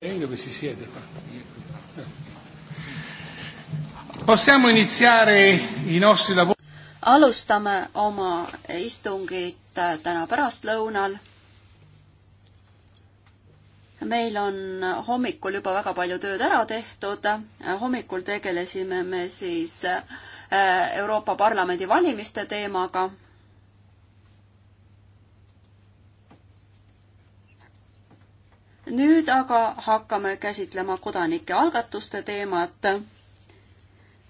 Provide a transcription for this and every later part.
Meglio che si siede qua. Possiamo iniziare i nostri lavori? alustame oma istungit äh, täna pärastlõunal. meil on hommikul juba väga palju tööd ära tehtud. hommikul tegelesime me siis äh, Euroopa Parlamendi valimiste teemaga nüüd aga hakkame käsitlema kodanike algatuste teemat.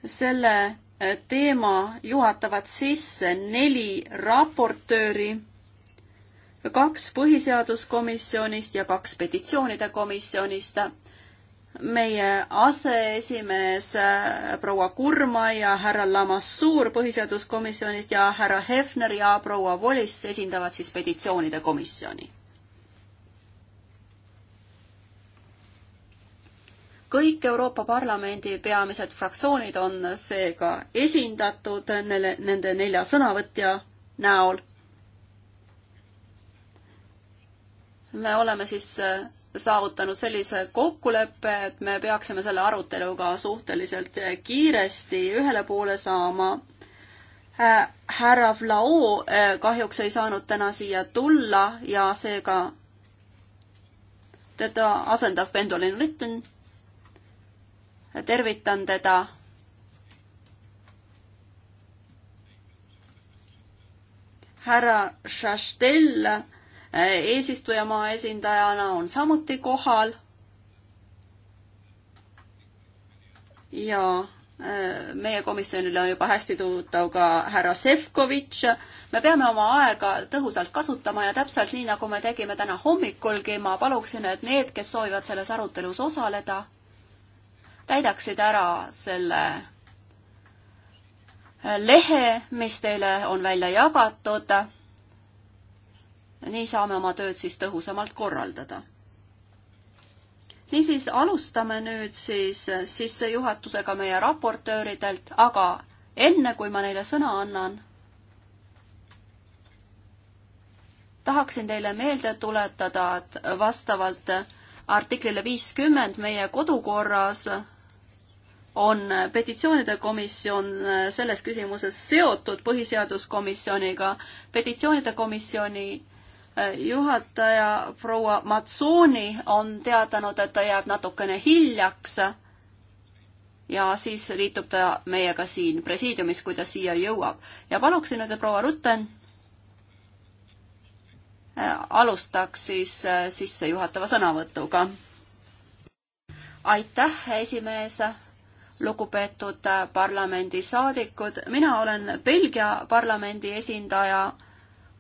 selle eh, teema juhatavad sisse neli raportööri, kaks põhiseaduskomisjonist ja kaks petitsioonide komisjonist. meie aseesimees eh, proua Kurma ja härra Lamassuur põhiseaduskomisjonist ja härra Hefner ja proua Volis esindavad siis petitsioonide komisjoni kõik Euroopa Parlamendi peamised fraktsioonid on seega esindatud nende, nende nelja sõnavõtja näol. me oleme siis äh, saavutanud sellise kokkuleppe, et me peaksime selle aruteluga suhteliselt äh, kiiresti ühele poole saama härra Vlao äh, kahjuks ei saanud täna siia tulla ja seega teda asendab Pendolin Ritten tervitan teda. härra Šaštel eh, eesistujamaa esindajana on samuti kohal. ja eh, meie komisjonile on juba hästi tuttav ka härra Sefkovitš. me peame oma aega tõhusalt kasutama ja täpselt nii, nagu me tegime täna hommikulgi, ma paluksin, et need, kes soovivad selles arutelus osaleda, täidaksid ära selle äh, lehe, mis teile on välja jagatud. nii saame oma tööd siis tõhusamalt korraldada. niisiis, alustame nüüd siis sissejuhatusega meie raportööridelt, aga enne kui ma neile sõna annan, tahaksin teile meelde tuletada, et vastavalt artiklile viiskümmend meie kodukorras on petitsioonide komisjon selles küsimuses seotud põhiseaduskomisjoniga. petitsioonide komisjoni äh, juhataja proua Matsooni on teatanud, et ta jääb natukene hiljaks ja siis liitub ta meiega siin presiidiumis, kui ta siia jõuab. ja paluksin nüüd, et proua Rutten äh, alustaks siis äh, sissejuhatava sõnavõtuga. aitäh, esimees lugupeetud äh, parlamendisaadikud, mina olen Belgia parlamendi esindaja,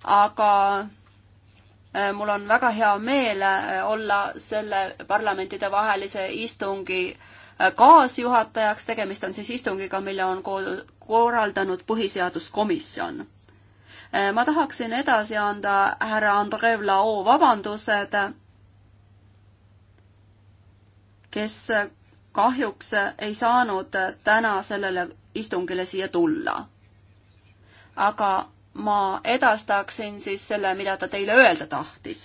aga äh, mul on väga hea meel äh, olla selle parlamentidevahelise istungi kaasjuhatajaks, tegemist on siis istungiga, mille on korraldanud põhiseaduskomisjon. ma tahaksin edasi anda härra Andreev Lao vabandused, kes kahjuks ei saanud täna sellele istungile siia tulla. aga ma edastaksin siis selle, mida ta teile öelda tahtis.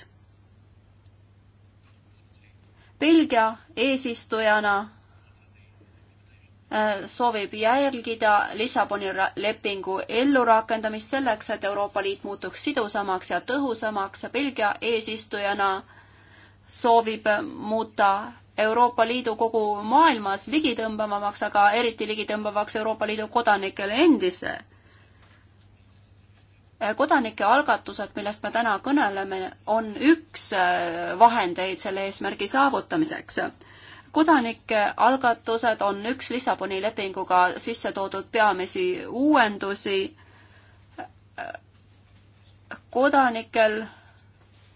Belgia eesistujana äh, soovib jälgida Lissaboni lepingu ellurakendamist selleks, et Euroopa Liit muutuks sidusamaks ja tõhusamaks. Belgia eesistujana soovib muuta Euroopa Liidu kogu maailmas ligitõmbavamaks, aga eriti ligitõmbavaks Euroopa Liidu kodanikele endise. kodanike algatused, millest me täna kõneleme, on üks äh, vahendeid selle eesmärgi saavutamiseks kodanike algatused on üks Lissaboni lepinguga sisse toodud peamisi uuendusi. kodanikel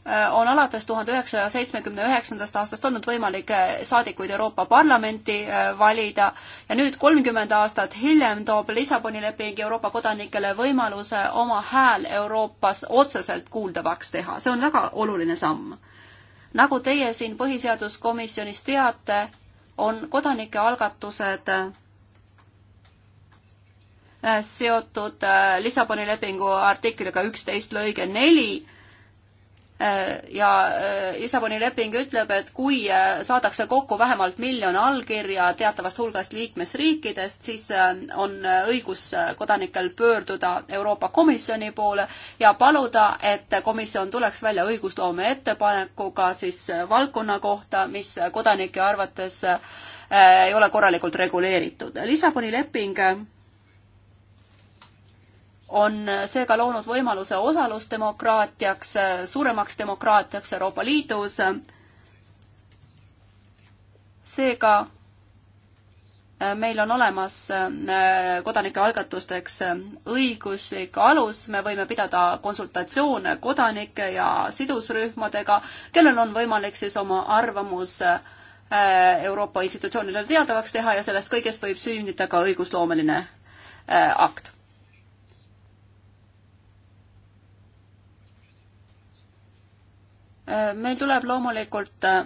Äh, on alates tuhande üheksasaja seitsmekümne üheksandast aastast olnud võimalik äh, saadikuid Euroopa Parlamenti äh, valida ja nüüd kolmkümmend aastat hiljem toob Lissaboni leping Euroopa kodanikele võimaluse oma hääl Euroopas otseselt kuuldavaks teha. see on väga oluline samm. nagu teie siin põhiseaduskomisjonis teate, on kodanike algatused seotud Lissaboni lepingu artikliga üksteist lõige neli Äh, ja äh, Lissaboni leping ütleb, et kui äh, saadakse kokku vähemalt miljon allkirja teatavast hulgast liikmesriikidest, siis on õigus kodanikel pöörduda Euroopa Komisjoni poole ja paluda, et komisjon tuleks välja õigusloome ettepanekuga siis valdkonna kohta, mis kodanike arvates ei ole korralikult reguleeritud. Lissaboni leping on seega loonud võimaluse osalusdemokraatiaks, suuremaks demokraatiaks Euroopa Liidus. seega äh, meil on olemas äh, kodanike algatusteks äh, õiguslik alus, me võime pidada konsultatsioone kodanike ja sidusrühmadega, kellel on võimalik siis oma arvamus Euroopa institutsioonidele teadavaks teha ja sellest kõigest võib sündida ka õigusloomeline akt Äh, meil tuleb loomulikult äh,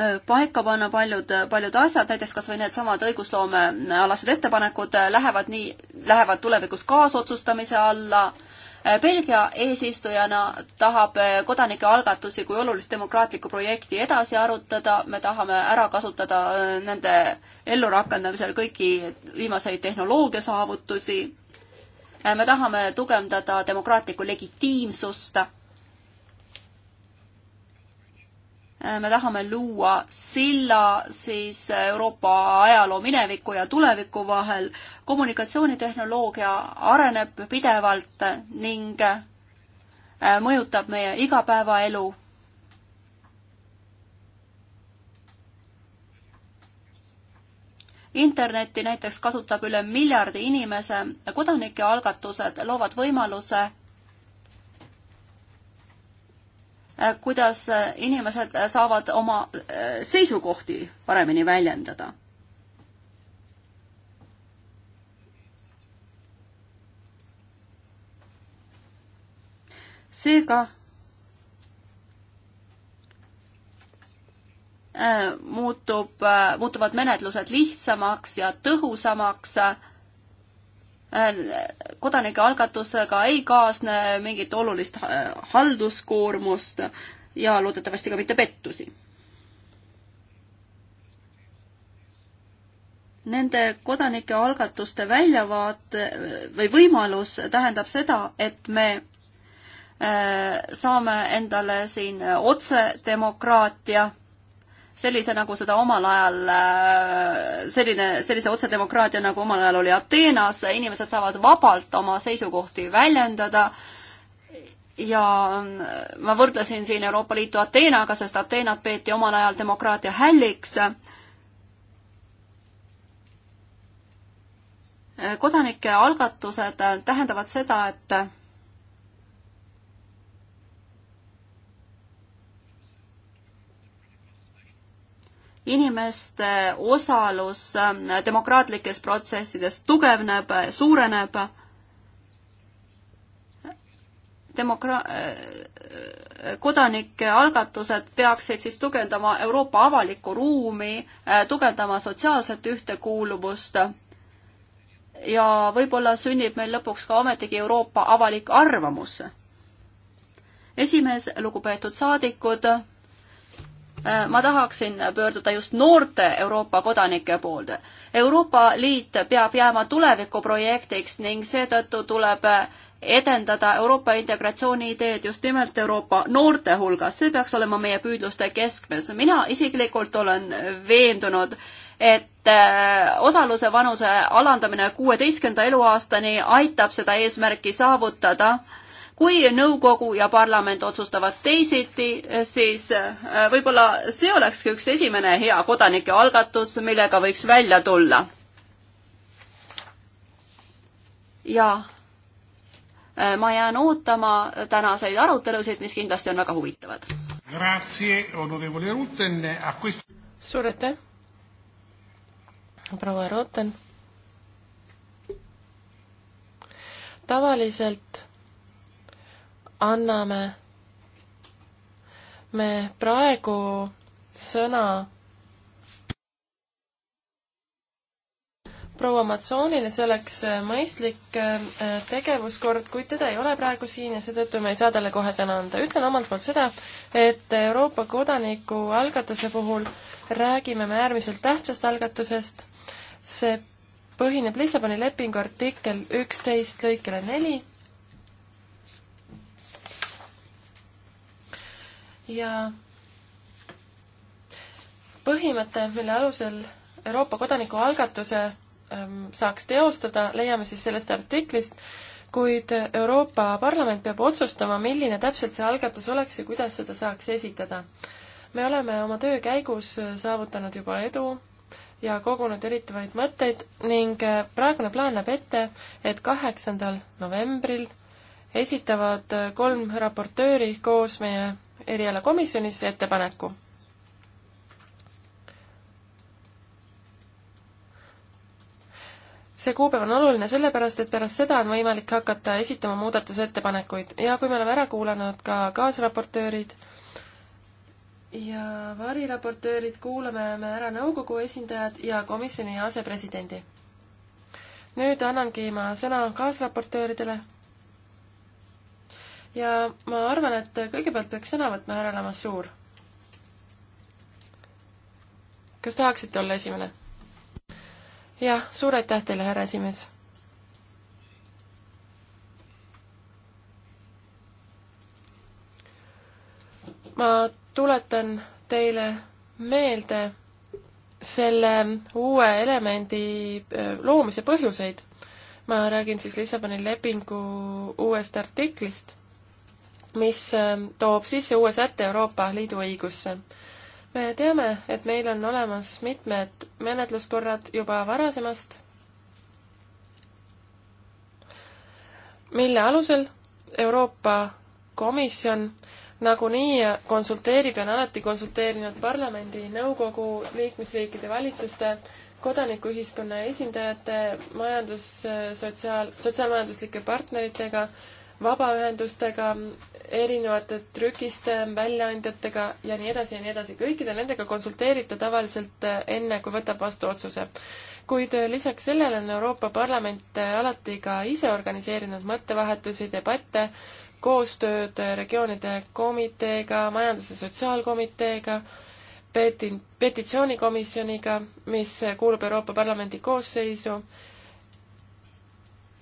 äh, paika panna paljud, paljud asjad, näiteks kas või needsamad õigusloomealased ettepanekud lähevad nii, lähevad tulevikus kaasotsustamise alla. Belgia eesistujana tahab kodanike algatusi kui olulist demokraatlikku projekti edasi arutada, me tahame ära kasutada nende ellurakendamisel kõiki viimaseid tehnoloogia saavutusi. me tahame tugevdada demokraatlikku legitiimsust Äh, me tahame luua silla siis äh, Euroopa ajaloo mineviku ja tuleviku vahel. kommunikatsioonitehnoloogia areneb pidevalt ning äh, mõjutab meie igapäevaelu. internetti näiteks kasutab üle miljardi inimese, kodanike algatused loovad võimaluse Äh, kuidas äh, inimesed äh, saavad oma seisukohti paremini väljendada. seega muutub, muutuvad menetlused lihtsamaks ja tõhusamaks Äh, kodanike algatusega ei kaasne mingit olulist äh, halduskoormust ja loodetavasti ka mitte pettusi. Nende kodanike algatuste väljavaate või võimalus tähendab seda, et me äh, saame endale siin otsedemokraatia sellise, nagu seda omal ajal, äh, selline, sellise otsedemokraatia, nagu omal ajal oli Ateenas, inimesed saavad vabalt oma seisukohti väljendada ja äh, ma võrdlesin siin Euroopa Liitu Ateenaga, sest Ateenat peeti omal ajal demokraatia hälliks. Äh, kodanike algatused tähendavad seda, et inimeste osalus äh, demokraatlikes protsessides tugevneb, suureneb. Demokra-, äh, kodanike algatused peaksid siis tugevdama Euroopa avalikku ruumi, äh, tugevdama sotsiaalset ühtekuuluvust ja võib-olla sünnib meil lõpuks ka ometigi Euroopa avalik arvamus. esimees, lugupeetud saadikud Äh, ma tahaksin pöörduda just noorte Euroopa kodanike poolde. Euroopa Liit peab jääma tulevikuprojektiks ning seetõttu tuleb edendada Euroopa integratsiooni ideed just nimelt Euroopa noorte hulgas, see peaks olema meie püüdluste keskmes. mina isiklikult olen veendunud, et äh, osaluse vanuse alandamine kuueteistkümnenda eluaastani aitab seda eesmärki saavutada kui nõukogu ja parlament otsustavad teisiti, siis äh, võib-olla see olekski üks esimene hea kodanike algatus, millega võiks välja tulla. ja äh, ma jään ootama tänaseid arutelusid, mis kindlasti on väga huvitavad. suur aitäh, proua Rutten. tavaliselt anname me praegu sõna proua Matsoonile, see oleks mõistlik äh, tegevuskord, kuid teda ei ole praegu siin ja seetõttu me ei saa talle kohe sõna anda. ütlen omalt poolt seda, et Euroopa kodanikualgatuse puhul räägime me äärmiselt tähtsast algatusest. see põhineb Lissaboni lepingu artikkel üksteist lõikele neli ja põhimõte, mille alusel Euroopa kodanikualgatuse ähm, saaks teostada, leiame siis sellest artiklist, kuid Euroopa Parlament peab otsustama, milline täpselt see algatus oleks ja kuidas seda saaks esitada. me oleme oma töö käigus saavutanud juba edu ja kogunud erituvaid mõtteid ning äh, praegune plaan näeb ette, et kaheksandal novembril esitavad äh, kolm raportööri koos meie erialakomisjonis ettepaneku. see kuupäev on oluline sellepärast, et pärast seda on võimalik hakata esitama muudatusettepanekuid ja kui me oleme ära kuulanud ka kaasraportöörid ja variraportöörid, kuulame me ära nõukogu esindajad ja komisjoni asepresidendi. nüüd annangi ma sõna kaasraportööridele ja ma arvan, et kõigepealt peaks sõna võtma härra Lamassuur. kas tahaksite olla esimene? jah, suur aitäh teile, härra esimees. ma tuletan teile meelde selle uue elemendi äh, loomise põhjuseid. ma räägin siis Lissaboni lepingu uuest artiklist mis ähm, toob sisse uue sätte Euroopa Liidu õigusse. me teame, et meil on olemas mitmed menetluskorrad juba varasemast, mille alusel Euroopa Komisjon nagunii konsulteerib ja on alati konsulteerinud parlamendi, nõukogu, liikmesriikide valitsuste, kodanikuühiskonna esindajate, majandus, sotsiaal, sotsiaalmajanduslike partneritega, vabaühendustega, erinevate trükiste, väljaandjatega ja nii edasi ja nii edasi. kõikide nendega konsulteerib ta tavaliselt äh, enne, kui võtab vastu otsuse. kuid äh, lisaks sellele on Euroopa Parlament äh, alati ka ise organiseerinud mõttevahetusi, debatte, koostööd regioonide komiteega, majandus- ja sotsiaalkomiteega, peti-, petitsioonikomisjoniga, mis kuulub Euroopa Parlamendi koosseisu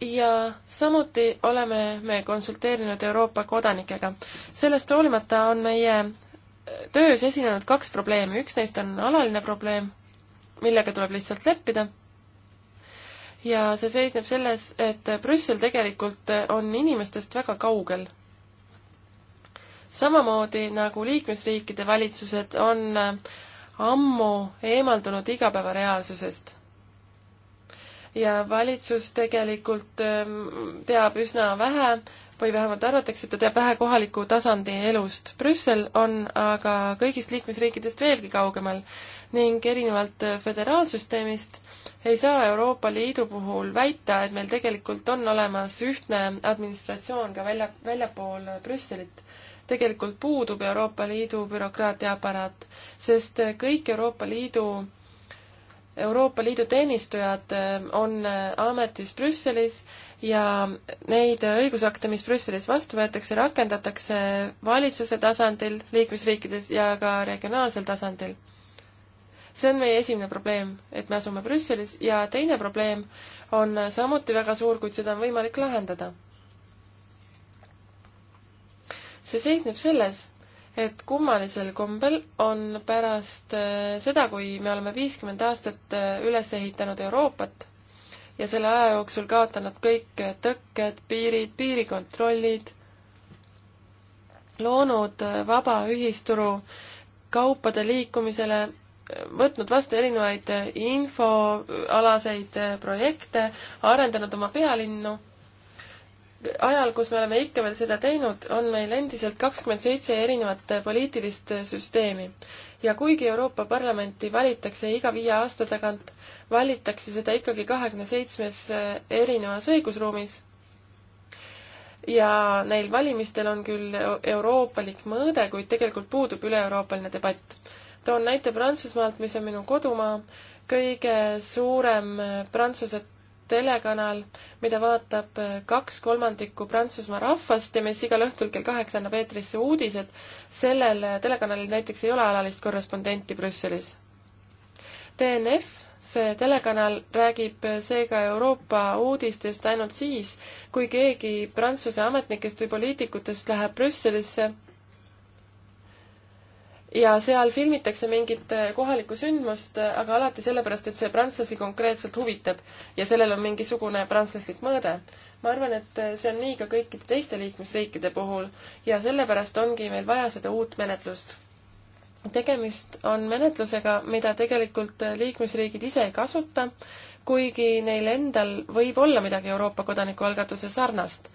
ja samuti oleme me konsulteerinud Euroopa kodanikega. sellest hoolimata on meie töös esinenud kaks probleemi, üks neist on alaline probleem, millega tuleb lihtsalt leppida, ja see seisneb selles, et Brüssel tegelikult on inimestest väga kaugel. samamoodi nagu liikmesriikide valitsused on ammu eemaldunud igapäevareaalsusest ja valitsus tegelikult ähm, teab üsna vähe või vähemalt arvatakse, et ta teab vähe kohaliku tasandi elust. Brüssel on aga kõigist liikmesriikidest veelgi kaugemal ning erinevalt äh, föderaalsüsteemist ei saa Euroopa Liidu puhul väita, et meil tegelikult on olemas ühtne administratsioon ka välja, väljapool äh, Brüsselit. tegelikult puudub Euroopa Liidu bürokraatia aparaat, sest äh, kõik Euroopa Liidu Euroopa Liidu teenistujad äh, on äh, ametis Brüsselis ja neid äh, õigusakte, mis Brüsselis vastu võetakse, rakendatakse valitsuse tasandil liikmesriikides ja ka regionaalsel tasandil. see on meie esimene probleem, et me asume Brüsselis ja teine probleem on samuti väga suur, kuid seda on võimalik lahendada. see seisneb selles, et kummalisel kombel on pärast äh, seda, kui me oleme viiskümmend aastat äh, üles ehitanud Euroopat ja selle aja jooksul kaotanud kõik äh, tõkked, piirid, piirikontrollid, loonud vaba ühisturu kaupade liikumisele, võtnud vastu erinevaid infoalaseid projekte, arendanud oma pealinnu ajal, kus me oleme ikka veel seda teinud, on meil endiselt kakskümmend seitse erinevat äh, poliitilist äh, süsteemi. ja kuigi Euroopa Parlamenti valitakse iga viie aasta tagant, valitakse seda ikkagi kahekümne seitsmes äh, erinevas õigusruumis. ja neil valimistel on küll euroopalik mõõde, kuid tegelikult puudub üle-euroopaline debatt. toon näite Prantsusmaalt, mis on minu kodumaa, kõige suurem prantsuse telekanal, mida vaatab kaks kolmandikku Prantsusmaa rahvast ja mis igal õhtul kell kaheksa annab eetrisse uudised, sellel telekanalil näiteks ei ole alalist korrespondenti Brüsselis. TNF, see telekanal, räägib seega Euroopa uudistest ainult siis, kui keegi Prantsuse ametnikest või poliitikutest läheb Brüsselisse ja seal filmitakse mingit äh, kohalikku sündmust, äh, aga alati sellepärast, et see prantslasi konkreetselt huvitab ja sellel on mingisugune prantslaslik mõõde. ma arvan, et äh, see on nii ka kõikide teiste liikmesriikide puhul ja sellepärast ongi meil vaja seda uut menetlust. tegemist on menetlusega, mida tegelikult liikmesriigid ise ei kasuta, kuigi neil endal võib olla midagi Euroopa kodanikualgatuse sarnast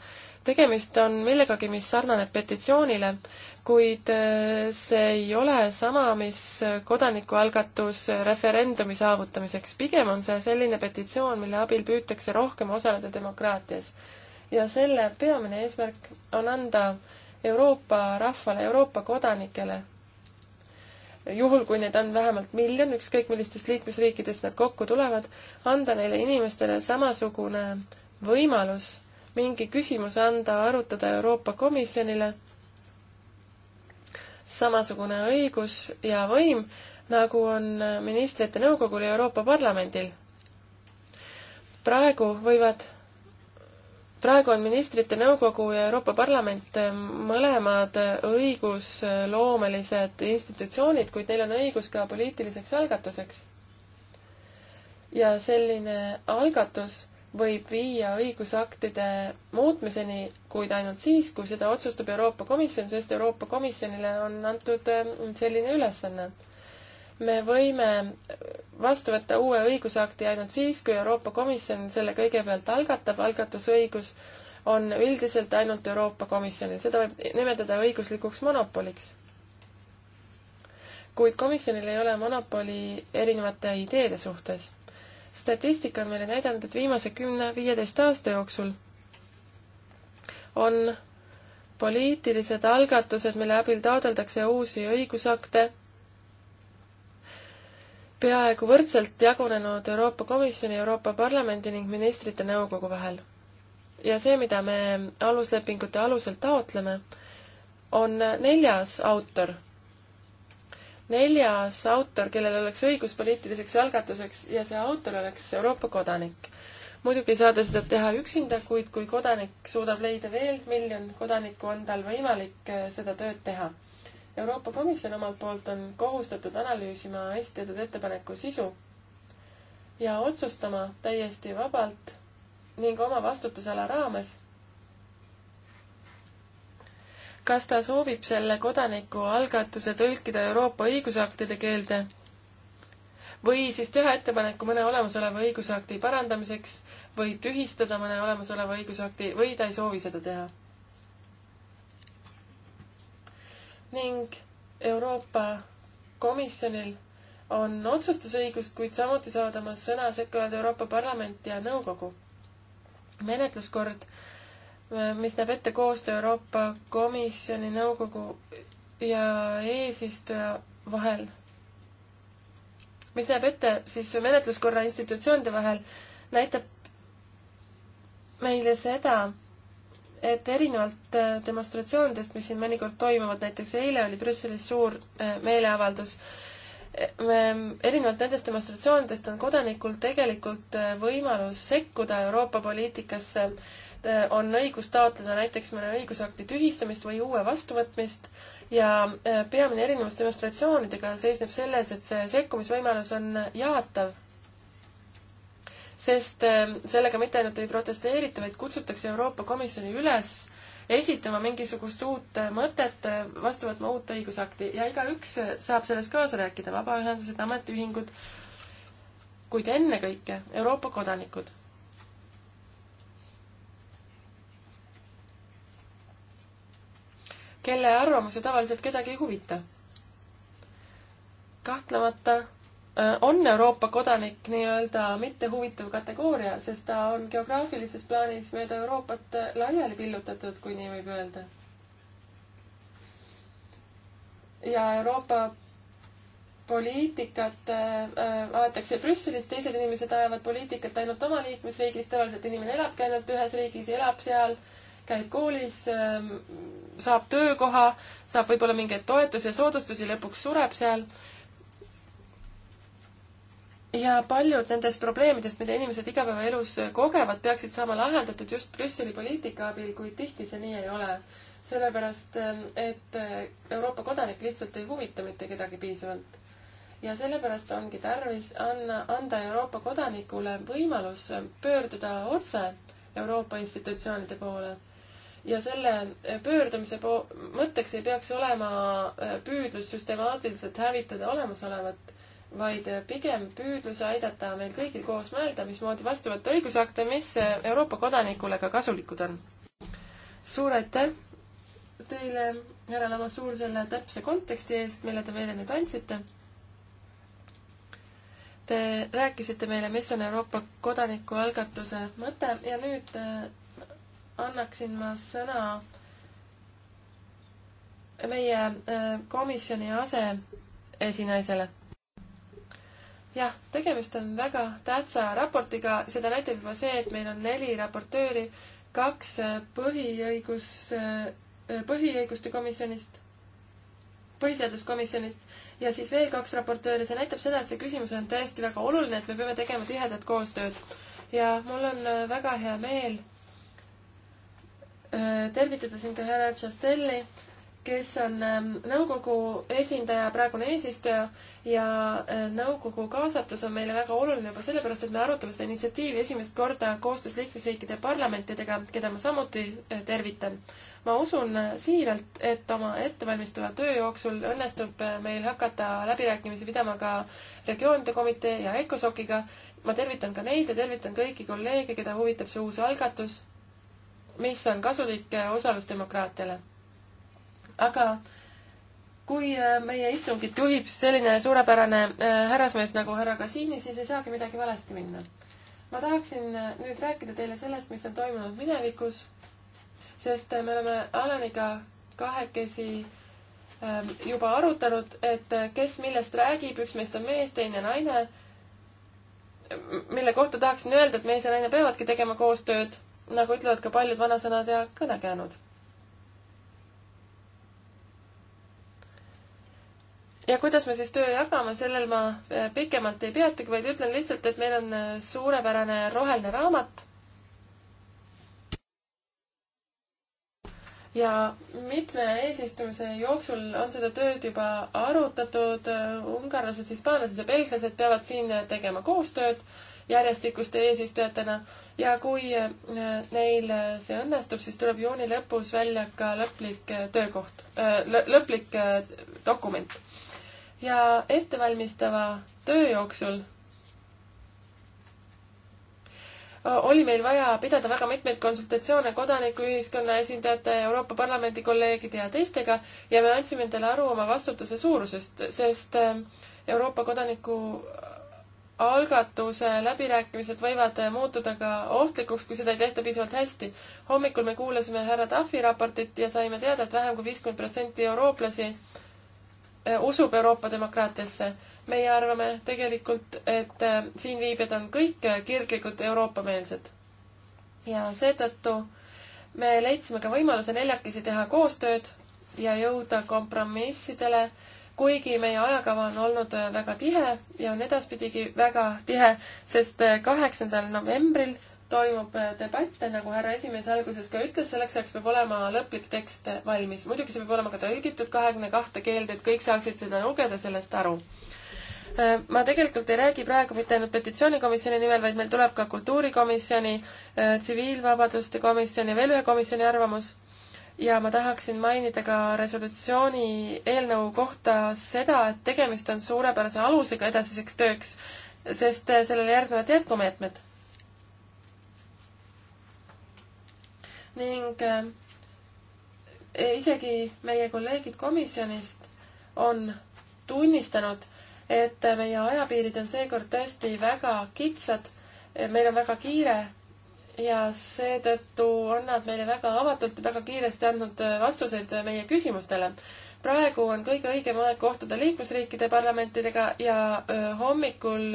tegemist on millegagi, mis sarnaneb petitsioonile, kuid äh, see ei ole sama, mis kodanikualgatus referendumi saavutamiseks. pigem on see selline petitsioon, mille abil püütakse rohkem osaleda demokraatias. ja selle peamine eesmärk on anda Euroopa rahvale, Euroopa kodanikele juhul, kui neid on vähemalt miljon, ükskõik millistest liikmesriikidest nad kokku tulevad, anda neile inimestele samasugune võimalus mingi küsimus anda arutada Euroopa Komisjonile samasugune õigus ja võim, nagu on ministrite nõukogul ja Euroopa Parlamendil. praegu võivad, praegu on ministrite nõukogu ja Euroopa Parlament eh, mõlemad õigusloomelised institutsioonid, kuid neil on õigus ka poliitiliseks algatuseks. ja selline algatus võib viia õigusaktide muutmiseni, kuid ainult siis, kui seda otsustab Euroopa Komisjon, sest Euroopa Komisjonile on antud ähm, selline ülesanne. me võime vastu võtta uue õigusakti ainult siis, kui Euroopa Komisjon selle kõigepealt algatab, algatusõigus on üldiselt ainult Euroopa Komisjonil, seda võib nimetada õiguslikuks monopoliks. kuid komisjonil ei ole monopoli erinevate ideede suhtes statistika on meile näidanud, et viimase kümne-viieteist aasta jooksul on poliitilised algatused, mille abil taodeldakse uusi õigusakte, peaaegu võrdselt jagunenud Euroopa Komisjoni, Euroopa Parlamendi ning ministrite nõukogu vahel. ja see, mida me aluslepingute alusel taotleme, on neljas autor neljas autor, kellel oleks õigus poliitiliseks algatuseks ja see autor oleks Euroopa kodanik. muidugi ei saa ta seda teha üksinda, kuid kui kodanik suudab leida veel miljon kodanikku, on tal võimalik äh, seda tööd teha. Euroopa Komisjon omalt poolt on kohustatud analüüsima esitatud ettepaneku sisu ja otsustama täiesti vabalt ning oma vastutusala raames kas ta soovib selle kodanikualgatuse tõlkida Euroopa õigusaktide keelde või siis teha ettepaneku mõne olemasoleva õigusakti parandamiseks või tühistada mõne olemasoleva õigusakti või ta ei soovi seda teha. ning Euroopa Komisjonil on otsustusõigus, kuid samuti saavad oma sõna sekkuvad Euroopa Parlament ja Nõukogu. menetluskord mis näeb ette koostöö Euroopa Komisjoni, nõukogu ja eesistuja vahel, mis näeb ette siis menetluskorra institutsioonide vahel, näitab meile seda, et erinevalt äh, demonstratsioonidest, mis siin mõnikord toimuvad, näiteks eile oli Brüsselis suur äh, meeleavaldus, äh, erinevalt nendest demonstratsioonidest on kodanikul tegelikult võimalus sekkuda Euroopa poliitikasse Äh, on õigus taotleda näiteks mõne õigusakti tühistamist või uue vastuvõtmist ja äh, peamine erinevus demonstratsioonidega seisneb selles, et see sekkumisvõimalus on jaatav. sest äh, sellega mitte ainult ei protesteerita, vaid kutsutakse Euroopa Komisjoni üles esitama mingisugust uut mõtet, vastu võtma uut õigusakti ja igaüks saab selles kaasa rääkida, vabaühendused, ametiühingud, kuid ennekõike Euroopa kodanikud kelle arvamus ju tavaliselt kedagi ei huvita. kahtlemata äh, on Euroopa kodanik nii-öelda mittehuvitav kategooria, sest ta on geograafilises plaanis mööda Euroopat äh, laiali pillutatud, kui nii võib öelda. ja Euroopa poliitikat äh, äh, aetakse Brüsselis, teised inimesed ajavad poliitikat ainult oma liikmesriigis, tavaliselt inimene elabki ainult ühes riigis, elab seal äh, käib koolis, ähm, saab töökoha, saab võib-olla mingeid toetusi ja soodustusi, lõpuks sureb seal. ja paljud nendest probleemidest, mida inimesed igapäevaelus kogevad, peaksid saama lahendatud just Brüsseli poliitika abil, kuid tihti see nii ei ole. sellepärast, ähm, et äh, Euroopa kodanik lihtsalt ei huvita mitte kedagi piisavalt ja sellepärast ongi tarvis anna, anda Euroopa kodanikule võimalus pöörduda otse Euroopa institutsioonide poole ja selle pöördumise po-, mõtteks ei peaks olema äh, püüdlus süstemaatiliselt hävitada olemasolevat, vaid äh, pigem püüdlus aidata meil kõigil koos mõelda, mismoodi vastu võtta õigusakte, mis äh, Euroopa kodanikule ka kasulikud on. suur aitäh teile, härra Lamassuur, selle täpse konteksti eest, mille te meile nüüd andsite Te rääkisite meile, mis on Euroopa kodanikualgatuse mõte ja nüüd annaksin ma sõna meie äh, komisjoni aseesinaisele. jah, tegemist on väga tähtsa raportiga, seda näitab juba see, et meil on neli raportööri, kaks äh, põhiõigus, äh, põhiõiguste komisjonist, põhiseaduskomisjonist ja siis veel kaks raportööri, see näitab seda, et see küsimus on tõesti väga oluline, et me peame tegema tihedat koostööd. ja mul on väga hea meel Äh, tervitada siin ka härra Tšastelli, kes on ähm, nõukogu esindaja, praegune eesistuja ja äh, nõukogu kaasatus on meile väga oluline juba sellepärast, et me arutame seda initsiatiivi esimest korda koostöös liikmesriikide parlamentidega, keda ma samuti äh, tervitan. ma usun siiralt, et oma ettevalmistuva töö jooksul õnnestub meil hakata läbirääkimisi pidama ka regioonide komitee ja ECOSOC-iga. ma tervitan ka neid ja tervitan kõiki kolleege, keda huvitab see uus algatus mis on kasulik äh, osalusdemokraatiale. aga kui äh, meie istungit juhib selline suurepärane äh, härrasmees nagu härra Kasiini, siis ei saagi midagi valesti minna. ma tahaksin nüüd rääkida teile sellest, mis on toimunud minevikus, sest me oleme Alaniga kahekesi ähm, juba arutanud, et kes millest räägib, üks meist on mees, teine naine, mille kohta tahaksin öelda, et mees ja naine peavadki tegema koostööd nagu ütlevad ka paljud vanasõnad ja kõnekäänud. ja kuidas me siis töö jagame, sellel ma äh, pikemalt ei peatugi, vaid ütlen lihtsalt, et meil on äh, suurepärane roheline raamat. ja mitme eesistumise jooksul on seda tööd juba arutatud, äh, ungarlased, hispaanlased ja belglased peavad siin tegema koostööd järjestikuste eesistujatena ja kui äh, neil äh, see õnnestub, siis tuleb juuni lõpus välja ka lõplik äh, töökoht, lõplik dokument. ja ettevalmistava töö jooksul oli meil vaja pidada väga mitmeid konsultatsioone kodanikuühiskonna esindajate, Euroopa Parlamendi kolleegide ja teistega ja me andsime endale aru oma vastutuse suurusest, sest Euroopa kodaniku algatuse läbirääkimised võivad muutuda ka ohtlikuks, kui seda ei tehta piisavalt hästi. hommikul me kuulasime härra Tafi raportit ja saime teada, et vähem kui viiskümmend protsenti eurooplasi eh, usub Euroopa demokraatiasse. meie arvame tegelikult, et eh, siinviibijad on kõik kirglikud Euroopa-meelsed. ja seetõttu me leidsime ka võimaluse neljakesi teha koostööd ja jõuda kompromissidele kuigi meie ajakava on olnud äh, väga tihe ja on edaspidigi väga tihe, sest äh, kaheksandal novembril toimub äh, debatt, nagu härra esimees alguses ka ütles, selleks ajaks peab olema lõplik tekst valmis. muidugi see peab olema ka tõlgitud kahekümne kahte keelde, et kõik saaksid seda lugeda, sellest aru. ma tegelikult ei räägi praegu mitte ainult petitsioonikomisjoni nimel, vaid meil tuleb ka kultuurikomisjoni, tsiviilvabaduste komisjoni ja veel ühe komisjoni arvamus ja ma tahaksin mainida ka resolutsiooni eelnõu kohta seda, et tegemist on suurepärase alusega edasiseks tööks, sest sellele järgnevad jätkumeetmed. ning eh, isegi meie kolleegid komisjonist on tunnistanud, et meie ajapiirid on seekord tõesti väga kitsad, meil on väga kiire ja seetõttu on nad meile väga avatult ja väga kiiresti andnud äh, vastuseid äh, meie küsimustele. praegu on kõige õigem aeg kohtuda liikmesriikide parlamentidega ja äh, hommikul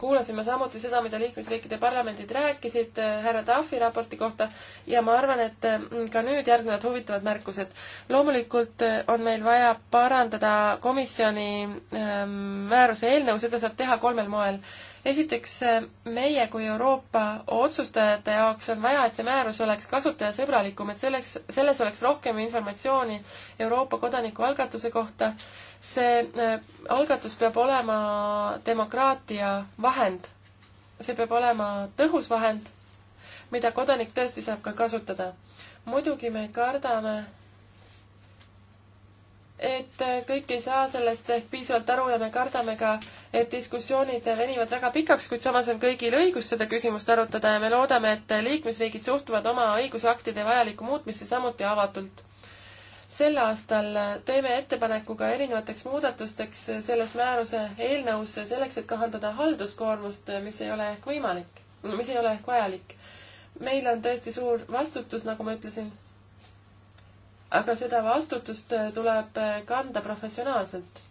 kuulasime samuti seda, mida liikmesriikide parlamendid rääkisid härra Tafi raporti kohta ja ma arvan, et ka nüüd järgnevad huvitavad märkused. loomulikult on meil vaja parandada komisjoni ähm, määruse eelnõu, seda saab teha kolmel moel esiteks, eh, meie kui Euroopa otsustajate jaoks on vaja, et see määrus oleks kasutajasõbralikum, et selleks, selles oleks rohkem informatsiooni Euroopa kodanikualgatuse kohta. see eh, algatus peab olema demokraatia vahend. see peab olema tõhus vahend, mida kodanik tõesti saab ka kasutada. muidugi me kardame, et äh, kõik ei saa sellest ehk piisavalt aru ja me kardame ka, et diskussioonid venivad väga pikaks, kuid samas on kõigil õigus seda küsimust arutada ja me loodame, et liikmesriigid suhtuvad oma õigusaktide vajalikku muutmisse samuti avatult. sel aastal teeme ettepaneku ka erinevateks muudatusteks selles määruse eelnõus selleks, et kahandada halduskoormust, mis ei ole ehk võimalik, mis ei ole ehk vajalik. meil on tõesti suur vastutus, nagu ma ütlesin aga seda vastutust äh, tuleb äh, kanda professionaalselt.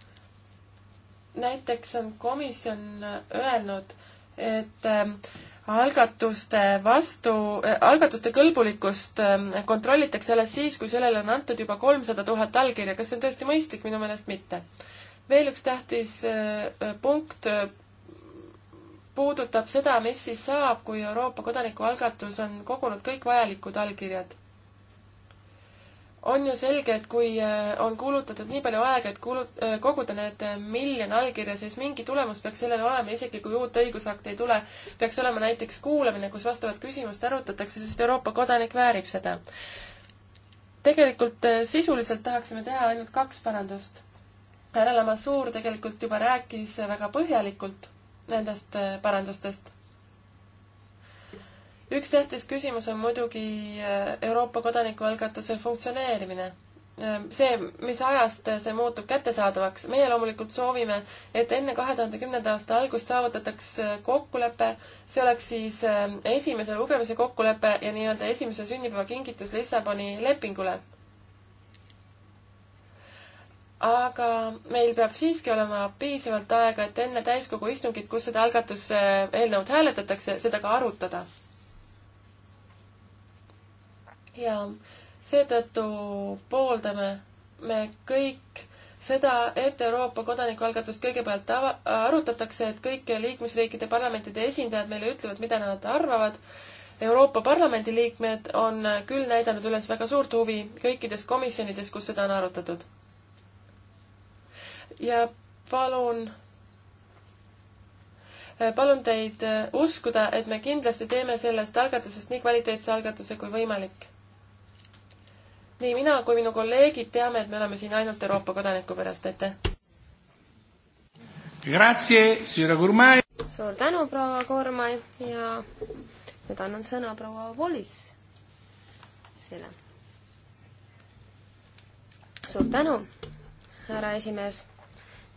näiteks on komisjon äh, öelnud, et ähm, algatuste vastu äh,, algatuste kõlbulikkust äh, kontrollitakse alles siis, kui sellele on antud juba kolmsada tuhat allkirja. kas see on tõesti mõistlik? minu meelest mitte. veel üks tähtis äh, punkt puudutab seda, mis siis saab, kui Euroopa kodanikualgatus on kogunud kõik vajalikud allkirjad on ju selge, et kui äh, on kuulutatud nii palju aega, et kuulut-, äh, koguda need äh, miljon allkirja, siis mingi tulemus peaks sellel olema, isegi kui uut õigusakti ei tule. peaks olema näiteks kuulamine, kus vastavat küsimust arutatakse, sest Euroopa kodanik väärib seda. tegelikult sisuliselt tahaksime teha ainult kaks parandust. härra Lamassuur tegelikult juba rääkis väga põhjalikult nendest parandustest üks tähtis küsimus on muidugi äh, Euroopa kodanikualgatuse funktsioneerimine. Äh, see, mis ajast see muutub kättesaadavaks, meie loomulikult soovime, et enne kahe tuhande kümnenda aasta algust saavutataks äh, kokkulepe, see oleks siis esimese lugemise kokkulepe ja nii-öelda esimese sünnipäeva kingitus Lissaboni lepingule. aga meil peab siiski olema piisavalt aega, et enne täiskogu istungit, kus seda algatuseelnõud hääletatakse, seda ka arutada ja seetõttu pooldame me kõik seda, et Euroopa kodanikualgatust kõigepealt ava-, arutatakse, et kõik liikmesriikide parlamentide esindajad meile ütlevad, mida nad arvavad. Euroopa Parlamendi liikmed on küll näidanud üles väga suurt huvi kõikides komisjonides, kus seda on arutatud. ja palun, palun teid uskuda, et me kindlasti teeme sellest algatusest nii kvaliteetse algatuse kui võimalik nii mina kui minu kolleegid teame, et me oleme siin ainult Euroopa kodaniku pärast, aitäh! suur tänu, proua Koormai ja nüüd annan sõna proua Volis. suur tänu, härra esimees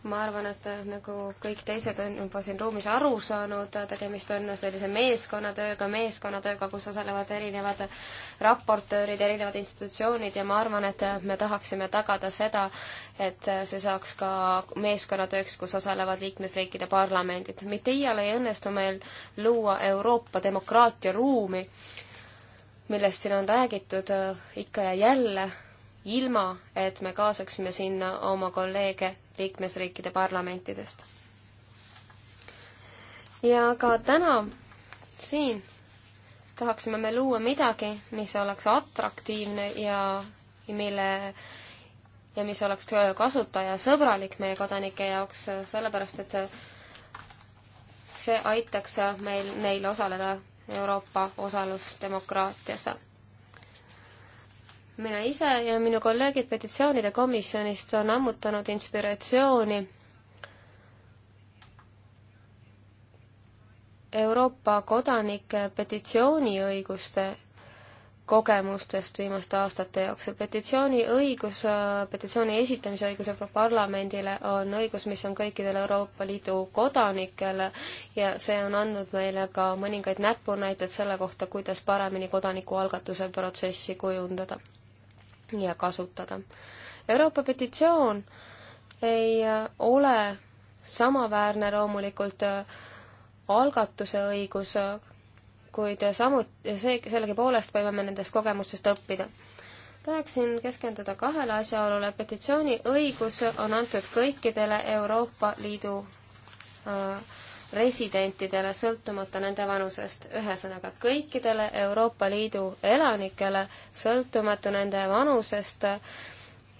ma arvan, et äh, nagu kõik teised on juba siin ruumis aru saanud, äh, tegemist on sellise meeskonnatööga, meeskonnatööga, kus osalevad erinevad raportöörid, erinevad institutsioonid ja ma arvan, et äh, me tahaksime tagada seda, et see saaks ka meeskonnatööks, kus osalevad liikmesriikide parlamendid. mitte iial ei õnnestu meil luua Euroopa demokraatia ruumi, millest siin on räägitud ikka ja jälle, ilma et me kaasaksime sinna oma kolleege liikmesriikide parlamentidest. ja ka täna siin tahaksime me luua midagi, mis oleks atraktiivne ja, ja mille ja mis oleks kasutajasõbralik meie kodanike jaoks, sellepärast et see aitaks meil, neil osaleda Euroopa osalusdemokraatias mina ise ja minu kolleegid petitsioonide komisjonist on ammutanud inspiratsiooni Euroopa kodanike petitsiooniõiguste kogemustest viimaste aastate jooksul. petitsiooniõigus, petitsiooni esitamise õigus Euroopa Parlamendile on õigus, mis on kõikidel Euroopa Liidu kodanikel ja see on andnud meile ka mõningaid näpunäiteid selle kohta, kuidas paremini kodanikualgatuse protsessi kujundada ja kasutada. Euroopa petitsioon ei ole samaväärne loomulikult äh, algatuse õigus, äh, kuid samuti, see, sellegipoolest võime me nendest kogemustest õppida. tahaksin keskenduda kahele asjaolule, petitsiooni õigus on antud kõikidele Euroopa Liidu äh, residentidele, sõltumata nende vanusest, ühesõnaga kõikidele Euroopa Liidu elanikele, sõltumata nende vanusest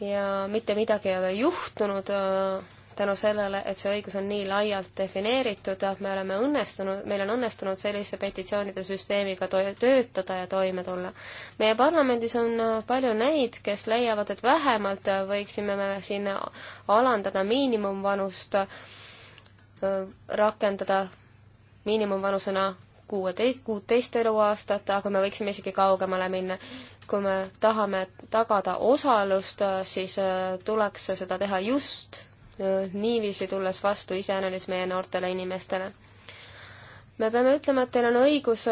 ja mitte midagi ei ole juhtunud äh, tänu sellele, et see õigus on nii laialt defineeritud, me oleme õnnestunud, meil on õnnestunud sellise petitsioonide süsteemiga töötada ja toime tulla. meie parlamendis on äh, palju neid, kes leiavad, et vähemalt äh, võiksime me siin alandada miinimumvanust Äh, rakendada miinimumvanusena kuueteist, kuuteist eluaastat, aga me võiksime isegi kaugemale minna. kui me tahame tagada osalust, äh, siis äh, tuleks seda teha just niiviisi, tulles vastu iseäranis meie noortele inimestele. me peame ütlema, et teil on õigus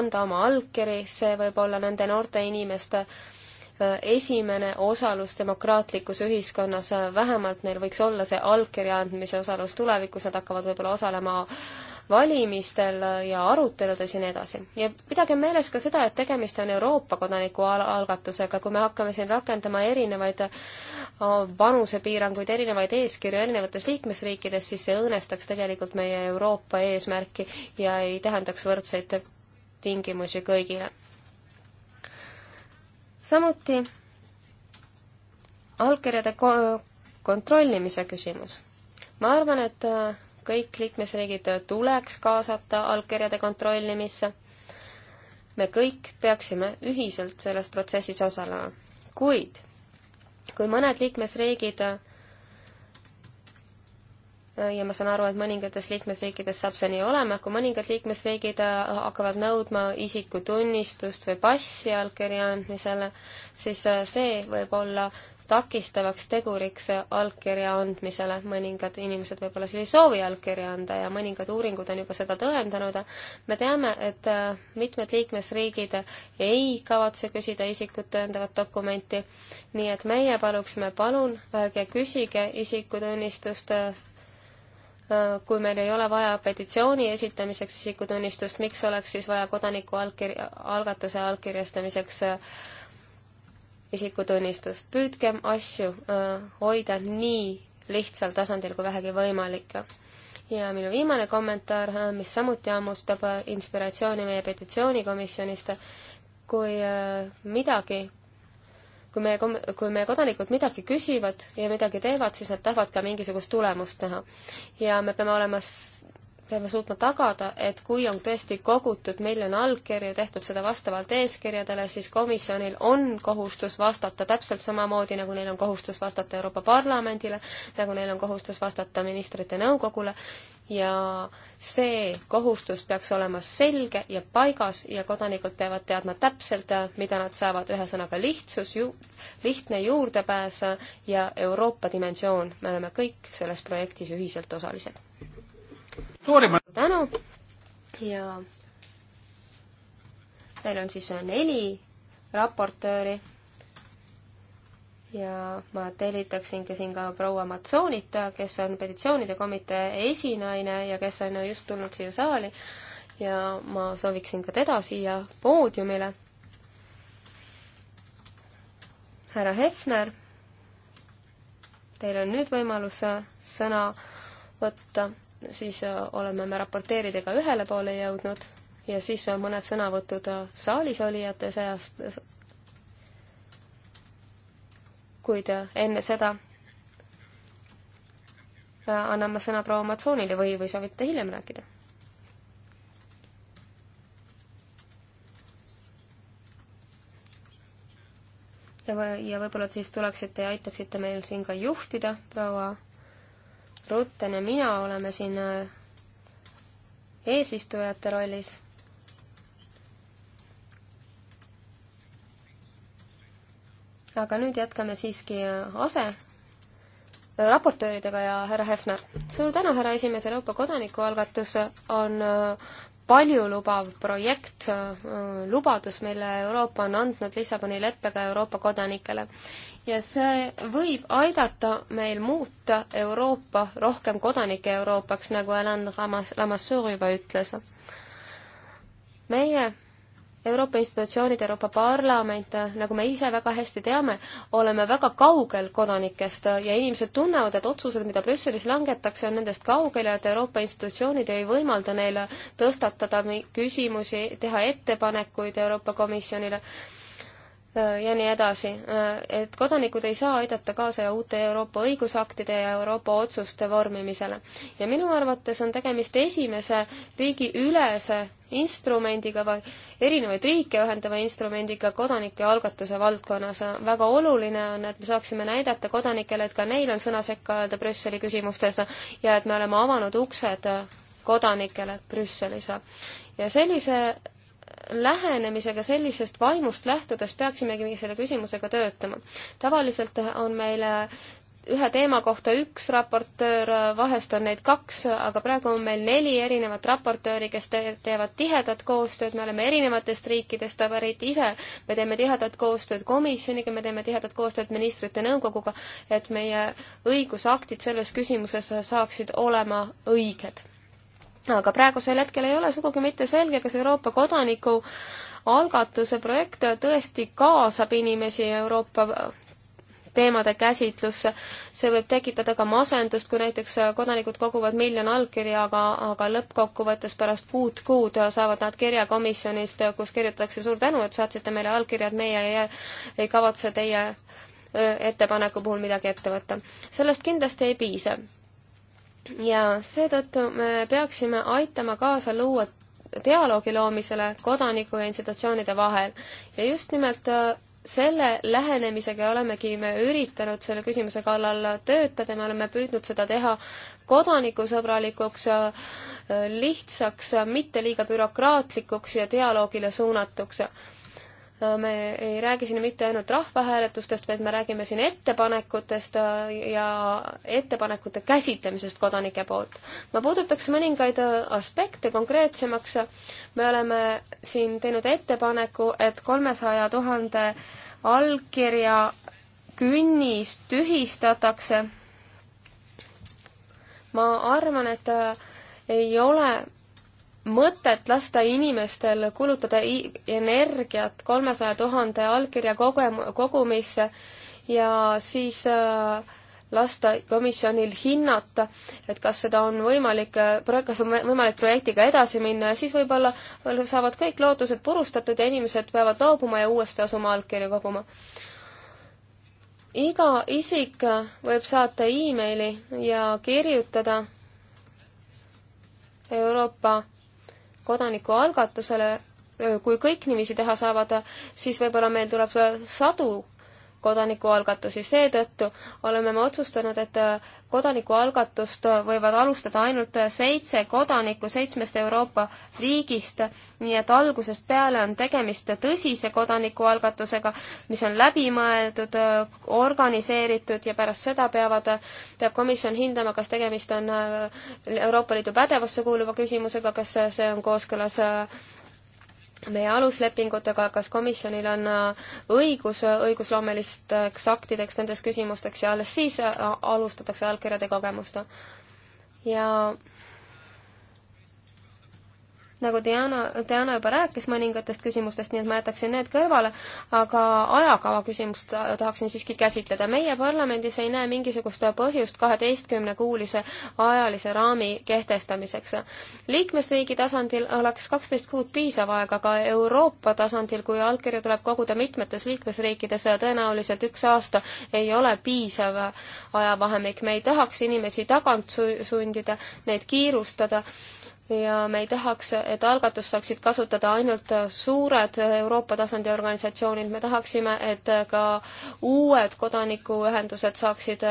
anda oma allkiri, see võib olla nende noorte inimeste äh, Äh, esimene osalus demokraatlikus ühiskonnas, äh, vähemalt neil võiks olla see allkirja andmise osalus tulevikus, nad hakkavad võib-olla osalema valimistel äh, ja aruteludes ja nii edasi. ja pidage meeles ka seda, et tegemist on Euroopa kodanikualgatusega, kui me hakkame siin rakendama erinevaid vanusepiiranguid, erinevaid eeskirju erinevates liikmesriikides, siis see õõnestaks tegelikult meie Euroopa eesmärki ja ei tähendaks võrdseid tingimusi kõigile samuti allkirjade ko-, kontrollimise küsimus. ma arvan, et äh, kõik liikmesriigid tuleks kaasata allkirjade kontrollimisse. me kõik peaksime ühiselt selles protsessis osalema. kuid kui mõned liikmesriigid äh, ja ma saan aru, et mõningates liikmesriikides saab see nii olema, kui mõningad liikmesriigid äh, hakkavad nõudma isikutunnistust või passi allkirja andmisele, siis äh, see võib olla takistavaks teguriks allkirja andmisele. mõningad inimesed võib-olla siis ei soovi allkirja anda ja mõningad uuringud on juba seda tõendanud. me teame, et äh, mitmed liikmesriigid ei kavatse küsida isikut tõendavat dokumenti, nii et meie paluksime, palun ärge küsige isikutunnistust Äh, kui meil ei ole vaja petitsiooni esitamiseks isikutunnistust, miks oleks siis vaja kodaniku allkirja, algatuse allkirjastamiseks äh, isikutunnistust. püüdkem asju äh, hoida nii lihtsal tasandil kui vähegi võimalik. ja minu viimane kommentaar, mis samuti hammustab inspiratsiooni meie petitsioonikomisjonist, kui midagi kui meie, kui meie kodanikud midagi küsivad ja midagi teevad, siis nad tahavad ka mingisugust tulemust näha. ja me peame olema peame suutma tagada, et kui on tõesti kogutud miljon allkirju, tehtud seda vastavalt eeskirjadele, siis komisjonil on kohustus vastata täpselt samamoodi, nagu neil on kohustus vastata Euroopa Parlamendile, nagu neil on kohustus vastata ministrite nõukogule ja see kohustus peaks olema selge ja paigas ja kodanikud peavad teadma täpselt, mida nad saavad, ühesõnaga lihtsus ju,, lihtne juurdepääs ja Euroopa dimensioon, me oleme kõik selles projektis ühiselt osalised tänu ja meil on siis neli raportööri ja ma tervitaksin ka siin ka proua Matsoonit, kes on petitsioonide komitee esinaine ja kes on just tulnud siia saali ja ma sooviksin ka teda siia poodiumile. härra Hefner, teil on nüüd võimalus sõna võtta siis äh, oleme me raporteeridega ühele poole jõudnud ja siis äh, mõned sõnavõtud äh, saalis olijate seast. kuid enne seda annan ma sõna proua Matsoonile või, või soovite hiljem rääkida? ja või, ja võib-olla siis tuleksite ja aitaksite meil siin ka juhtida, proua Rutten ja mina oleme siin äh, eesistujate rollis. aga nüüd jätkame siiski äh, ase äh, raportööridega ja härra Hefner. suur tänu, härra esimees, Euroopa kodanikualgatus on paljulubav projekt, lubadus, mille Euroopa on andnud Lissaboni leppega Euroopa kodanikele ja see võib aidata meil muuta Euroopa rohkem kodanike Euroopaks, nagu Alain Ramas-, Lamassoor juba ütles. meie Euroopa institutsioonid, Euroopa Parlament, nagu me ise väga hästi teame, oleme väga kaugel kodanikest ja inimesed tunnevad, et otsused, mida Brüsselis langetakse, on nendest kaugel ja et Euroopa institutsioonid ei võimalda neile tõstatada küsimusi, teha ettepanekuid Euroopa Komisjonile Äh, ja nii edasi. Äh, et kodanikud ei saa aidata kaasa ja uute Euroopa õigusaktide ja Euroopa otsuste vormimisele. ja minu arvates on tegemist esimese riigiülese instrumendiga või erinevaid riike ühendava instrumendiga kodanike algatuse valdkonnas. väga oluline on, et me saaksime näidata kodanikele, et ka neil on sõna sekka öelda Brüsseli küsimustes ja et me oleme avanud uksed kodanikele Brüsselis. ja sellise lähenemisega sellisest vaimust lähtudes peaksimegi selle küsimusega töötama. tavaliselt on meil äh, ühe teema kohta üks raportöör, äh, vahest on neid kaks, aga praegu on meil neli erinevat raportööri, kes te teevad tihedat koostööd, me oleme erinevatest riikidest pärit ise, me teeme tihedat koostööd komisjoniga, me teeme tihedat koostööd ministrite nõukoguga, et meie õigusaktid selles küsimuses saaksid olema õiged aga praegusel hetkel ei ole sugugi mitte selge, kas Euroopa kodaniku algatuse projekt tõesti kaasab inimesi Euroopa teemade käsitlusse. see võib tekitada ka masendust, kui näiteks kodanikud koguvad miljon allkirja, aga, aga lõppkokkuvõttes pärast kuut kuud saavad nad kirja komisjonist, kus kirjutatakse suur tänu, et saatsite meile allkirjad, meie ei, ei kavatse teie ettepaneku puhul midagi ette võtta. sellest kindlasti ei piisa ja seetõttu me peaksime aitama kaasa luua dialoogi loomisele kodaniku ja institutsioonide vahel. ja just nimelt äh, selle lähenemisega olemegi me üritanud selle küsimuse kallal töötada, me oleme püüdnud seda teha kodanikusõbralikuks, äh, lihtsaks, mitte liiga bürokraatlikuks ja dialoogile suunatuks Äh, me ei räägi siin mitte ainult rahvahääletustest, vaid me räägime siin ettepanekutest äh, ja ettepanekute käsitlemisest kodanike poolt. ma puudutaks mõningaid äh, aspekte konkreetsemaks. me oleme siin teinud ettepaneku, et kolmesaja tuhande allkirja künnis tühistatakse. ma arvan, et ei ole mõtet lasta inimestel kulutada energiat kolmesaja tuhande allkirja kogem-, kogumisse ja siis äh, lasta komisjonil hinnata, et kas seda on võimalik, kas on võimalik projektiga edasi minna ja siis võib-olla saavad kõik lootused purustatud ja inimesed peavad loobuma ja uuesti asuma allkirju koguma iga isik võib saata emaili ja kirjutada Euroopa kodanikualgatusele, kui kõik niiviisi teha saavad, siis võib-olla meil tuleb sadu kodanikualgatusi, seetõttu oleme me otsustanud, et äh, kodanikualgatust äh, võivad alustada ainult äh, seitse kodanikku seitsmest Euroopa riigist, nii et algusest peale on tegemist tõsise kodanikualgatusega, mis on läbimõeldud, organiseeritud ja pärast seda peavad, peab komisjon hindama, kas tegemist on Euroopa Liidu pädevusse kuuluva küsimusega, kas see on kooskõlas meie aluslepingutega, kas komisjonil on äh, õigus äh, õigusloomelisteks aktideks nendes küsimusteks ja alles siis äh, alustatakse allkirjade kogemust. ja nagu Diana, Diana juba rääkis mõningatest küsimustest, nii et ma jätaksin need kõrvale, aga ajakava küsimust tahaksin siiski käsitleda. meie parlamendis ei näe mingisugust põhjust kaheteistkümnekuulise ajalise raami kehtestamiseks. liikmesriigi tasandil oleks kaksteist kuud piisav aeg, aga Euroopa tasandil, kui allkirju tuleb koguda mitmetes liikmesriikides, tõenäoliselt üks aasta ei ole piisav ajavahemik. me ei tahaks inimesi tagant sundida, neid kiirustada ja me ei tahaks, et algatust saaksid kasutada ainult suured Euroopa tasandi organisatsioonid, me tahaksime, et ka uued kodanikuühendused saaksid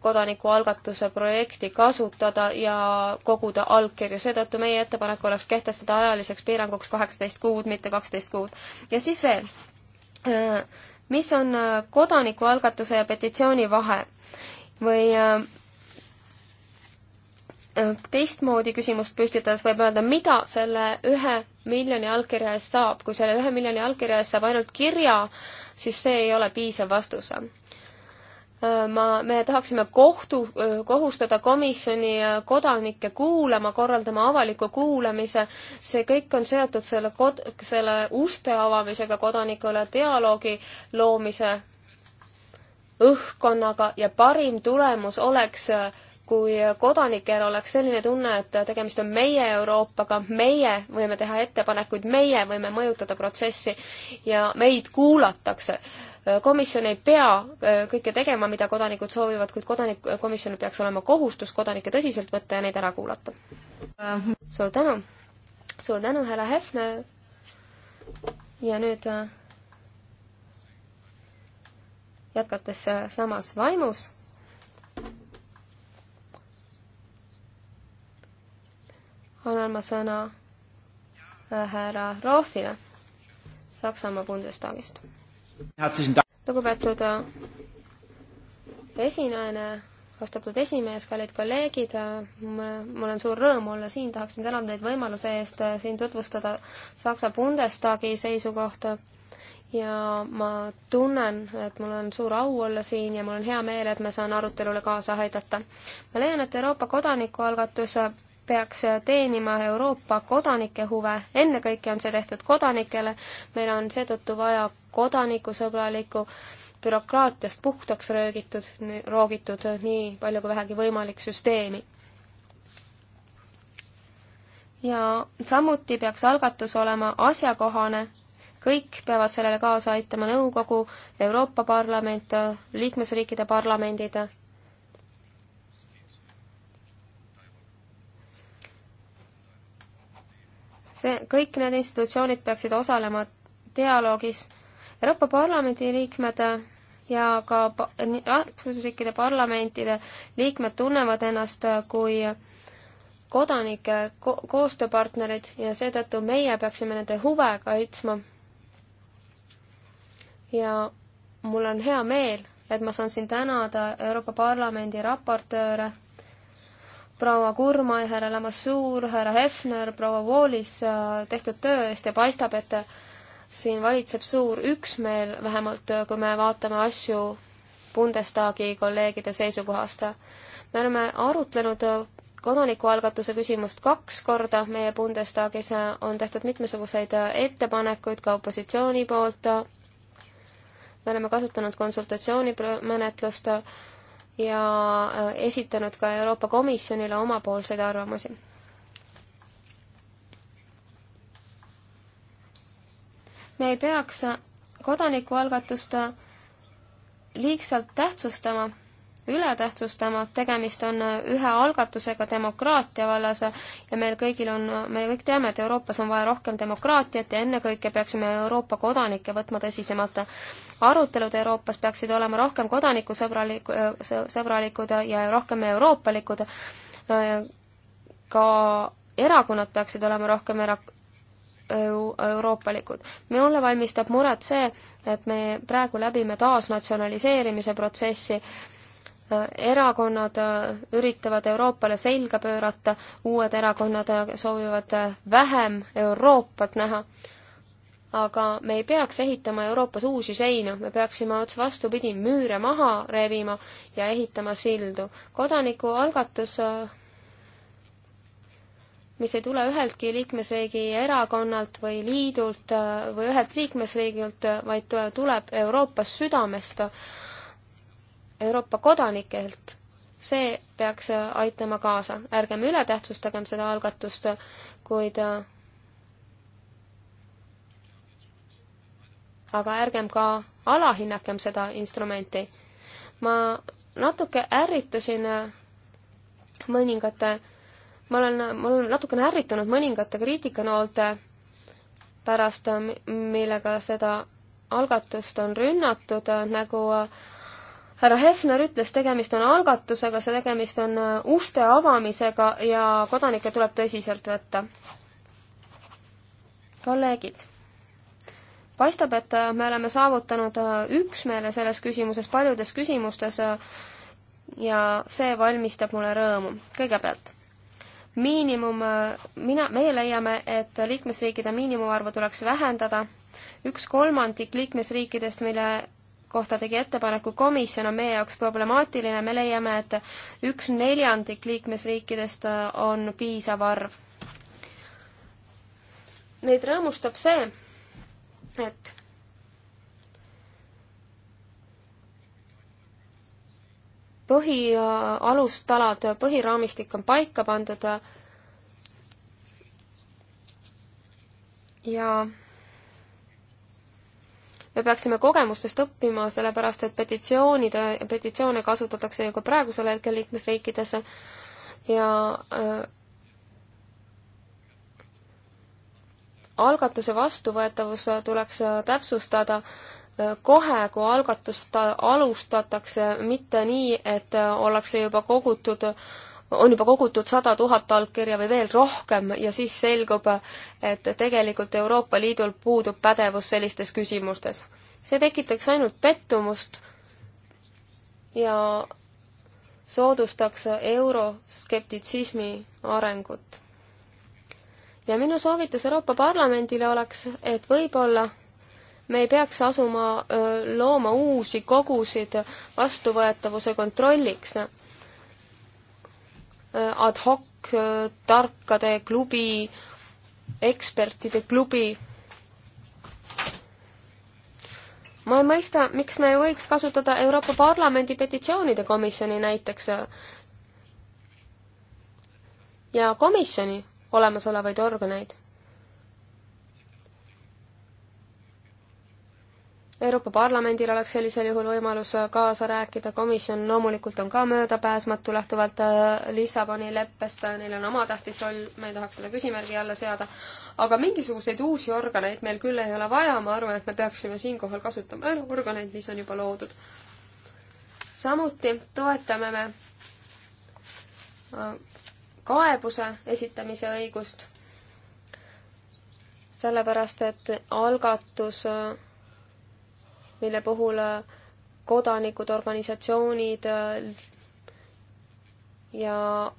kodanikualgatuse projekti kasutada ja koguda allkirju. seetõttu meie ettepanek oleks kehtestada ajaliseks piiranguks kaheksateist kuud, mitte kaksteist kuud. ja siis veel, äh, mis on äh, kodanikualgatuse ja petitsiooni vahe? või äh, teistmoodi küsimust püstitades võib öelda, mida selle ühe miljoni allkirja eest saab. kui selle ühe miljoni allkirja eest saab ainult kirja, siis see ei ole piisav vastus. ma, me tahaksime kohtu, kohustada komisjoni kodanikke kuulama, korraldama avaliku kuulamise. see kõik on seotud selle kod-, selle uste avamisega kodanikule, dialoogi loomise õhkkonnaga ja parim tulemus oleks kui kodanikel oleks selline tunne, et tegemist on meie Euroopaga, meie võime teha ettepanekuid, meie võime mõjutada protsessi ja meid kuulatakse. komisjon ei pea äh, kõike tegema, mida kodanikud soovivad, kuid kodanik, komisjonil peaks olema kohustus kodanikke tõsiselt võtta ja neid ära kuulata. suur tänu! suur tänu, härra Hefner! ja nüüd äh, jätkates äh, samas vaimus annan ma sõna äh, härra Rohvile Saksamaa Bundestagist. lugupeetud äh, esinejana, austatud esimees, kallid kolleegid, äh, mul on suur rõõm olla siin, tahaksin tänada teid võimaluse eest siin tutvustada Saksa Bundestagi seisukohta ja ma tunnen, et mul on suur au olla siin ja mul on hea meel, et ma saan arutelule kaasa aidata. ma leian, et Euroopa kodanikualgatus peaks teenima Euroopa kodanike huve, ennekõike on see tehtud kodanikele, meil on seetõttu vaja kodanikusõbralikku bürokraatiast puhtaks röögitud, roogitud nii palju kui vähegi võimalik süsteemi. ja samuti peaks algatus olema asjakohane, kõik peavad sellele kaasa aitama, nõukogu, Euroopa Parlament, liikmesriikide parlamendid see, kõik need institutsioonid peaksid osalema dialoogis. Euroopa Parlamendi liikmed ja ka rahvusriikide parlamentide liikmed tunnevad ennast kui kodanike ko koostööpartnerid ja seetõttu meie peaksime nende huve kaitsma. ja mul on hea meel, et ma saan siin tänada Euroopa Parlamendi raportööre proua Kurmai, härra Lamassuur, härra Hefner, proua Wallis äh, tehtud töö eest ja paistab, et äh, siin valitseb suur üksmeel, vähemalt äh, kui me vaatame asju Bundestagi kolleegide seisukohast. me oleme arutlenud kodanikualgatuse küsimust kaks korda meie Bundestagis, on tehtud mitmesuguseid ettepanekuid ka opositsiooni poolt, me oleme kasutanud konsultatsioonimenetlust, menetlust ja äh, esitanud ka Euroopa Komisjonile omapoolseid arvamusi. me ei peaks kodanikualgatust liigselt tähtsustama üle tähtsustama, tegemist on ühe algatusega demokraatia vallas ja meil kõigil on, me kõik teame, et Euroopas on vaja rohkem demokraatiat ja ennekõike peaksime Euroopa kodanikke võtma tõsisemalt. arutelud Euroopas peaksid olema rohkem kodanikusõbralik-, sõbralikud ja rohkem euroopalikud, ka erakonnad peaksid olema rohkem era-, euroopalikud. minule valmistab muret see, et me praegu läbime taasnatsionaliseerimise protsessi erakonnad äh, üritavad Euroopale selga pöörata, uued erakonnad äh, soovivad äh, vähem Euroopat näha, aga me ei peaks ehitama Euroopas uusi seinu, me peaksime otse vastupidi müüre maha rebima ja ehitama sildu. kodanikualgatus, mis ei tule üheltki liikmesriigi erakonnalt või liidult või ühelt liikmesriigilt, vaid tuleb Euroopas südamest, Euroopa kodanikelt, see peaks aitama kaasa. ärgem ületähtsustagem seda algatust, kuid aga ärgem ka alahinnakem seda instrumenti. ma natuke ärritusin mõningate, ma olen, ma olen natukene ärritunud mõningate kriitikanoolte pärast, millega seda algatust on rünnatud, nagu härra Hefner ütles, tegemist on algatusega, see tegemist on äh, uste avamisega ja kodanikke tuleb tõsiselt võtta. kolleegid, paistab, et äh, me oleme saavutanud äh, üksmeele selles küsimuses, paljudes küsimustes ja see valmistab mulle rõõmu. kõigepealt, miinimum, mina, meie leiame, et liikmesriikide miinimumarvu tuleks vähendada, üks kolmandik liikmesriikidest, mille kohta tegi ettepaneku komisjon, on meie jaoks problemaatiline, me leiame, et üks neljandik liikmesriikidest äh, on piisav arv. meid rõõmustab see, et põhialustalad, põhiraamistik on paika pandud ja me peaksime kogemustest õppima, sellepärast et petitsioonide, petitsioone kasutatakse ju ka praegusel hetkel liikmesriikides ja äh, algatuse vastuvõetavus tuleks täpsustada äh, kohe, kui algatust alustatakse, mitte nii, et äh, ollakse juba kogutud äh, on juba kogutud sada tuhat allkirja või veel rohkem ja siis selgub, et tegelikult Euroopa Liidul puudub pädevus sellistes küsimustes. see tekitaks ainult pettumust ja soodustaks euroskeptitsismi arengut. ja minu soovitus Euroopa Parlamendile oleks, et võib-olla me ei peaks asuma looma uusi kogusid vastuvõetavuse kontrolliks Äh, ad hoc äh, tarkade klubi, ekspertide klubi. ma ei mõista, miks me ei võiks kasutada Euroopa Parlamendi petitsioonide komisjoni näiteks äh, ja komisjoni olemasolevaid organeid Euroopa Parlamendil oleks sellisel juhul võimalus kaasa rääkida, komisjon loomulikult on ka möödapääsmatu lähtuvalt äh, Lissaboni leppest, neil on oma tähtis roll, ma ei tahaks seda küsimärgi alla seada, aga mingisuguseid uusi organeid meil küll ei ole vaja, ma arvan, et me peaksime siinkohal kasutama ära organeid, mis on juba loodud. samuti toetame me äh, kaebuse esitamise õigust, sellepärast et algatus äh, mille puhul äh, kodanikud, organisatsioonid äh, ja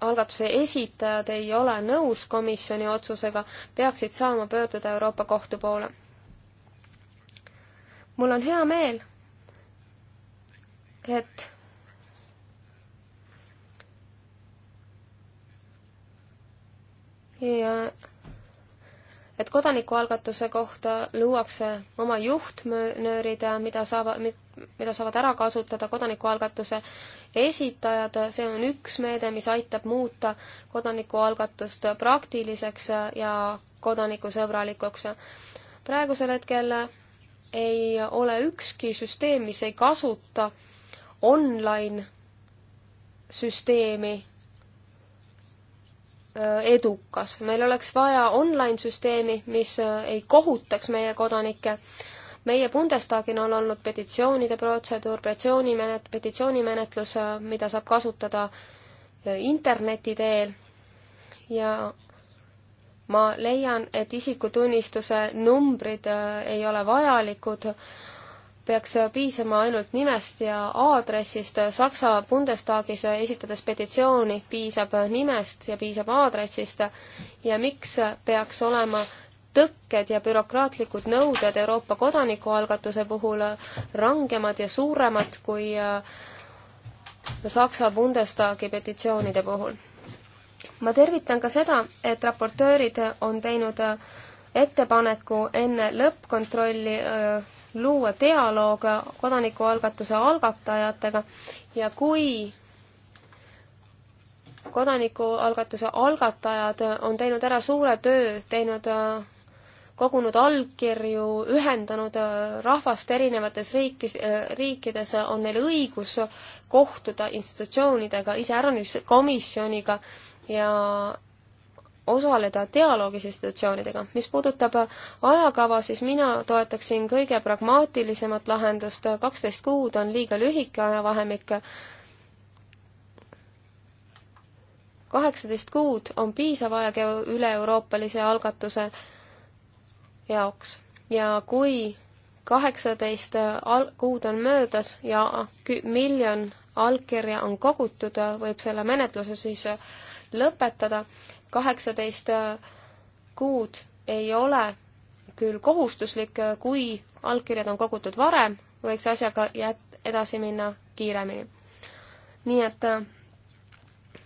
algatuse esitajad ei ole nõus komisjoni otsusega, peaksid saama pöörduda Euroopa Kohtu poole. mul on hea meel, et ja et kodanikualgatuse kohta luuakse oma juhtnöörid, mida saavad, mida saavad ära kasutada kodanikualgatuse esitajad, see on üks meede, mis aitab muuta kodanikualgatust praktiliseks ja kodanikusõbralikuks. praegusel hetkel ei ole ükski süsteem, mis ei kasuta online süsteemi Äh, edukas. meil oleks vaja online-süsteemi, mis äh, ei kohutaks meie kodanikke. meie Bundestagil on olnud petitsioonide protseduur, petitsioonimenet-, petitsioonimenetlus, äh, mida saab kasutada interneti teel ja ma leian, et isikutunnistuse numbrid ei ole vajalikud peaks piisama ainult nimest ja aadressist. Saksa Bundestagis esitades petitsiooni piisab nimest ja piisab aadressist. ja miks peaks olema tõkked ja bürokraatlikud nõuded Euroopa kodanikualgatuse puhul rangemad ja suuremad kui äh, Saksa Bundestagi petitsioonide puhul? ma tervitan ka seda, et raportöörid on teinud äh, ettepaneku enne lõppkontrolli öö, äh, luua dialoog kodanikualgatuse algatajatega ja kui kodanikualgatuse algatajad on teinud ära suure töö, teinud, äh, kogunud allkirju, ühendanud äh, rahvast erinevates riikis, äh, riikides, on neil õigus kohtuda institutsioonidega, iseäranis komisjoniga ja osaleda dialoogis institutsioonidega. mis puudutab ajakava, siis mina toetaksin kõige pragmaatilisemat lahendust, kaksteist kuud on liiga lühike ajavahemik, kaheksateist kuud on piisav aeg üle-euroopalise algatuse jaoks ja kui kaheksateist al-, kuud on möödas ja miljon allkirja on kogutud, võib selle menetluse siis lõpetada kaheksateist kuud ei ole küll kohustuslik, kui allkirjad on kogutud varem, võiks asjaga jät-, edasi minna kiiremini. nii et äh,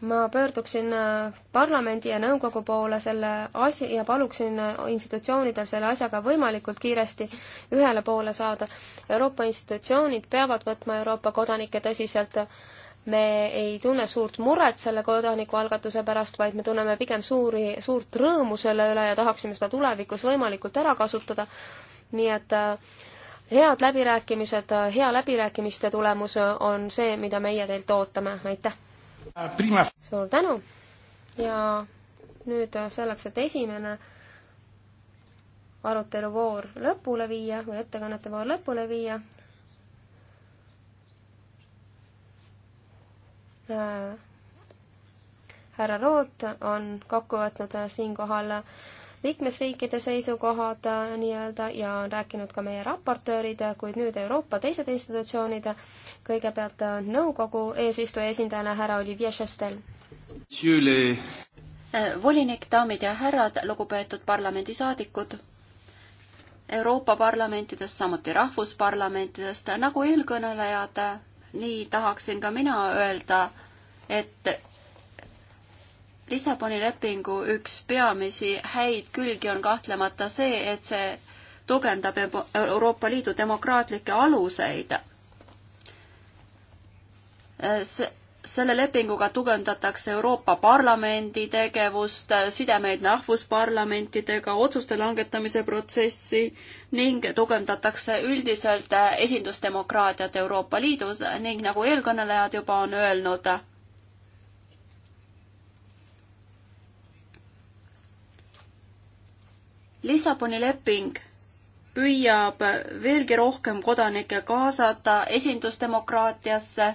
ma pöörduksin äh, parlamendi ja nõukogu poole selle asi- ja paluksin äh, institutsioonidel selle asjaga võimalikult kiiresti ühele poole saada. Euroopa institutsioonid peavad võtma Euroopa kodanikke tõsiselt me ei tunne suurt muret selle kodanikualgatuse pärast, vaid me tunneme pigem suuri, suurt rõõmu selle üle ja tahaksime seda tulevikus võimalikult ära kasutada. nii et äh, head läbirääkimised, äh, hea läbirääkimiste tulemus äh, on see, mida meie teilt ootame, aitäh! suur tänu ja nüüd selleks, et esimene aruteluvoor lõpule viia või ettekannete voor lõpule viia, härra Root on kokku võtnud äh, siinkohal äh, liikmesriikide seisukohad äh, nii-öelda ja on rääkinud ka meie raportöörid, kuid nüüd Euroopa teised institutsioonid, kõigepealt nõukogu eesistuja esindajana härra Olivier Chastel. volinik, daamid ja härrad, lugupeetud parlamendisaadikud, Euroopa parlamentidest, samuti rahvusparlamentidest, nagu eelkõnelejad nii tahaksin ka mina öelda, et Lissaboni lepingu üks peamisi häid külgi on kahtlemata see, et see tugevdab Euroopa Liidu demokraatlikke aluseid. see selle lepinguga tugevdatakse Euroopa Parlamendi tegevust, sidemeid rahvusparlamentidega, otsuste langetamise protsessi ning tugevdatakse üldiselt esindusdemokraatiat Euroopa Liidus ning nagu eelkõnelejad juba on öelnud, Lissaboni leping püüab veelgi rohkem kodanikke kaasata esindusdemokraatiasse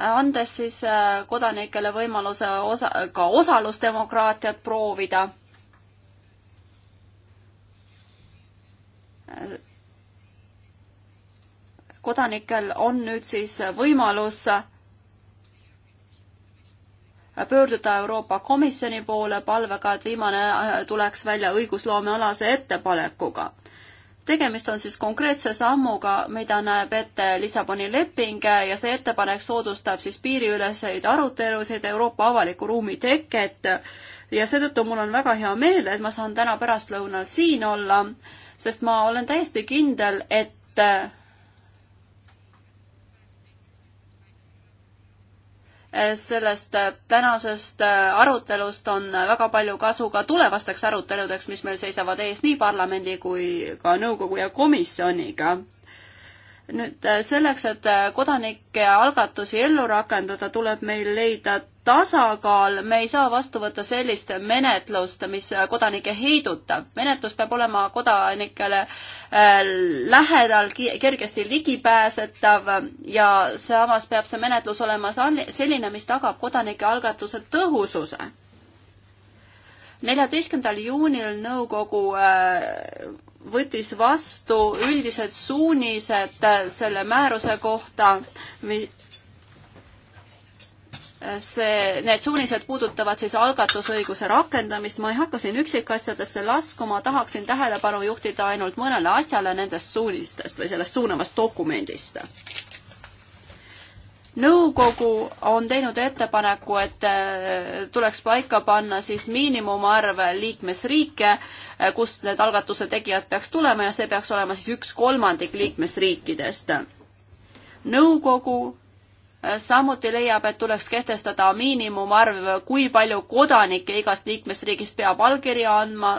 andes siis äh, kodanikele võimaluse osa, ka osalusdemokraatiat proovida. kodanikel on nüüd siis võimalus pöörduda Euroopa Komisjoni poole palvega, et viimane äh, tuleks välja õigusloomealase ettepanekuga tegemist on siis konkreetse sammuga, mida näeb ette Lissaboni leping ja see ettepanek soodustab siis piiriüleseid arutelusid, Euroopa avaliku ruumi teket ja seetõttu mul on väga hea meel, et ma saan täna pärastlõunal siin olla, sest ma olen täiesti kindel, et sellest äh, tänasest äh, arutelust on äh, väga palju kasu ka tulevasteks aruteludeks, mis meil seisavad ees nii parlamendi kui ka nõukogu ja komisjoniga. nüüd selleks, et kodanike algatusi ellu rakendada, tuleb meil leida tasakaal, me ei saa vastu võtta sellist menetlust, mis kodanikke heidutab. menetlus peab olema kodanikele äh, lähedal, kergesti ligipääsetav ja samas peab see menetlus olema selline, mis tagab kodanike algatuse tõhususe. neljateistkümnendal juunil nõukogu äh, võttis vastu üldised suunised äh, selle määruse kohta, see, need suunised puudutavad siis algatusõiguse rakendamist, ma ei hakka siin üksikasjadesse laskuma, tahaksin tähelepanu juhtida ainult mõnele asjale nendest suunistest või sellest suunavast dokumendist. nõukogu on teinud ettepaneku, et äh, tuleks paika panna siis miinimumarv liikmesriike, äh, kust need algatuse tegijad peaks tulema ja see peaks olema siis üks kolmandik liikmesriikidest nõukogu Äh, samuti leiab, et tuleks kehtestada miinimumarv, kui palju kodanikke igast liikmesriigist peab allkirja andma.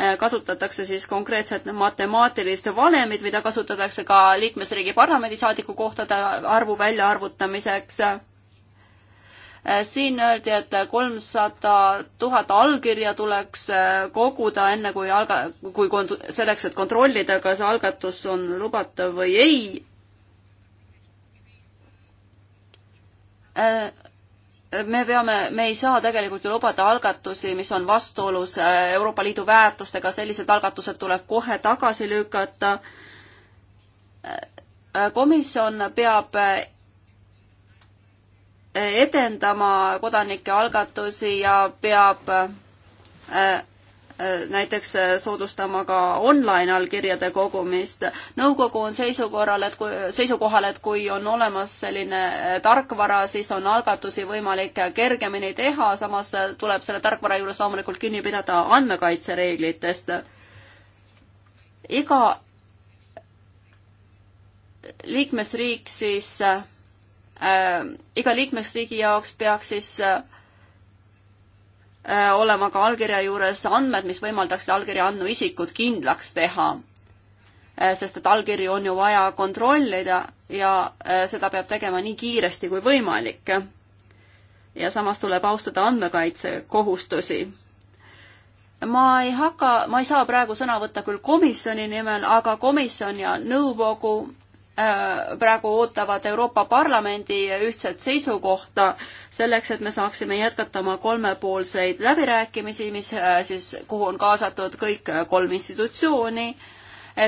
Äh, kasutatakse siis konkreetset matemaatilist valemit, mida kasutatakse ka liikmesriigi parlamendisaadiku kohtade arvu väljaarvutamiseks. Äh, siin öeldi, et kolmsada tuhat allkirja tuleks koguda enne kui alga-, kui kont-, selleks, et kontrollida, kas algatus on lubatav või ei Äh, me peame, me ei saa tegelikult ju lubada algatusi, mis on vastuolus äh, Euroopa Liidu väärtustega, sellised algatused tuleb kohe tagasi lükata. Äh, komisjon peab edendama kodanike algatusi ja peab Äh, näiteks äh, soodustama ka online allkirjade kogumist. nõukogu on seisukorral, et kui, seisukohal, et kui on olemas selline äh, tarkvara, siis on algatusi võimalik kergemini teha, samas tuleb selle tarkvara juures loomulikult kinni pidada andmekaitsereeglitest. iga liikmesriik siis äh,, iga liikmesriigi jaoks peaks siis äh, Äh, olema ka allkirja juures andmed, mis võimaldaksid allkirja andnu isikut kindlaks teha. Äh, sest et allkirju on ju vaja kontrollida ja äh, seda peab tegema nii kiiresti kui võimalik. ja samas tuleb austada andmekaitsekohustusi. ma ei hakka, ma ei saa praegu sõna võtta küll komisjoni nimel, aga komisjon ja nõukogu Äh, praegu ootavad Euroopa Parlamendi ühtset seisukohta selleks, et me saaksime jätkata oma kolmepoolseid läbirääkimisi, mis äh, siis, kuhu on kaasatud kõik kolm institutsiooni,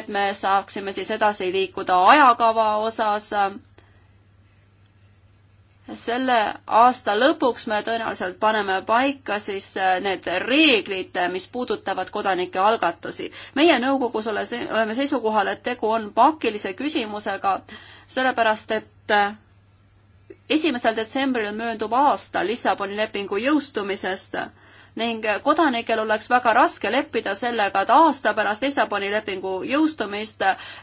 et me saaksime siis edasi liikuda ajakava osas selle aasta lõpuks me tõenäoliselt paneme paika siis äh, need reeglid, äh, mis puudutavad kodanike algatusi. meie nõukogus ole, oleme seisukohal, et tegu on pakilise küsimusega, sellepärast et äh, esimesel detsembril möödub aasta Lissaboni lepingu jõustumisest ning kodanikel oleks väga raske leppida sellega, et aasta pärast Lissaboni lepingu jõustumist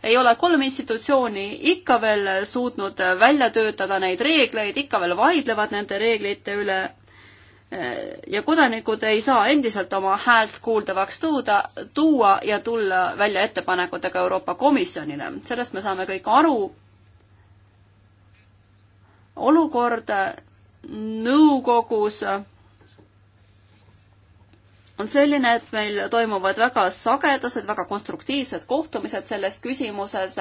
ei ole kolm institutsiooni ikka veel suutnud välja töötada neid reegleid, ikka veel vaidlevad nende reeglite üle ja kodanikud ei saa endiselt oma häält kuuldavaks tuuda, tuua ja tulla välja ettepanekutega Euroopa Komisjonile. sellest me saame kõik aru. olukord nõukogus on selline, et meil toimuvad väga sagedased, väga konstruktiivsed kohtumised selles küsimuses,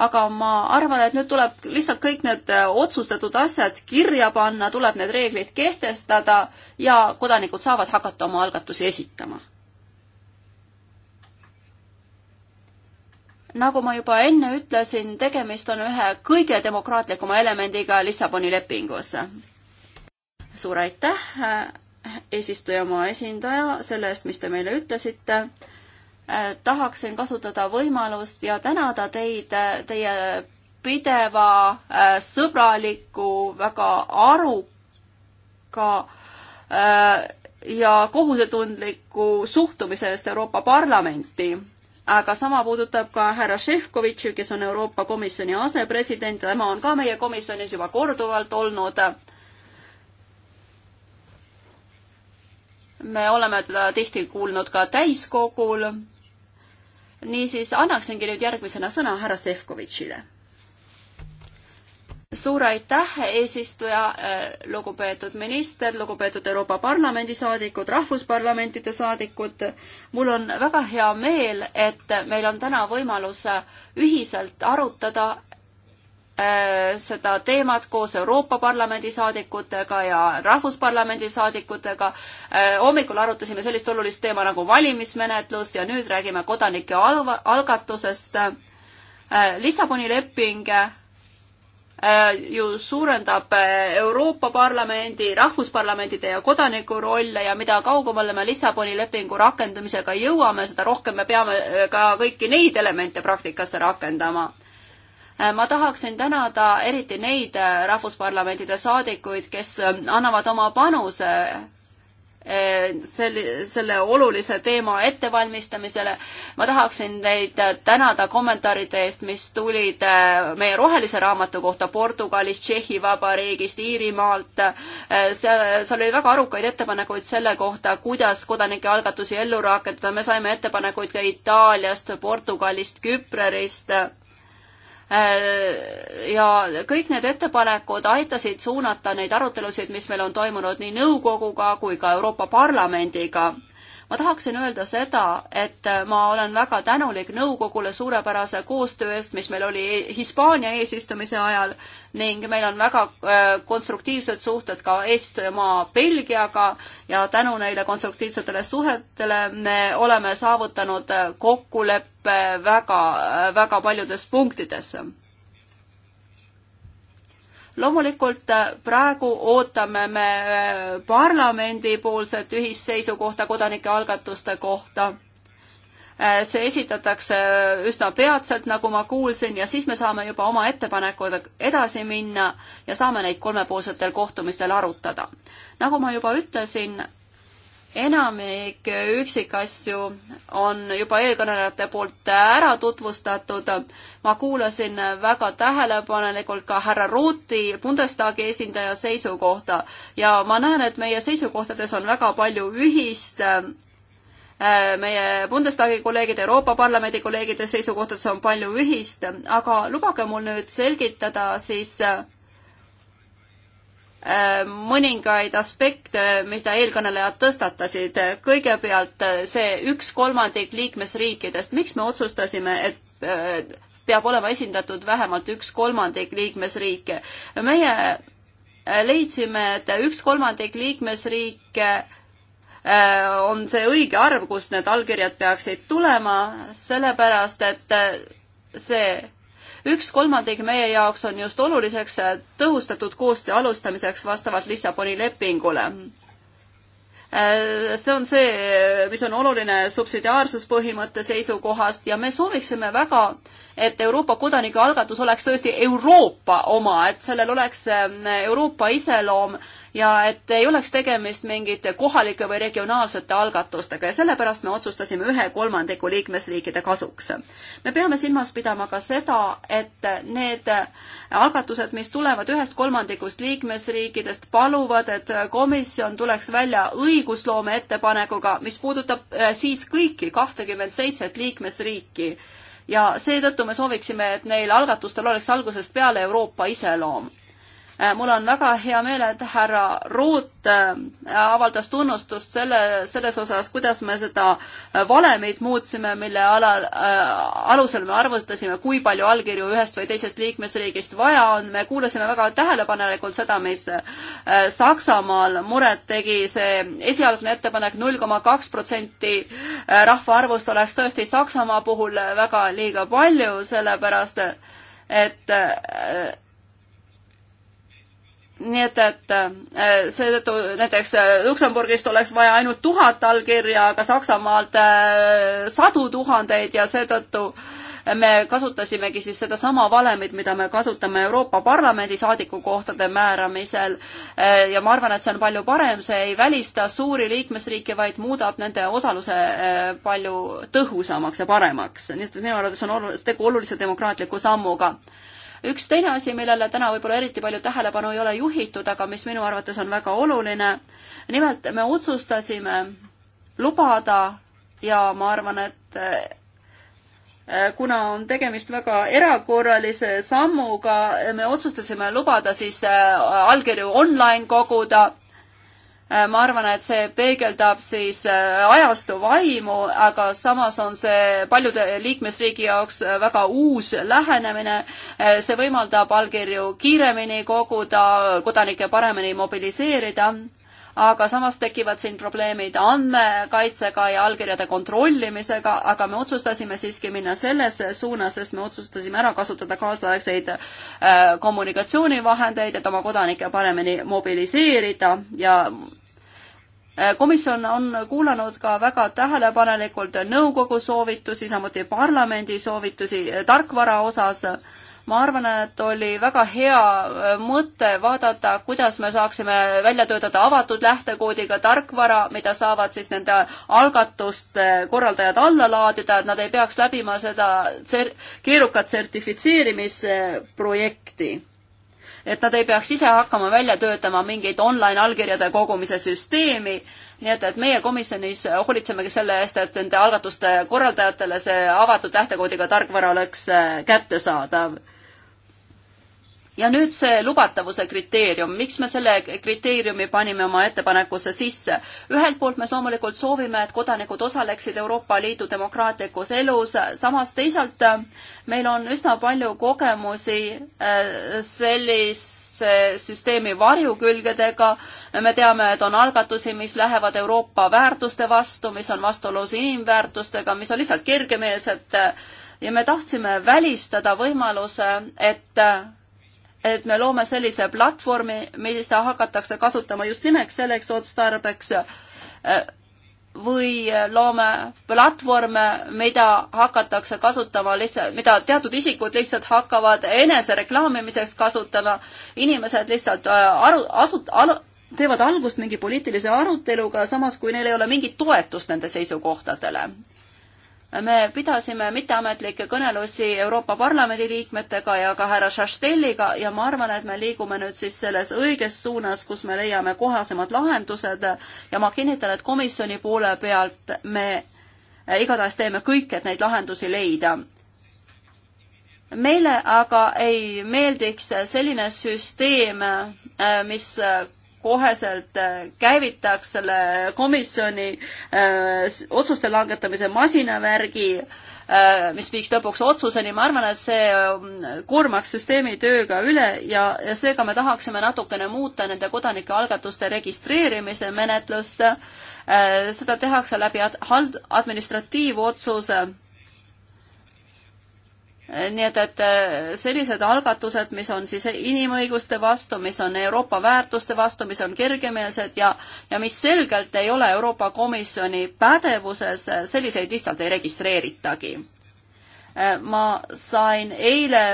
aga ma arvan, et nüüd tuleb lihtsalt kõik need otsustatud asjad kirja panna, tuleb need reeglid kehtestada ja kodanikud saavad hakata oma algatusi esitama. nagu ma juba enne ütlesin, tegemist on ühe kõige demokraatlikuma elemendiga Lissaboni lepingus. suur aitäh eesistujamaa esindaja, selle eest, mis te meile ütlesite. Äh, tahaksin kasutada võimalust ja tänada teid äh, teie pideva, äh, sõbraliku, väga aruka ja kohusetundliku suhtumise eest Euroopa Parlamenti aga sama puudutab ka härra Šefkovitši, kes on Euroopa Komisjoni asepresident, tema on ka meie komisjonis juba korduvalt olnud. me oleme teda tihti kuulnud ka täiskogul. niisiis annaksingi nüüd järgmisena sõna härra Sefkovitšile. suur aitäh, eesistuja, eh, lugupeetud minister, lugupeetud Euroopa Parlamendi saadikud, rahvusparlamentide saadikud. mul on väga hea meel, et meil on täna võimalus ühiselt arutada Äh, seda teemat koos Euroopa Parlamendi saadikutega ja Rahvusparlamendi saadikutega. Äh, hommikul arutasime sellist olulist teema nagu valimismenetlus ja nüüd räägime kodanike al algatusest. Äh, Lissaboni leping ju suurendab Euroopa Parlamendi, rahvusparlamentide ja kodaniku rolle ja mida kaugemale me Lissaboni lepingu rakendamisega jõuame, seda rohkem me peame ka kõiki neid elemente praktikasse rakendama Äh, ma tahaksin tänada eriti neid äh, rahvusparlamentide saadikuid, kes äh, annavad oma panuse selle, selle olulise teema ettevalmistamisele. ma tahaksin teid tänada kommentaaride eest, mis tulid meie rohelise raamatu kohta Portugalist, Tšehhi Vabariigist, Iirimaalt. seal, seal oli väga arukaid ettepanekuid selle kohta, kuidas kodanikealgatusi ellu rakendada. me saime ettepanekuid ka Itaaliast, Portugalist, Küprerist Äh, ja kõik need ettepanekud aitasid suunata neid arutelusid, mis meil on toimunud nii nõukoguga kui ka Euroopa Parlamendiga ma tahaksin öelda seda, et äh, ma olen väga tänulik nõukogule suurepärase koostöö eest, mis meil oli e-, Hispaania eesistumise ajal ning meil on väga äh, konstruktiivsed suhted ka eesistujamaa Belgiaga ja tänu neile konstruktiivsetele suhetele me oleme saavutanud äh, kokkuleppe väga, väga paljudes punktides loomulikult äh, praegu ootame me äh, parlamendipoolset ühisseisukohta kodanike algatuste kohta. Äh, see esitatakse üsna peatselt, nagu ma kuulsin, ja siis me saame juba oma ettepanekud edasi minna ja saame neid kolmepoolsetel kohtumistel arutada. nagu ma juba ütlesin, enamik üksikasju on juba eelkõnelejate poolt ära tutvustatud. ma kuulasin väga tähelepanelikult ka härra Ruuti, Bundestagi esindaja seisukohta ja ma näen, et meie seisukohtades on väga palju ühist meie Bundestagi kolleegid, Euroopa Parlamendi kolleegide seisukohtades on palju ühist, aga lubage mul nüüd selgitada siis äh, Äh, mõningaid aspekte, mida eelkõnelejad tõstatasid. kõigepealt äh, see üks kolmandik liikmesriikidest, miks me otsustasime, et äh, peab olema esindatud vähemalt üks kolmandik liikmesriike. meie leidsime, et üks kolmandik liikmesriike on see õige arv, kust need allkirjad peaksid tulema, sellepärast et see üks kolmandik meie jaoks on just oluliseks tõhustatud koostöö alustamiseks vastavalt Lissaboni lepingule äh, see on see, mis on oluline subsidiaarsuspõhimõtte seisukohast ja me sooviksime väga, et Euroopa kodanikualgatus oleks tõesti Euroopa oma, et sellel oleks äh, Euroopa iseloom ja et ei oleks tegemist mingite kohalike või regionaalsete algatustega ja sellepärast me otsustasime ühe kolmandiku liikmesriikide kasuks. me peame silmas pidama ka seda, et need algatused, mis tulevad ühest kolmandikust liikmesriikidest, paluvad, et komisjon tuleks välja õigusloome ettepanekuga, mis puudutab äh, siis kõiki kahtekümmet seitset liikmesriiki ja seetõttu me sooviksime, et neil algatustel oleks algusest peale Euroopa iseloom. Äh, mul on väga hea meel, et härra Ruut äh, avaldas tunnustust selle, selles osas, kuidas me seda äh, valemit muutsime, mille alal äh,, alusel me arvutasime, kui palju allkirju ühest või teisest liikmesriigist vaja on. me kuulasime väga tähelepanelikult seda, mis äh, Saksamaal muret tegi, see esialgne ettepanek null koma kaks protsenti rahvaarvust oleks tõesti Saksamaa puhul väga liiga palju, sellepärast et äh, nii et, et äh, seetõttu näiteks äh, Luksemburgist oleks vaja ainult tuhat allkirja, aga Saksamaalt äh, sadu tuhandeid ja seetõttu me kasutasimegi siis sedasama valemit, mida me kasutame Euroopa Parlamendi saadikukohtade määramisel. ja ma arvan, et see on palju parem, see ei välista suuri liikmesriike, vaid muudab nende osaluse palju tõhusamaks ja paremaks. nii et minu arvates on olulis-, tegu olulise demokraatliku sammuga üks teine asi, millele täna võib-olla eriti palju tähelepanu ei ole juhitud, aga mis minu arvates on väga oluline, nimelt me otsustasime lubada ja ma arvan, et eh, kuna on tegemist väga erakorralise sammuga, me otsustasime lubada siis eh, allkirju online koguda Äh, ma arvan, et see peegeldab siis äh, ajastu vaimu, aga samas on see paljude liikmesriigi jaoks äh, väga uus lähenemine. see võimaldab allkirju kiiremini koguda, kodanikke paremini mobiliseerida aga samas tekivad siin probleemid andmekaitsega ja allkirjade kontrollimisega, aga me otsustasime siiski minna selles suunas, sest me otsustasime ära kasutada kaasaegseid kommunikatsioonivahendeid, et oma kodanikke paremini mobiliseerida ja Äh, komisjon on kuulanud ka väga tähelepanelikult nõukogu soovitusi, samuti parlamendi soovitusi äh, tarkvara osas. ma arvan, et oli väga hea äh, mõte vaadata, kuidas me saaksime välja töötada avatud lähtekoodiga tarkvara, mida saavad siis nende algatuste korraldajad alla laadida, et nad ei peaks läbima seda tser-, keerukat sertifitseerimisprojekti et nad ei peaks ise hakkama välja töötama mingeid online allkirjade kogumise süsteemi. nii et, et meie komisjonis hoolitsemegi selle eest, et nende algatuste korraldajatele see avatud tähtekoodiga tarkvara oleks äh, kättesaadav ja nüüd see lubatavuse kriteerium, miks me selle kriteeriumi panime oma ettepanekusse sisse? ühelt poolt me loomulikult soovime, et kodanikud osaleksid Euroopa Liidu demokraatlikus elus, samas teisalt äh, meil on üsna palju kogemusi äh, sellise süsteemi varjukülgedega. me teame, et on algatusi, mis lähevad Euroopa väärtuste vastu, mis on vastuolus inimväärtustega, mis on lihtsalt kergemeelsed ja me tahtsime välistada võimaluse, et äh, et me loome sellise platvormi, mida hakatakse kasutama just nimelt selleks otstarbeks äh, või loome platvorme, mida hakatakse kasutama lihtsalt, mida teatud isikud lihtsalt hakkavad enese reklaamimiseks kasutama. inimesed lihtsalt äh, aru, asut-, alu, teevad algust mingi poliitilise aruteluga, samas kui neil ei ole mingit toetust nende seisukohtadele me pidasime mitteametlikke kõnelusi Euroopa Parlamendi liikmetega ja ka härra Šaštelliga ja ma arvan, et me liigume nüüd siis selles õiges suunas, kus me leiame kohasemad lahendused ja ma kinnitan, et komisjoni poole pealt me eh, igatahes teeme kõik, et neid lahendusi leida. meile aga ei meeldiks selline süsteem, eh, mis eh, koheselt äh, käivitaks selle komisjoni öö, äh, otsuste langetamise masinavärgi, äh, mis viiks lõpuks otsuseni, ma arvan, et see ähm, koormaks süsteemi tööga üle ja, ja seega me tahaksime natukene muuta nende kodanikealgatuste registreerimise menetlust. seda tehakse läbi ad-, hald-, administratiivotsuse nii et, et äh, sellised algatused, mis on siis inimõiguste vastu, mis on Euroopa väärtuste vastu, mis on kergemeelsed ja, ja mis selgelt ei ole Euroopa Komisjoni pädevuses, äh, selliseid lihtsalt ei registreeritagi. Äh, ma sain eile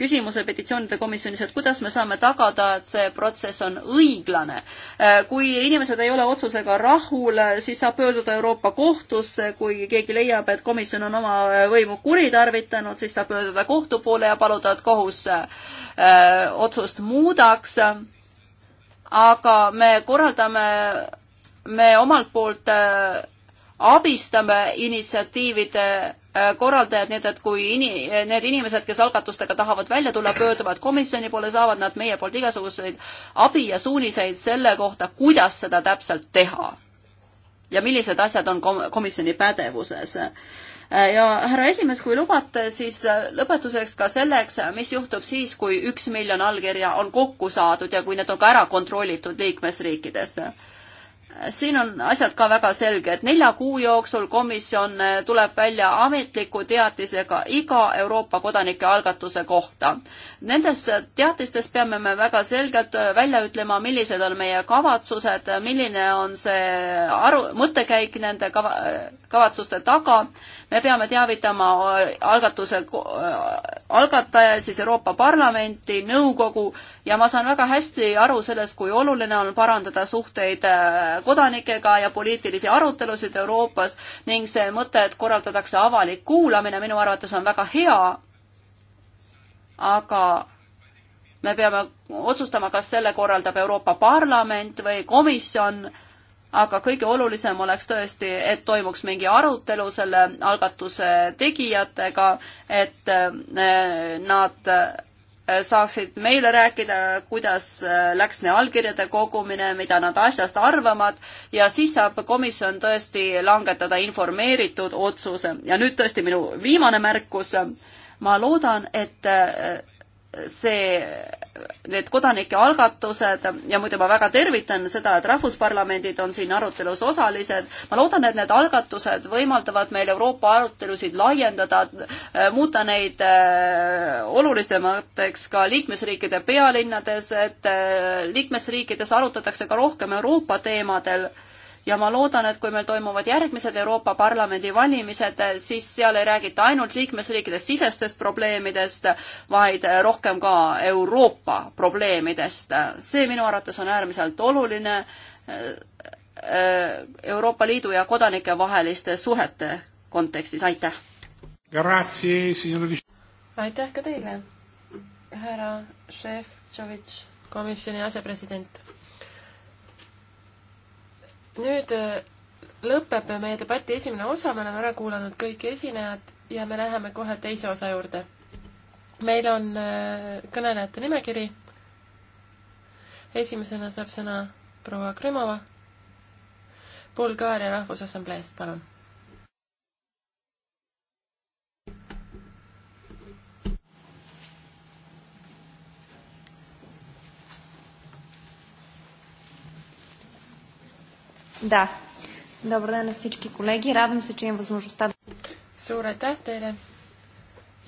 küsimuse petitsioonide komisjonis, et kuidas me saame tagada, et see protsess on õiglane. Äh, kui inimesed ei ole otsusega rahul, siis saab pöörduda Euroopa Kohtusse, kui keegi leiab, et komisjon on oma võimu kuritarvitanud, siis saab pöörduda kohtu poole ja paluda, et kohus öö, äh, otsust muudaks. aga me korraldame, me omalt poolt öö, äh, abistame initsiatiivide äh, korraldajad, nii et, et kui ini-, need inimesed, kes algatustega tahavad välja tulla, pöörduvad komisjoni poole, saavad nad meie poolt igasuguseid abi ja suuniseid selle kohta, kuidas seda täpselt teha. ja millised asjad on kom-, komisjoni pädevuses. Äh, ja härra esimees, kui lubate, siis äh, lõpetuseks ka selleks, mis juhtub siis, kui üks miljon allkirja on kokku saadud ja kui need on ka ära kontrollitud liikmesriikides siin on asjad ka väga selged. nelja kuu jooksul komisjon eh, tuleb välja ametliku teatisega iga Euroopa kodanike algatuse kohta. Nendes teatistes peame me väga selgelt eh, välja ütlema, millised on meie kavatsused, eh, milline on see aru, mõttekäik nende kava, kavatsuste taga. me peame teavitama algatuse, algatajaid, siis Euroopa Parlamenti, nõukogu ja ma saan väga hästi aru sellest, kui oluline on parandada suhteid äh, kodanikega ja poliitilisi arutelusid Euroopas ning see mõte, et korraldatakse avalik kuulamine, minu arvates on väga hea. aga me peame otsustama, kas selle korraldab Euroopa Parlament või komisjon, aga kõige olulisem oleks tõesti, et toimuks mingi arutelu selle algatuse tegijatega, et äh, nad saaksid meile rääkida, kuidas äh, läks neil allkirjade kogumine, mida nad asjast arvavad ja siis saab komisjon tõesti langetada informeeritud otsuse. ja nüüd tõesti minu viimane märkus. ma loodan, et äh, see need kodanike algatused ja muide ma väga tervitan seda, et rahvusparlamendid on siin arutelus osalised. ma loodan, et need algatused võimaldavad meil Euroopa arutelusid laiendada, äh, muuta neid äh, olulisemateks ka liikmesriikide pealinnades, et äh, liikmesriikides arutatakse ka rohkem Euroopa teemadel ja ma loodan, et kui meil toimuvad järgmised Euroopa Parlamendi valimised, siis seal ei räägita ainult liikmesriikide sisestest probleemidest, vaid rohkem ka Euroopa probleemidest. see minu arvates on äärmiselt oluline eh, Euroopa Liidu ja kodanike vaheliste suhete kontekstis, aitäh! aitäh ka teile, härra Šefčovitš, komisjoni asepresident nüüd äh, lõpeb meie debati esimene osa, me oleme ära kuulanud kõik esinejad ja me läheme kohe teise osa juurde. meil on äh, kõnelejate nimekiri. esimesena saab sõna proua Krõmova Bulgaaria Rahvusassambleest, palun Да. Добър ден на всички колеги. Радвам се, че имам възможността да... Suur aitäh teile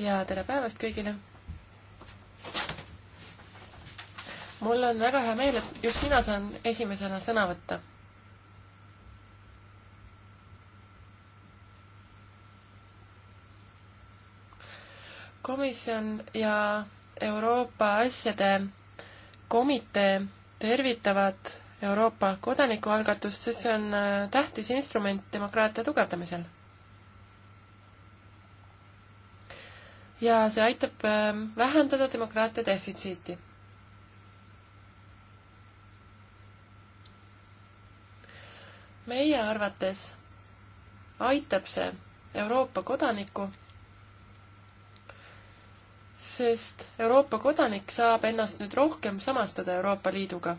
ja tere päevast kõigile! mul on väga hea meel, et just mina saan esimesena sõna võtta. komisjon ja Euroopa asjade komitee tervitavad Euroopa kodanikualgatust, sest see on äh, tähtis instrument demokraatia tugevdamisel. ja see aitab ähm, vähendada demokraatia defitsiiti. meie arvates aitab see Euroopa kodanikku, sest Euroopa kodanik saab ennast nüüd rohkem samastada Euroopa Liiduga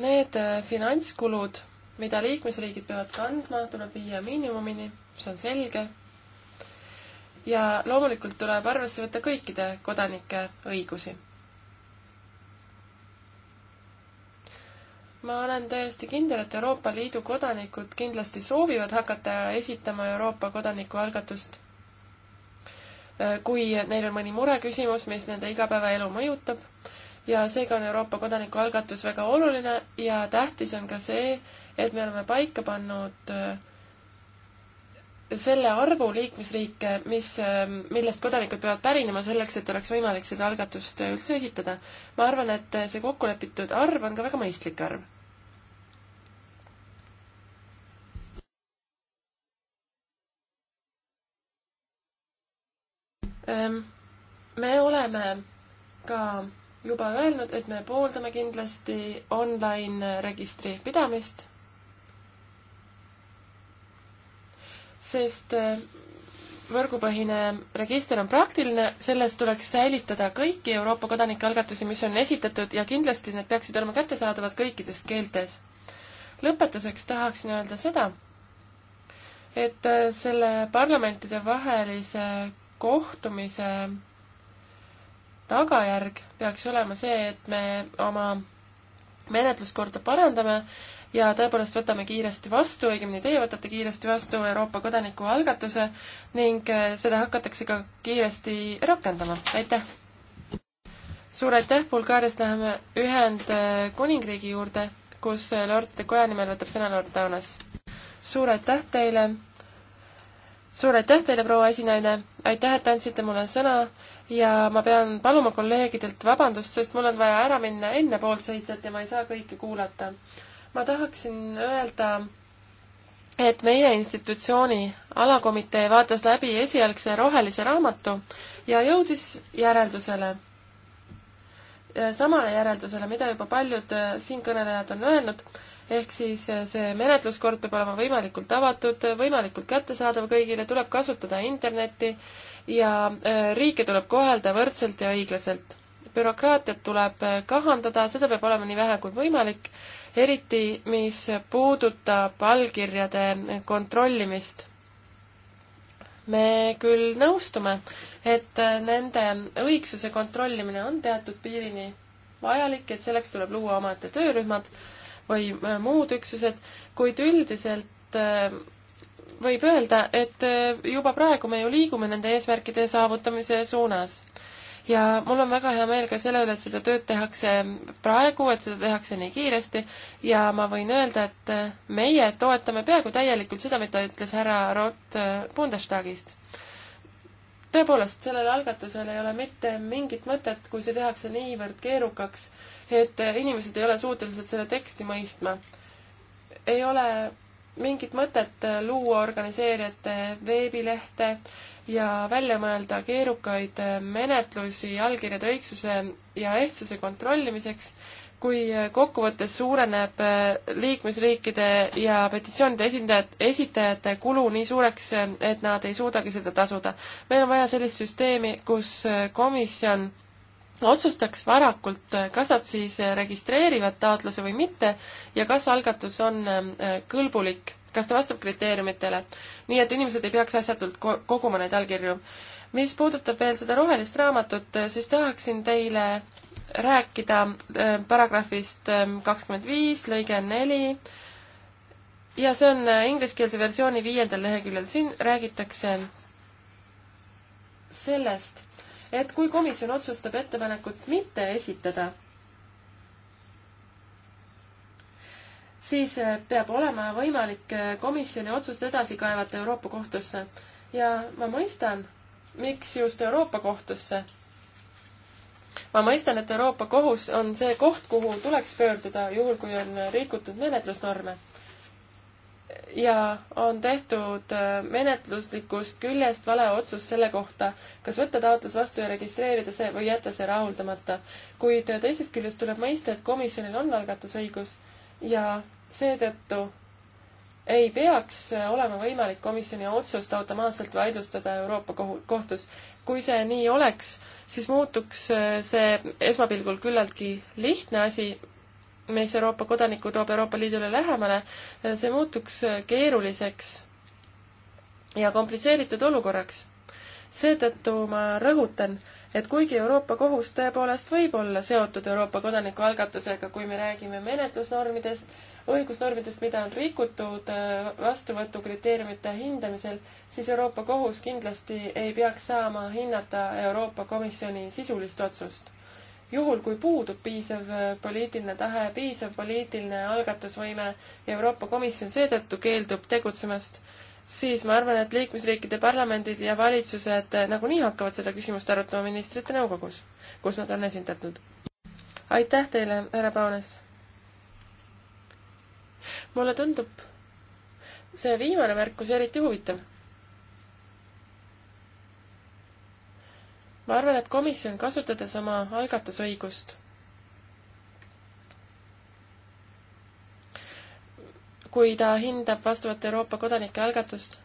Need äh, finantskulud, mida liikmesriigid peavad kandma, tuleb viia miinimumini, see on selge. ja loomulikult tuleb arvesse võtta kõikide kodanike õigusi. ma olen täiesti kindel, et Euroopa Liidu kodanikud kindlasti soovivad hakata esitama Euroopa kodanikualgatust. Äh, kui neil on mõni mureküsimus, mis nende igapäevaelu mõjutab ja seega on Euroopa kodanikualgatus väga oluline ja tähtis on ka see, et me oleme paika pannud äh, selle arvu liikmesriike, mis, äh, millest kodanikud peavad pärinema selleks, et oleks võimalik seda algatust äh, üldse esitada. ma arvan, et see kokkulepitud arv on ka väga mõistlik arv ehm, me oleme ka juba öelnud, et me pooldame kindlasti online registri pidamist, sest äh, võrgupõhine register on praktiline, selles tuleks säilitada kõiki Euroopa kodanike algatusi, mis on esitatud ja kindlasti need peaksid olema kättesaadavad kõikides keeltes. lõpetuseks tahaksin öelda seda, et äh, selle parlamentidevahelise kohtumise tagajärg peaks olema see, et me oma menetluskorda parandame ja tõepoolest võtame kiiresti vastu, õigemini teie võtate kiiresti vastu Euroopa kodanikualgatuse ning eh, seda hakatakse ka kiiresti rakendama, aitäh! suur aitäh, Bulgaariast läheme Ühendkuningriigi eh, juurde, kus eh, Lordide koja nimel võtab sõna Lord Taunas. suur aitäh teile, suur aitäh teile, proua esinaine, aitäh, et andsite mulle sõna ja ma pean paluma kolleegidelt vabandust, sest mul on vaja ära minna enne poolt seitset ja ma ei saa kõike kuulata. ma tahaksin öelda, et meie institutsiooni alakomitee vaatas läbi esialgse rohelise raamatu ja jõudis järeldusele, samale järeldusele, mida juba paljud äh, siinkõnelejad on öelnud, ehk siis äh, see menetluskord peab olema võimalikult avatud, võimalikult kättesaadav kõigile, tuleb kasutada internetti, ja äh, riike tuleb kohelda võrdselt ja õiglaselt. bürokraatiat tuleb äh, kahandada, seda peab olema nii vähe kui võimalik, eriti mis puudutab allkirjade kontrollimist. me küll nõustume, et äh, nende õigsuse kontrollimine on teatud piirini vajalik, et selleks tuleb luua omaette töörühmad või muud üksused, kuid üldiselt võib öelda, et äh, juba praegu me ju liigume nende eesmärkide saavutamise suunas. ja mul on väga hea meel ka selle üle, et seda tööd tehakse praegu, et seda tehakse nii kiiresti ja ma võin öelda, et äh, meie toetame peaaegu täielikult seda, mida ütles härra Roth äh, Bundestagist. tõepoolest, sellel algatusel ei ole mitte mingit mõtet, kui see tehakse niivõrd keerukaks, et inimesed ei ole suutelised selle teksti mõistma. ei ole mingit mõtet luua organiseerijate veebilehte ja välja mõelda keerukaid menetlusi allkirjade õigsuse ja ehtsuse kontrollimiseks, kui kokkuvõttes suureneb äh, liikmesriikide ja petitsioonide esindajad, esitajate kulu nii suureks, et nad ei suudagi seda tasuda. meil on vaja sellist süsteemi, kus äh, komisjon otsustaks varakult, kas nad siis registreerivad taotluse või mitte ja kas algatus on äh, kõlbulik, kas ta vastab kriteeriumitele. nii et inimesed ei peaks asjatult koguma neid allkirju. mis puudutab veel seda rohelist raamatut, äh, siis tahaksin teile rääkida äh, paragrahvist kakskümmend viis, lõige neli, ja see on ingliskeelse versiooni viiendal leheküljel, siin räägitakse sellest, et kui komisjon otsustab ettepanekut mitte esitada, siis äh, peab olema võimalik äh, komisjoni otsust edasi kaevata Euroopa Kohtusse. ja ma mõistan, miks just Euroopa Kohtusse. ma mõistan, et Euroopa Kohus on see koht, kuhu tuleks pöörduda, juhul kui on rikutud menetlusnorme ja on tehtud äh, menetluslikust küljest vale otsus selle kohta, kas võtta taotlus vastu ja registreerida see või jätta see rahuldamata. kuid äh, teisest küljest tuleb mõista, et komisjonil on algatusõigus ja seetõttu ei peaks äh, olema võimalik komisjoni otsust automaatselt vaidlustada Euroopa kohtus. kui see nii oleks, siis muutuks see esmapilgul küllaltki lihtne asi, mis Euroopa kodanikku toob Euroopa Liidule lähemale, see muutuks keeruliseks ja kompliseeritud olukorraks. seetõttu ma rõhutan, et kuigi Euroopa Kohus tõepoolest võib olla seotud Euroopa kodanikualgatusega, kui me räägime menetlusnormidest, õigusnormidest, mida on rikutud äh, vastuvõtukriteeriumite hindamisel, siis Euroopa Kohus kindlasti ei peaks saama hinnata Euroopa Komisjoni sisulist otsust juhul, kui puudub piisav äh, poliitiline tahe, piisav poliitiline algatusvõime ja Euroopa Komisjon seetõttu keeldub tegutsemast, siis ma arvan, et liikmesriikide parlamendid ja valitsused äh, nagunii hakkavad seda küsimust arutama ministrite nõukogus, kus nad on esindatud. aitäh teile, härra Paunes! mulle tundub see viimane märkus eriti huvitav ma arvan, et komisjon, kasutades oma algatusõigust, kui ta hindab vastavat Euroopa kodanike algatust,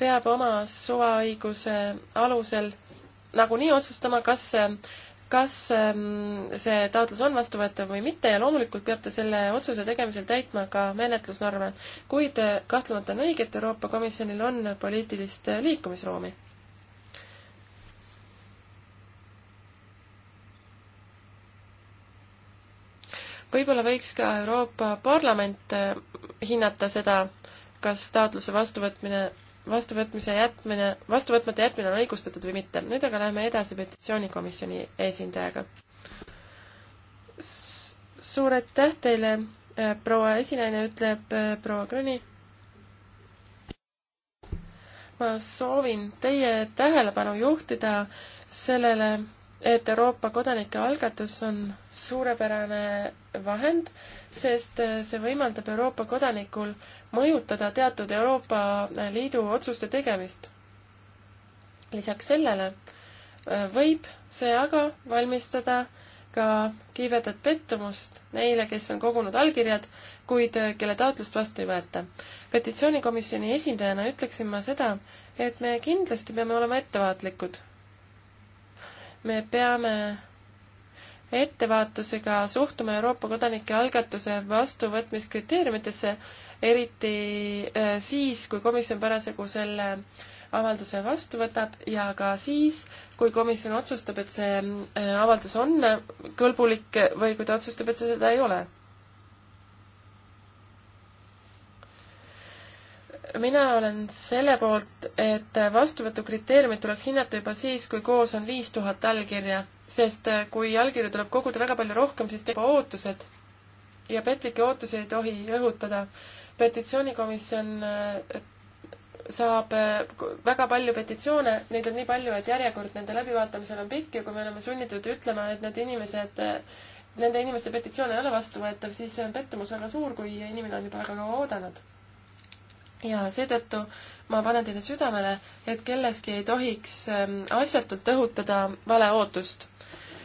peab oma suvaõiguse alusel nagunii otsustama, kas, kas ähm, see taotlus on vastuvõetav või mitte ja loomulikult peab ta selle otsuse tegemisel täitma ka menetlusnorme. kuid äh, kahtlemata on õige, et Euroopa Komisjonil on poliitilist äh, liikumisruumi võib-olla võiks ka Euroopa Parlament äh, hinnata seda, kas taotluse vastuvõtmine, vastuvõtmise jätmine, vastuvõtmata jätmine on õigustatud või mitte. nüüd aga läheme edasi petitsioonikomisjoni esindajaga. suur aitäh teile, äh, proua esinaine, ütleb äh, proua Grüni ma soovin teie tähelepanu juhtida sellele, et Euroopa kodanike algatus on suurepärane vahend, sest äh, see võimaldab Euroopa kodanikul mõjutada teatud Euroopa äh, Liidu otsuste tegemist. lisaks sellele äh, võib see aga valmistada ka kiibedat pettumust neile, kes on kogunud allkirjad, kuid kelle taotlust vastu ei võeta. petitsioonikomisjoni esindajana ütleksin ma seda, et me kindlasti peame olema ettevaatlikud. me peame ettevaatusega suhtuma Euroopa kodanike algatuse vastuvõtmiskriteeriumitesse, eriti äh, siis, kui komisjon parasjagu selle avalduse vastu võtab ja ka siis, kui komisjon otsustab, et see äh, avaldus on kõlbulik või kui ta otsustab, et see seda ei ole mina olen selle poolt, et vastuvõtukriteeriumit tuleks hinnata juba siis, kui koos on viis tuhat allkirja sest äh, kui allkirju tuleb koguda väga palju rohkem, siis tekib ootused ja petlikke ootusi ei tohi õhutada. petitsioonikomisjon äh, saab äh, väga palju petitsioone, neid on nii palju, et järjekord nende läbivaatamisel on pikk ja kui me oleme sunnitud ütlema, et need inimesed, nende inimeste petitsioon ei ole vastuvõetav, siis see on pettumus väga suur, kui inimene on juba väga kaua oodanud. ja seetõttu ma panen teile südamele, et kelleski ei tohiks ähm, asjatult õhutada valeootust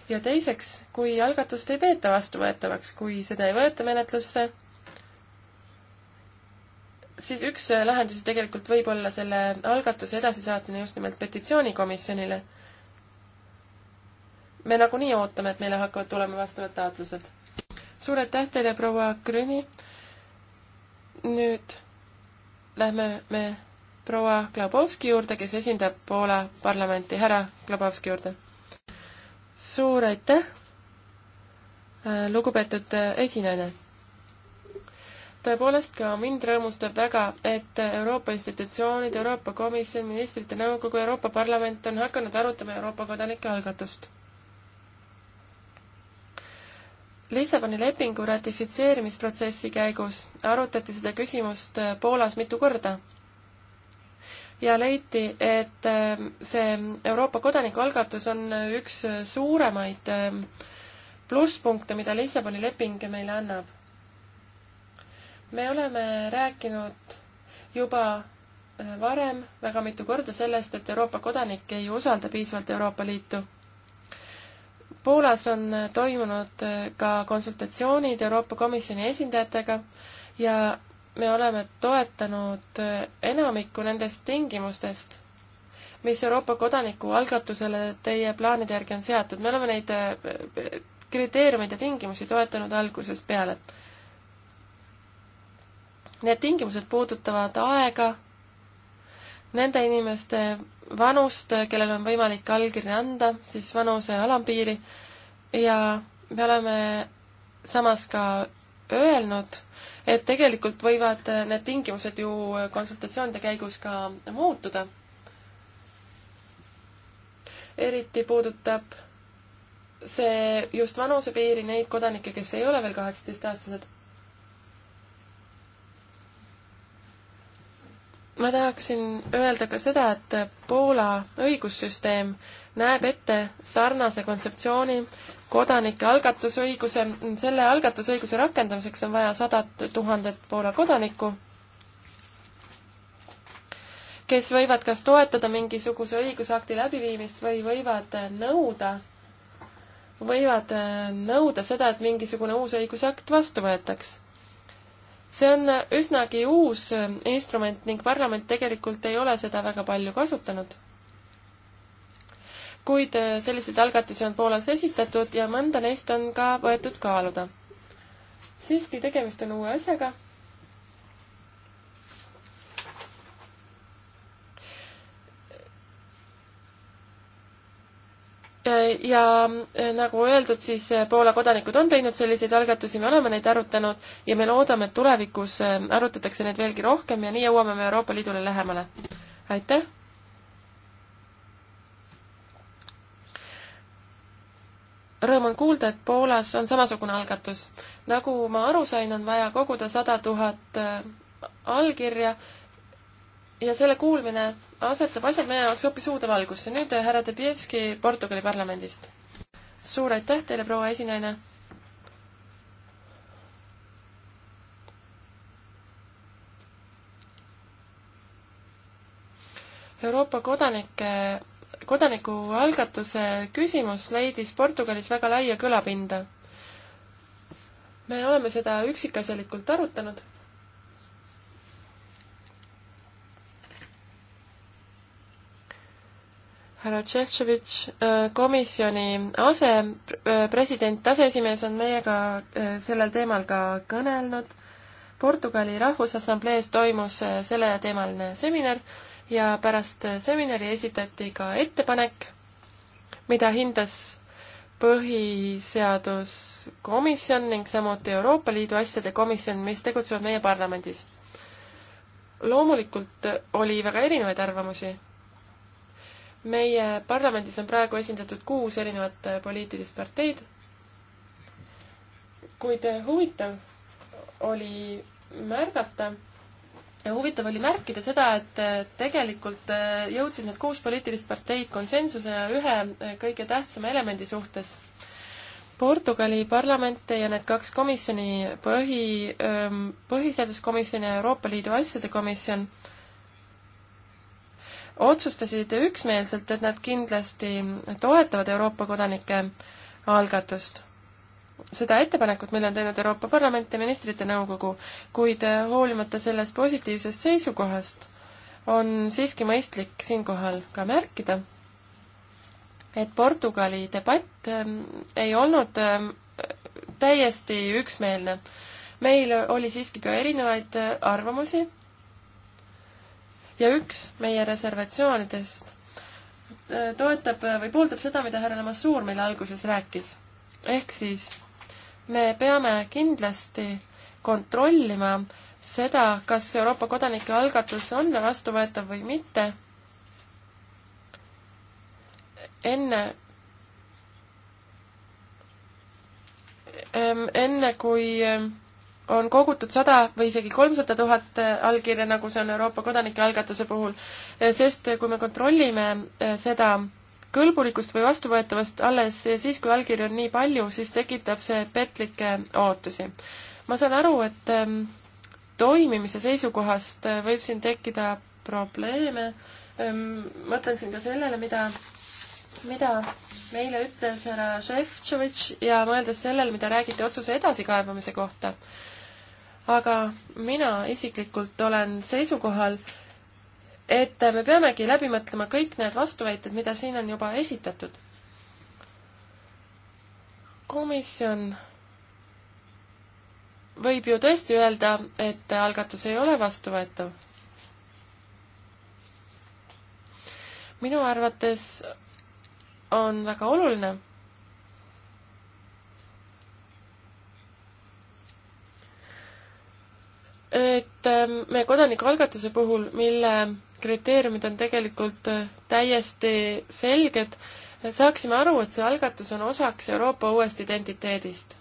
ja teiseks, kui algatust ei peeta vastuvõetavaks, kui seda ei võeta menetlusse, siis üks lahendusi tegelikult võib olla selle algatuse edasisaatmine just nimelt petitsioonikomisjonile. me nagunii ootame, et meile hakkavad tulema vastavad taotlused. suur aitäh teile, proua Grüni. nüüd lähme me proua Klabovski juurde, kes esindab Poola parlamenti. härra Klabovski juurde suur aitäh, äh, lugupeetud äh, esinejana tõepoolest ka mind rõõmustab väga, et äh, Euroopa institutsioonid, Euroopa Komisjon, ministrite nõukogu, Euroopa Parlament on hakanud arutama Euroopa kodanike algatust. Lissaboni lepingu ratifitseerimisprotsessi käigus arutati seda küsimust Poolas mitu korda ja leiti, et ähm, see Euroopa kodanikualgatus on üks suuremaid ähm, plusspunkte, mida Lissaboni leping meile annab. me oleme rääkinud juba äh, varem väga mitu korda sellest, et Euroopa kodanik ei usalda piisavalt Euroopa Liitu. Poolas on äh, toimunud äh, ka konsultatsioonid Euroopa Komisjoni esindajatega ja me oleme toetanud enamikku nendest tingimustest, mis Euroopa kodanikualgatusele teie plaanide järgi on seatud. me oleme neid eh, kriteeriumeid ja tingimusi toetanud algusest peale. Need tingimused puudutavad aega, nende inimeste vanust, kellel on võimalik allkirja anda, siis vanuse alampiiri ja me oleme samas ka öelnud, et tegelikult võivad need tingimused ju konsultatsioonide käigus ka muutuda. eriti puudutab see just vanusepiiri neid kodanikke, kes ei ole veel kaheksateistaastased. ma tahaksin öelda ka seda, et Poola õigussüsteem näeb ette sarnase kontseptsiooni, kodanike algatusõiguse, selle algatusõiguse rakendamiseks on vaja sadat tuhandet Poola kodanikku, kes võivad kas toetada mingisuguse õigusakti läbiviimist või võivad nõuda, võivad nõuda seda, et mingisugune uus õigusakt vastu võetaks. see on üsnagi uus instrument ning parlament tegelikult ei ole seda väga palju kasutanud kuid äh, selliseid algatusi on Poolas esitatud ja mõnda neist on ka võetud kaaluda. siiski, tegemist on uue asjaga. Äh, ja äh, nagu öeldud, siis Poola kodanikud on teinud selliseid algatusi, me oleme neid arutanud ja me loodame, et tulevikus arutatakse neid veelgi rohkem ja nii jõuame me Euroopa Liidule lähemale. aitäh! rõõm on kuulda, et Poolas on samasugune algatus. nagu ma aru sain, on vaja koguda sada tuhat äh, allkirja ja selle kuulmine asetab asjad meie jaoks hoopis uude valgusse. nüüd äh, härra Debjevski Portugali parlamendist. suur aitäh teile, proua esinaine! Euroopa kodanike kodanikualgatuse küsimus leidis Portugalis väga laia kõlapinda. me oleme seda üksikasjalikult arutanud härra Tšehtšovitš, äh, komisjoni asepresident, äh, aseesimees on meiega äh, sellel teemal ka kõnelnud. Portugali Rahvusassamblees toimus selleteemaline seminar ja pärast seminari esitati ka ettepanek, mida hindas põhiseaduskomisjon ning samuti Euroopa Liidu asjade komisjon, mis tegutsevad meie parlamendis. loomulikult oli väga erinevaid arvamusi. meie parlamendis on praegu esindatud kuus erinevat poliitilist parteid, kuid huvitav oli märgata, huvitav oli märkida seda, et tegelikult äh, jõudsid need kuus poliitilist parteid konsensusele ühe äh, kõige tähtsama elemendi suhtes. Portugali parlament ja need kaks komisjoni, põhi, ähm, põhiseaduskomisjon ja Euroopa Liidu asjade komisjon, otsustasid üksmeelselt, et nad kindlasti toetavad Euroopa kodanike algatust seda ettepanekut, mille on teinud Euroopa Parlament ja Ministrite Nõukogu, kuid äh, hoolimata sellest positiivsest seisukohast on siiski mõistlik siinkohal ka märkida, et Portugali debatt ähm, ei olnud ähm, täiesti üksmeelne. meil oli siiski ka erinevaid äh, arvamusi ja üks meie reservatsioonidest äh, toetab või pooldab seda, mida härra Lamassuur meile alguses rääkis. ehk siis me peame kindlasti kontrollima seda, kas Euroopa kodanike algatus on vastuvõetav või mitte, enne, enne kui on kogutud sada või isegi kolmsada tuhat allkirja, nagu see on Euroopa kodanike algatuse puhul, sest kui me kontrollime eh, seda, kõlbulikust või vastuvõetavast alles siis, kui allkirju on nii palju, siis tekitab see petlikke ootusi. ma saan aru, et ähm, toimimise seisukohast äh, võib siin tekkida probleeme, ähm, mõtlen siin ka sellele, mida, mida meile ütles härra Šefčovitš ja mõeldes sellele, mida räägiti otsuse edasikaebamise kohta, aga mina isiklikult olen seisukohal, et me peamegi läbi mõtlema kõik need vastuväited, mida siin on juba esitatud. komisjon võib ju tõesti öelda, et algatus ei ole vastuvõetav. minu arvates on väga oluline et me kodanikualgatuse puhul, mille kriteeriumid on tegelikult äh, täiesti selged, saaksime aru, et see algatus on osaks Euroopa uuest identiteedist.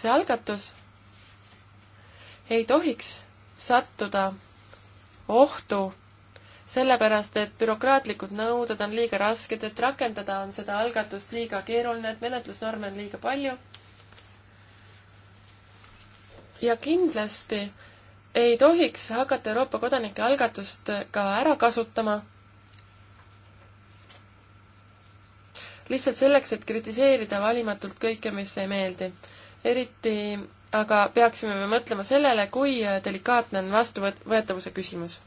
see algatus ei tohiks sattuda ohtu sellepärast, et bürokraatlikud nõuded on liiga rasked, et rakendada on seda algatust liiga keeruline, et menetlusnorme on liiga palju. ja kindlasti ei tohiks hakata Euroopa kodanike algatust ka ära kasutama lihtsalt selleks, et kritiseerida valimatult kõike, mis ei meeldi. eriti aga peaksime me mõtlema sellele, kui delikaatne on vastuvõetavuse küsimus.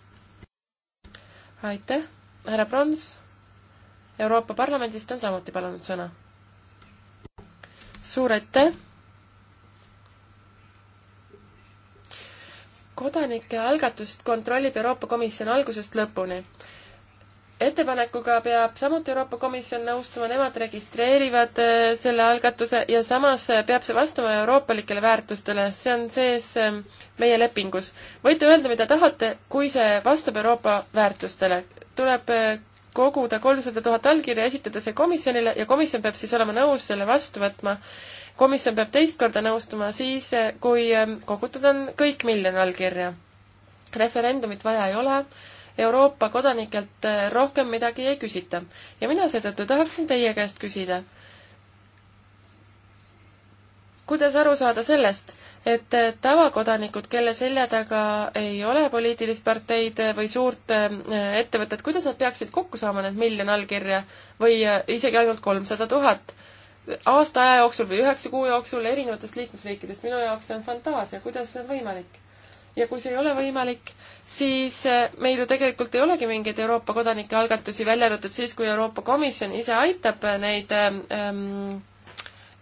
aitäh, härra Prons. Euroopa Parlamendist on samuti palunud sõna. suur aitäh kodanike algatust kontrollib Euroopa Komisjon algusest lõpuni. ettepanekuga peab samuti Euroopa Komisjon nõustuma, nemad registreerivad äh, selle algatuse ja samas äh, peab see vastama euroopalikele väärtustele, see on sees ähm, meie lepingus. võite öelda, mida tahate, kui see vastab Euroopa väärtustele. tuleb äh, koguda kolmsada tuhat allkirja, esitada see komisjonile ja komisjon peab siis olema nõus selle vastu võtma komisjon peab teist korda nõustuma siis, kui eh, kogutud on kõik miljon allkirja. referendumit vaja ei ole, Euroopa kodanikelt eh, rohkem midagi ei küsita. ja mina seetõttu tahaksin teie käest küsida, kuidas aru saada sellest, et eh, tavakodanikud, kelle selja taga ei ole poliitilist parteid või suurt ettevõtet, kuidas nad peaksid kokku saama need miljon allkirja või isegi ainult kolmsada tuhat? aasta aja jooksul või üheksa kuu jooksul erinevatest liikmesriikidest, minu jaoks see on fantaasia, kuidas see on võimalik? ja kui see ei ole võimalik, siis eh, meil ju tegelikult ei olegi mingeid Euroopa kodanike algatusi, välja arvatud siis, kui Euroopa Komisjon ise aitab eh, neid ähm,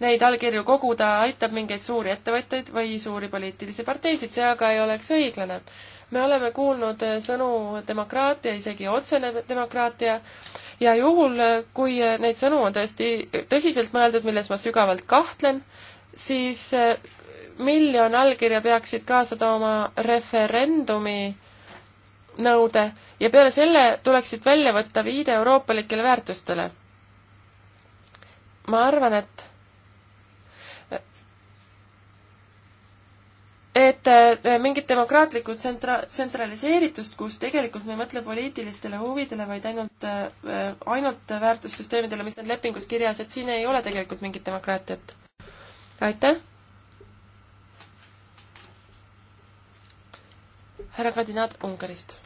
neid allkirju koguda aitab mingeid suuri ettevõtteid või suuri poliitilisi parteisid, see aga ei oleks õiglane. me oleme kuulnud eh, sõnu demokraatia, isegi otsene demokraatia ja juhul, kui neid sõnu on tõesti tõsiselt mõeldud, milles ma sügavalt kahtlen, siis eh, miljon allkirja peaksid kaasa tooma referendumi nõude ja peale selle tuleksid välja võtta viide euroopalikele väärtustele. ma arvan, et et äh, mingit demokraatlikku tsentra-, tsentraliseeritust, kus tegelikult me ei mõtle poliitilistele huvidele, vaid ainult, äh, ainult väärtussüsteemidele, mis on lepingus kirjas, et siin ei ole tegelikult mingit demokraatiat. aitäh! härra kandidaat Ungarist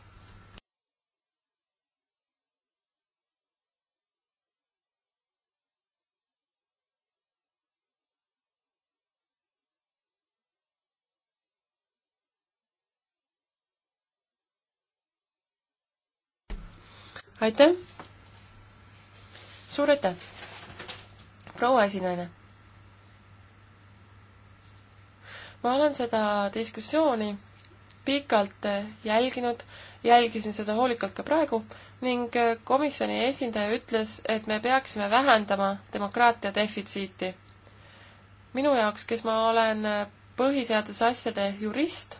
aitäh! suur aitäh! proua esinaine! ma olen seda diskussiooni pikalt jälginud, jälgisin seda hoolikalt ka praegu ning komisjoni esindaja ütles, et me peaksime vähendama demokraatia defitsiiti. minu jaoks, kes ma olen põhiseadusasjade jurist,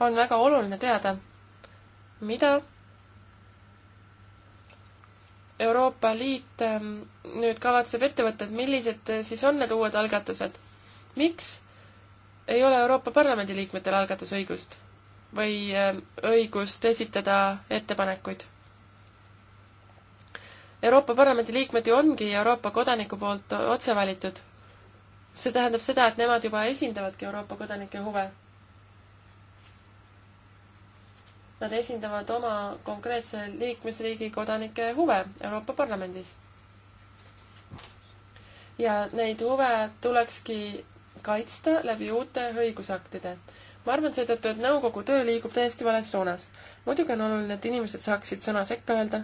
on väga oluline teada, mida Euroopa Liit ähm, nüüd kavatseb ette võtta, et millised äh, siis on need uued algatused? miks ei ole Euroopa Parlamendi liikmetel algatusõigust või ähm, õigust esitada ettepanekuid? Euroopa Parlamendi liikmed ju ongi Euroopa kodaniku poolt otse valitud. see tähendab seda, et nemad juba esindavadki Euroopa kodanike huve Nad esindavad oma konkreetse liikmesriigi kodanike huve Euroopa Parlamendis. ja neid huve tulekski kaitsta läbi uute õigusaktide. ma arvan seetõttu, et nõukogu töö liigub täiesti vales suunas. muidugi on oluline, et inimesed saaksid sõna sekka öelda.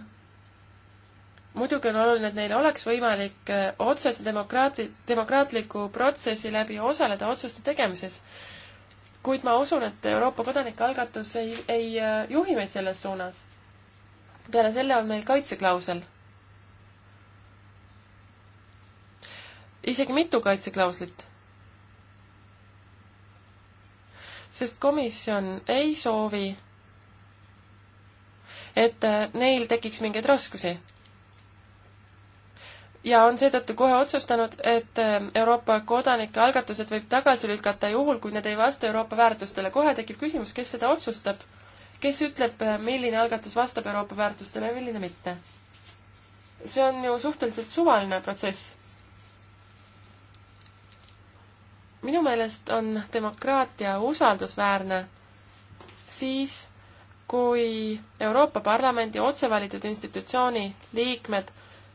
muidugi on oluline, et neil oleks võimalik eh, otsese demokraati, demokraatliku protsessi läbi osaleda otsuste tegemises kuid ma usun, et Euroopa kodanikualgatus ei, ei äh, juhi meid selles suunas. peale selle on meil kaitseklausel. isegi mitu kaitseklauslit. sest komisjon ei soovi, et äh, neil tekiks mingeid raskusi ja on seetõttu kohe otsustanud, et ähm, Euroopa kodanike algatused võib tagasi lükata juhul, kui need ei vasta Euroopa väärtustele. kohe tekib küsimus, kes seda otsustab, kes ütleb, äh, milline algatus vastab Euroopa väärtustele ja milline mitte. see on ju suhteliselt suvaline protsess. minu meelest on demokraatia usaldusväärne siis, kui Euroopa Parlamendi otsevalitud institutsiooni liikmed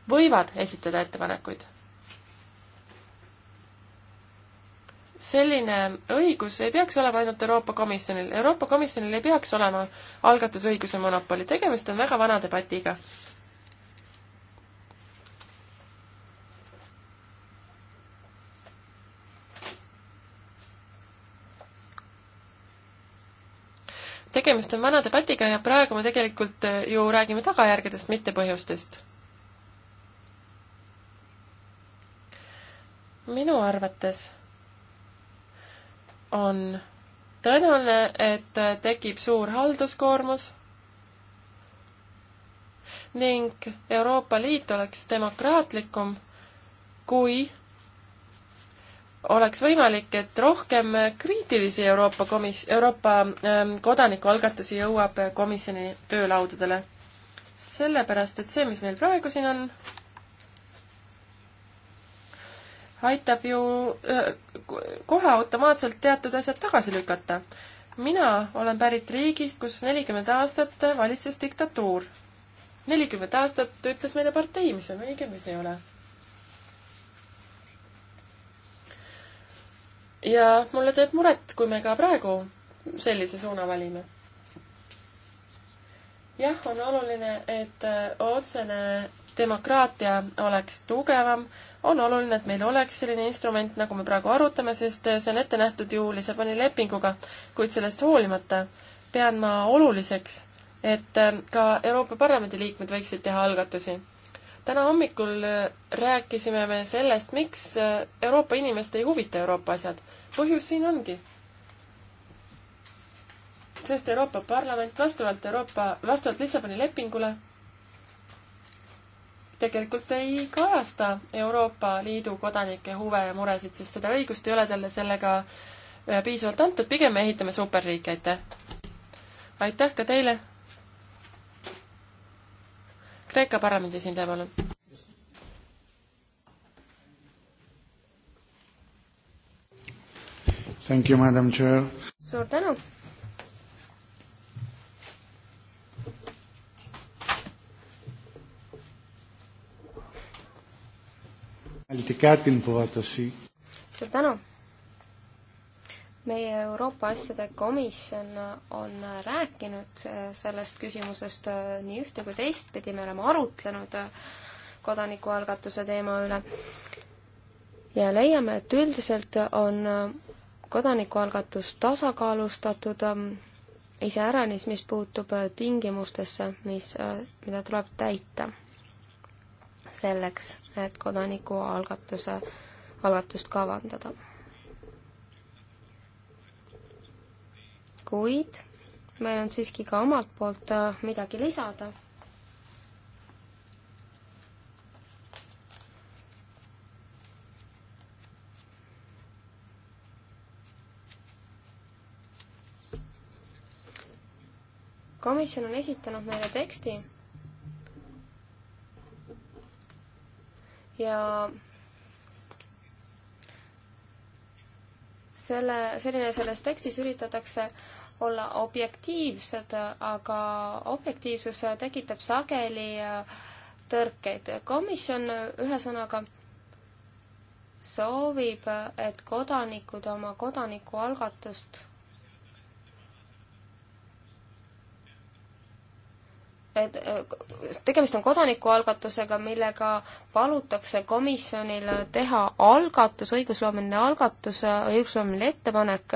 võivad esitada ettepanekuid. selline õigus ei peaks olema ainult Euroopa Komisjonil. Euroopa Komisjonil ei peaks olema algatusõiguse monopoli, tegemist on väga vana debatiga. tegemist on vana debatiga ja praegu me tegelikult ju räägime tagajärgedest, mitte põhjustest minu arvates on tõenäoline, et tekib suur halduskoormus ning Euroopa Liit oleks demokraatlikum, kui oleks võimalik, et rohkem kriitilisi Euroopa komis-, Euroopa ähm, kodanikualgatusi jõuab komisjoni töölaudadele. sellepärast, et see, mis meil praegu siin on, aitab ju kohe automaatselt teatud asjad tagasi lükata. mina olen pärit riigist, kus nelikümmend aastat valitses diktatuur. nelikümmend aastat ütles meile partei, mis on õige, mis ei ole. ja mulle teeb muret, kui me ka praegu sellise suuna valime jah, on oluline, et otsene demokraatia oleks tugevam, on oluline, et meil oleks selline instrument, nagu me praegu arutame, sest see on ette nähtud ju Lissaboni lepinguga, kuid sellest hoolimata pean ma oluliseks, et äh, ka Euroopa Parlamendi liikmed võiksid teha algatusi. täna hommikul äh, rääkisime me sellest, miks äh, Euroopa inimest ei huvita Euroopa asjad. põhjus siin ongi sest Euroopa Parlament vastavalt Euroopa, vastavalt Lissaboni lepingule tegelikult ei kajasta Euroopa Liidu kodanike huve ja muresid, sest seda õigust ei ole talle sellega äh, piisavalt antud, pigem me ehitame superriiki, aitäh! aitäh ka teile! Kreeka parlamendi esindaja, palun! Thank you, madam chair! suur tänu! suur tänu! meie Euroopa asjade komisjon on rääkinud sellest küsimusest nii ühte kui teistpidi, me oleme arutlenud kodanikualgatuse teema üle ja leiame, et üldiselt on kodanikualgatus tasakaalustatud ähm, iseäranis, mis puutub tingimustesse, mis, äh, mida tuleb täita selleks, et kodanikualgatuse, algatust kavandada. kuid meil on siiski ka omalt poolt äh, midagi lisada komisjon on esitanud meile teksti, ja selle, selline, selles tekstis üritatakse olla objektiivsed, aga objektiivsus tekitab sageli äh, tõrkeid. komisjon ühesõnaga soovib, et kodanikud oma kodanikualgatust et äh, tegemist on kodanikualgatusega, millega palutakse komisjonil teha algatus, õigusloomeline algatus, õigusloomeline ettepanek,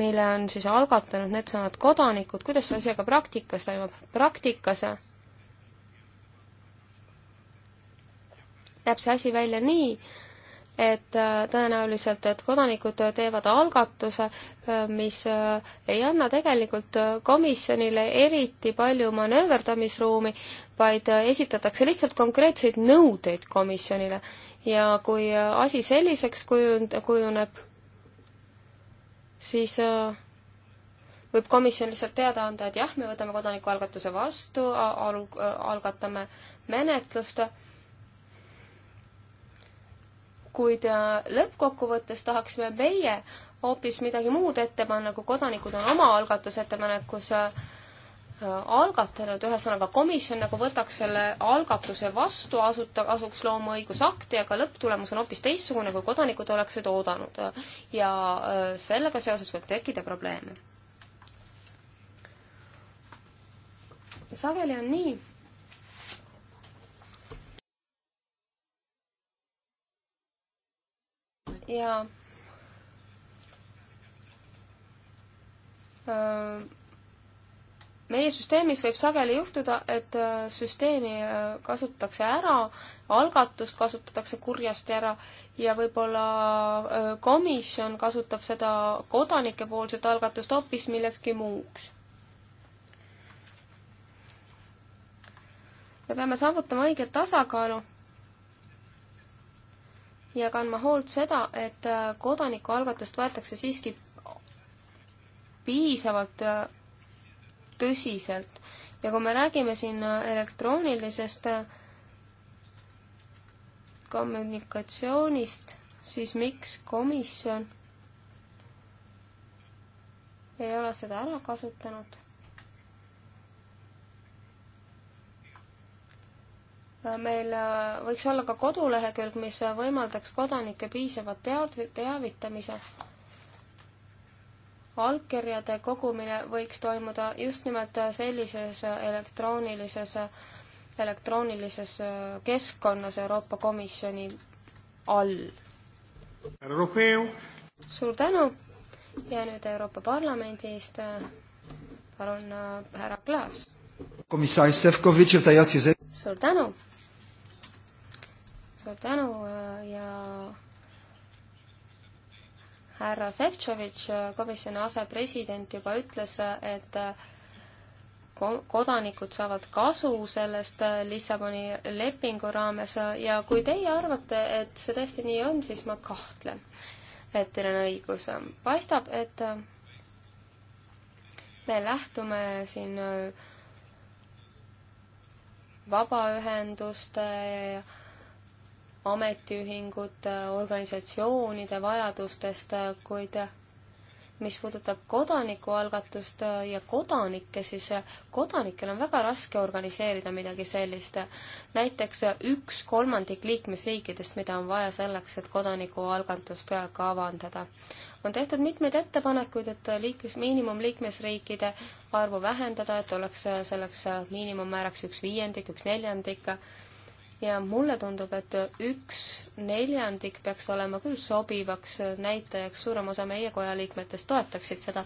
mille on siis algatanud needsamad kodanikud, kuidas see asi aga praktikas toimub? praktikas näeb see asi välja nii, et äh, tõenäoliselt, et kodanikud äh, teevad algatuse, äh, mis ei anna tegelikult komisjonile eriti palju manööverdamisruumi, vaid esitatakse lihtsalt konkreetseid nõudeid komisjonile. ja kui asi selliseks kujund-, kujuneb, siis võib komisjon lihtsalt teada anda, et jah, me võtame kodanikualgatuse vastu, alg-, algatame menetlust kuid äh, lõppkokkuvõttes tahaksime meie hoopis midagi muud ette panna, kui kodanikud on oma algatusettepanekus äh, äh, algatanud, ühesõnaga komisjon nagu võtaks selle algatuse vastu, asuta, asuks looma õigusakti, aga lõpptulemus on hoopis teistsugune, kui kodanikud oleksid oodanud. ja sellega seoses võib tekkida probleeme. sageli on nii ja meie süsteemis võib sageli juhtuda, et süsteemi kasutatakse ära, algatust kasutatakse kurjasti ära ja võib-olla komisjon kasutab seda kodanikepoolset algatust hoopis millekski muuks. me peame saavutama õige tasakaalu ja kandma hoolt seda, et äh, kodanikualgatust võetakse siiski piisavalt äh, tõsiselt. ja kui me räägime siin äh, elektroonilisest kommunikatsioonist, siis miks komisjon ei ole seda ära kasutanud? meil äh, võiks olla ka kodulehekülg, mis võimaldaks kodanike piisavat teav-, teavitamise. allkirjade kogumine võiks toimuda just nimelt sellises elektroonilises, elektroonilises äh, keskkonnas Euroopa Komisjoni all. suur tänu ja nüüd Euroopa Parlamendist äh, palun härra Klaas. komissaris Sefkovitš, ta jättis. suur tänu suur tänu äh, ja härra Šefčovitš, äh, komisjoni asepresident, juba ütles, et äh, kodanikud saavad kasu sellest Lissaboni lepingu raames ja kui teie arvate, et see tõesti nii on, siis ma kahtlen, et teil on õigus. paistab, et me lähtume siin vabaühenduste ja ametiühingute, organisatsioonide vajadustest, kuid mis puudutab kodanikualgatust ja kodanikke, siis kodanikel on väga raske organiseerida midagi sellist. näiteks üks kolmandik liikmesriikidest, mida on vaja selleks, et kodanikualgatust kavandada. on tehtud mitmeid ettepanekuid, et liiklus, miinimumliikmesriikide arvu vähendada, et oleks selleks miinimummääraks üks viiendik, üks neljandik ja mulle tundub, et üks neljandik peaks olema küll sobivaks näitajaks, suurem osa meie koja liikmetest toetaksid seda.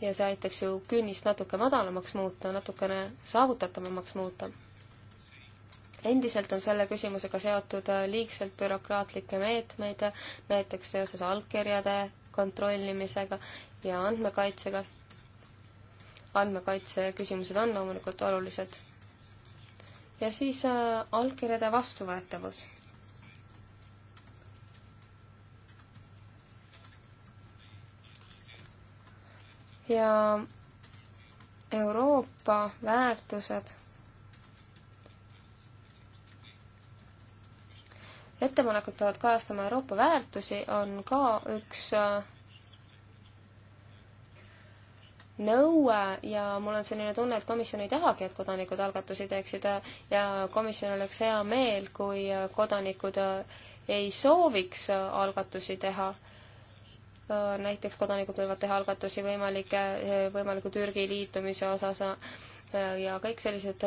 ja see aitaks ju künnist natuke madalamaks muuta, natukene saavutatavamaks muuta. endiselt on selle küsimusega seotud liigselt bürokraatlikke meetmeid, näiteks seoses allkirjade kontrollimisega ja andmekaitsega. andmekaitse küsimused on loomulikult olulised ja siis äh, allkirjade vastuvõetavus. ja Euroopa väärtused. ettepanekud peavad kajastama Euroopa väärtusi, on ka üks äh, nõue äh, ja mul on selline tunne, et komisjon ei tahagi, et kodanikud algatusi teeksid äh, ja komisjonil oleks hea meel, kui äh, kodanikud ei sooviks algatusi teha näiteks kodanikud võivad teha algatusi võimalike, võimaliku Türgi liitumise osas ja kõik sellised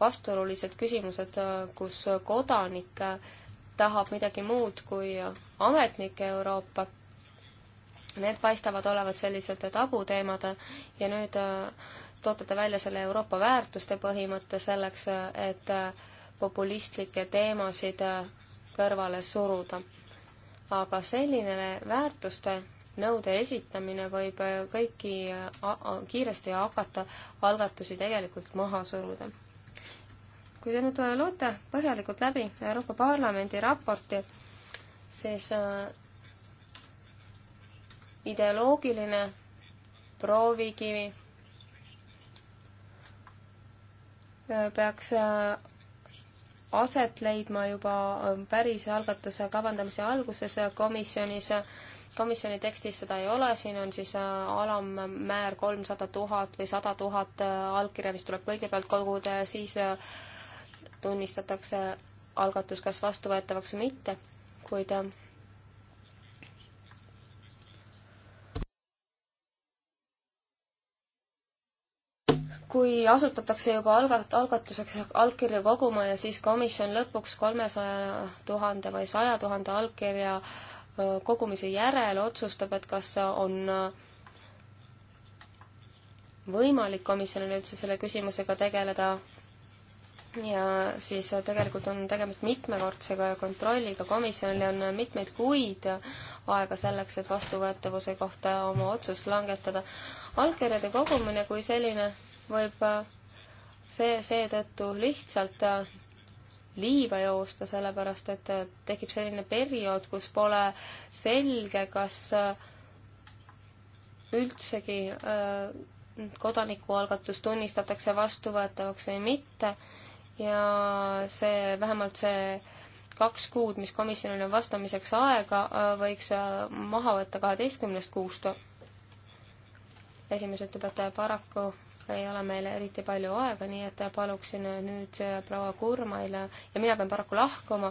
vastuolulised küsimused, kus kodanik tahab midagi muud kui ametnik Euroopat Need paistavad olevat sellised tabuteemad ja nüüd äh, toote te välja selle Euroopa väärtuste põhimõtte selleks, äh, et äh, populistlikke teemasid kõrvale suruda. aga selline väärtuste nõude esitamine võib kõiki kiiresti hakata algatusi tegelikult maha suruda. kui te nüüd loete põhjalikult läbi Euroopa Parlamendi raporti, siis ideoloogiline proovikivi äh, peaks äh, aset leidma juba äh, päris algatuse kavandamise alguses komisjonis. komisjoni tekstis seda ei ole, siin on siis alammäär kolmsada tuhat või sada tuhat allkirja, mis tuleb kõigepealt koguda ja siis tunnistatakse algatus kas vastuvõetavaks või mitte, kuid kui asutatakse juba algat-, algatuseks allkirju koguma ja siis komisjon lõpuks kolmesaja tuhande või saja tuhande allkirja kogumise järel otsustab, et kas on võimalik komisjonil üldse selle küsimusega tegeleda ja siis tegelikult on tegemist mitmekordse kontrolliga, komisjonil on mitmeid kuid aega selleks, et vastuvõetavuse kohta oma otsust langetada. allkirjade kogumine kui selline võib äh, see seetõttu lihtsalt äh, liiva joosta, sellepärast et äh, tekib selline periood, kus pole selge, kas üldsegi kodanikualgatus tunnistatakse vastuvõetavaks või mitte ja see, vähemalt see kaks kuud, mis komisjonil on vastamiseks aega, võiks maha võtta kaheteistkümnest kuust. esimees ütleb, et paraku ei ole meil eriti palju aega, nii et paluksin nüüd proua Kurmaile ja mina pean paraku lahkuma,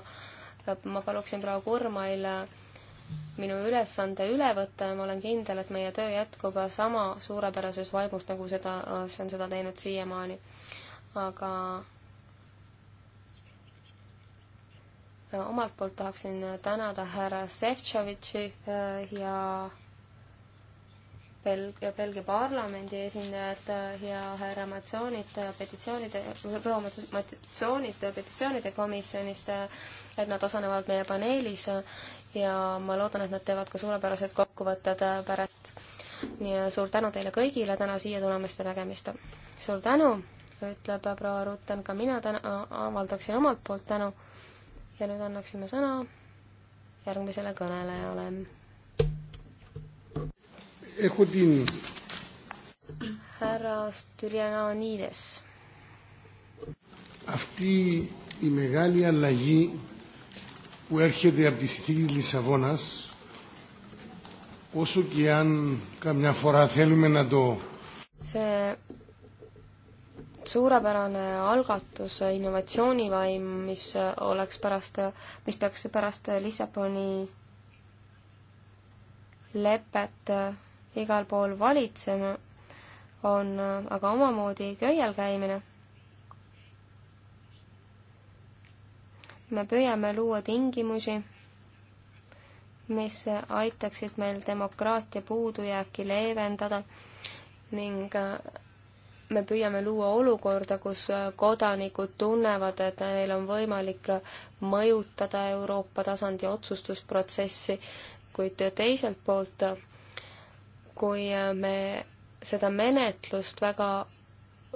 ma paluksin proua Kurmaile minu ülesande üle võtta ja ma olen kindel, et meie töö jätkub sama suurepärases vaimus, nagu seda, see on seda teinud siiamaani. aga omalt poolt tahaksin tänada härra Sevtšovitši äh, ja Belgia, Belgia parlamendi esindajad ja härra Matsoonid petitsioonide, proua Matsoonid petitsioonide komisjonist, et nad osalevad meie paneelis ja ma loodan, et nad teevad ka suurepärased kokkuvõtted pärast. nii ja suur tänu teile kõigile täna siia tulemast ja nägemist! suur tänu, ütleb proua Rutten, ka mina täna avaldaksin omalt poolt tänu ja nüüd annaksime sõna järgmisele kõnelejale Ehudin. härra Stylianides. Αυτή η μεγάλη αλλαγή που έρχεται από τη συνθήκη της Λισαβόνας, όσο και αν καμιά φορά θέλουμε να το... Σε suurepärane algatus, innovatsioonivaim, mis oleks pärast, mis peaks pärast Lissaboni lepet igal pool valitsema, on aga omamoodi köiel käimine. me püüame luua tingimusi, mis aitaksid meil demokraatia puudujääki leevendada ning me püüame luua olukorda, kus kodanikud tunnevad, et neil on võimalik mõjutada Euroopa tasandi otsustusprotsessi, kuid teiselt poolt kui me seda menetlust väga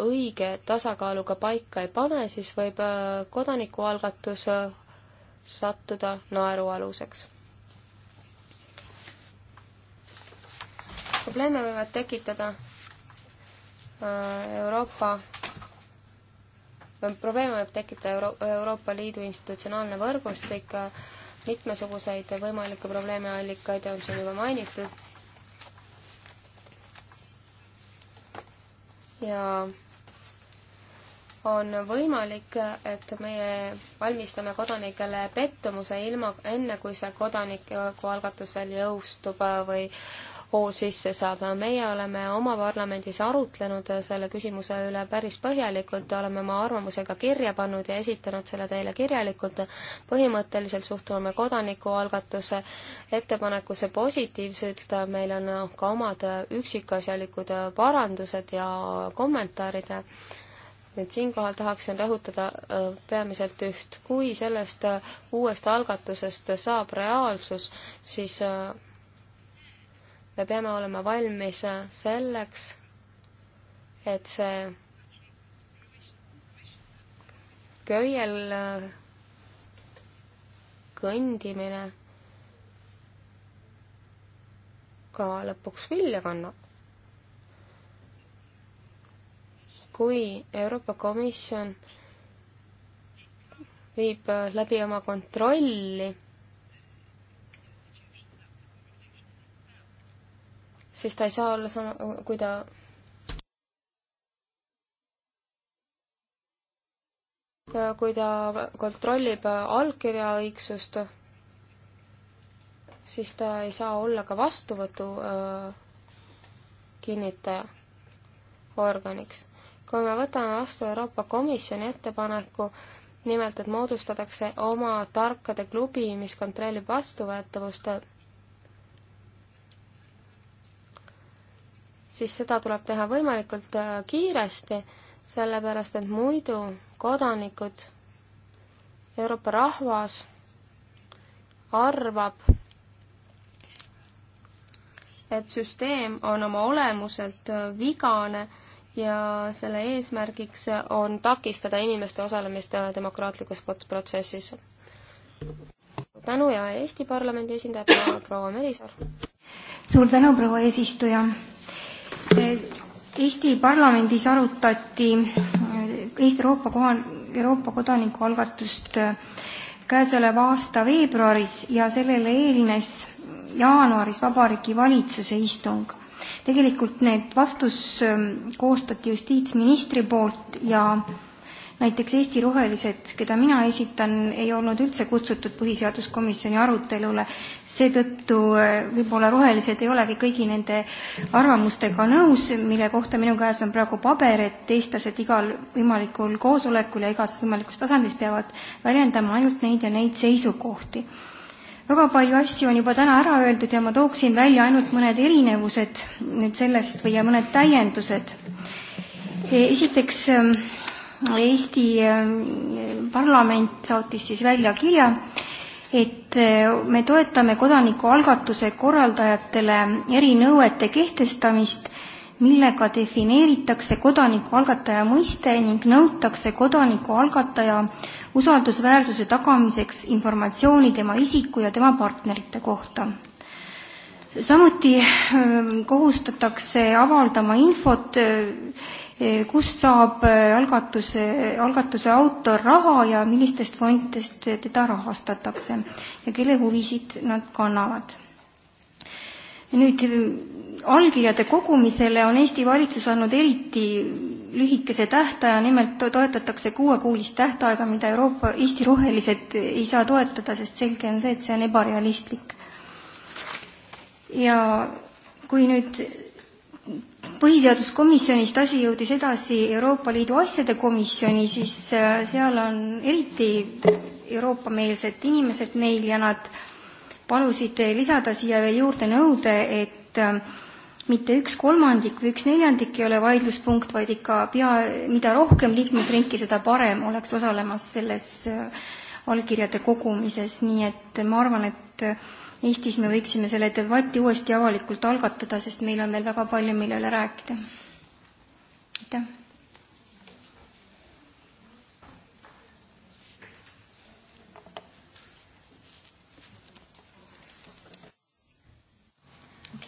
õige tasakaaluga paika ei pane, siis võib äh, kodanikualgatus äh, sattuda naerualuseks. probleeme võivad tekitada äh, Euroopa, probleeme võib tekitada Euro-, Euroopa Liidu institutsionaalne võrgustik, mitmesuguseid võimalikke probleemiallikaid on siin juba mainitud ja on võimalik, et meie valmistame kodanikele pettumuse ilma, enne kui see kodanikualgatus veel jõustub või hoo sisse saab. meie oleme oma parlamendis arutlenud selle küsimuse üle päris põhjalikult, oleme oma arvamuse ka kirja pannud ja esitanud selle teile kirjalikult. põhimõtteliselt suhtume kodanikualgatuse ettepanekusse positiivselt, meil on ka omad üksikasjalikud parandused ja kommentaarid et siinkohal tahaksin rõhutada äh, peamiselt üht. kui sellest äh, uuest algatusest saab reaalsus, siis äh, me peame olema valmis selleks, et see köiel äh, kõndimine ka lõpuks vilja kannab. kui Euroopa Komisjon viib äh, läbi oma kontrolli siis ta ei saa olla sama, kui ta kui ta kontrollib allkirja õigsust, siis ta ei saa olla ka vastuvõtu äh, kinnitaja organiks. kui me võtame vastu Euroopa Komisjoni ettepaneku, nimelt et moodustatakse oma tarkade klubi, mis kontrollib vastuvõetavust siis seda tuleb teha võimalikult äh, kiiresti, sellepärast et muidu kodanikud, Euroopa rahvas arvab, et süsteem on oma olemuselt äh, vigane ja selle eesmärgiks on takistada inimeste osalemist äh, demokraatlikus protsessis. tänu ja Eesti Parlamendi esindaja proua Merisaar. suur tänu, proua eesistuja Eesti parlamendis arutati äh, Eesti Euroopa kohal, Euroopa kodanikualgatust äh, käesoleva aasta veebruaris ja sellele eelnes jaanuaris Vabariigi Valitsuse istung. tegelikult need vastus ähm, koostati justiitsministri poolt ja näiteks Eesti Rohelised, keda mina esitan, ei olnud üldse kutsutud põhiseaduskomisjoni arutelule seetõttu äh, võib-olla rohelised ei olegi kõigi nende arvamustega nõus, mille kohta minu käes on praegu paber, et eestlased igal võimalikul koosolekul ja igas võimalikus tasandis peavad väljendama ainult neid ja neid seisukohti. väga palju asju on juba täna ära öeldud ja ma tooksin välja ainult mõned erinevused nüüd sellest või ja mõned täiendused. E, esiteks ähm, Eesti ähm, parlament saatis siis välja kirja, et eh, me toetame kodanikualgatuse korraldajatele erinõuete kehtestamist, millega defineeritakse kodanikualgataja mõiste ning nõutakse kodanikualgataja usaldusväärsuse tagamiseks informatsiooni tema isiku ja tema partnerite kohta. samuti eh, kohustatakse avaldama infot eh, Eh, kust saab eh, algatuse, algatuse autor raha ja millistest fondidest teda rahastatakse ja kelle huvisid nad kannavad. nüüd eh, allkirjade kogumisele on Eesti valitsus andnud eriti lühikese tähtaja, nimelt toetatakse kuuekuulist tähtaega, mida Euroopa, Eesti rohelised ei saa toetada, sest selge on see, et see on ebarealistlik. ja kui nüüd põhiseaduskomisjonist asi jõudis edasi Euroopa Liidu asjade komisjoni, siis äh, seal on eriti Euroopa-meelsed inimesed meil ja nad palusid lisada siia veel juurde nõude, et äh, mitte üks kolmandik või üks neljandik ei ole vaidluspunkt, vaid ikka pea, mida rohkem liikmesriiki, seda parem oleks osalemas selles äh, allkirjade kogumises, nii et ma arvan, et Eestis me võiksime selle debati uuesti avalikult algatada, sest meil on veel väga palju, mille üle rääkida. aitäh!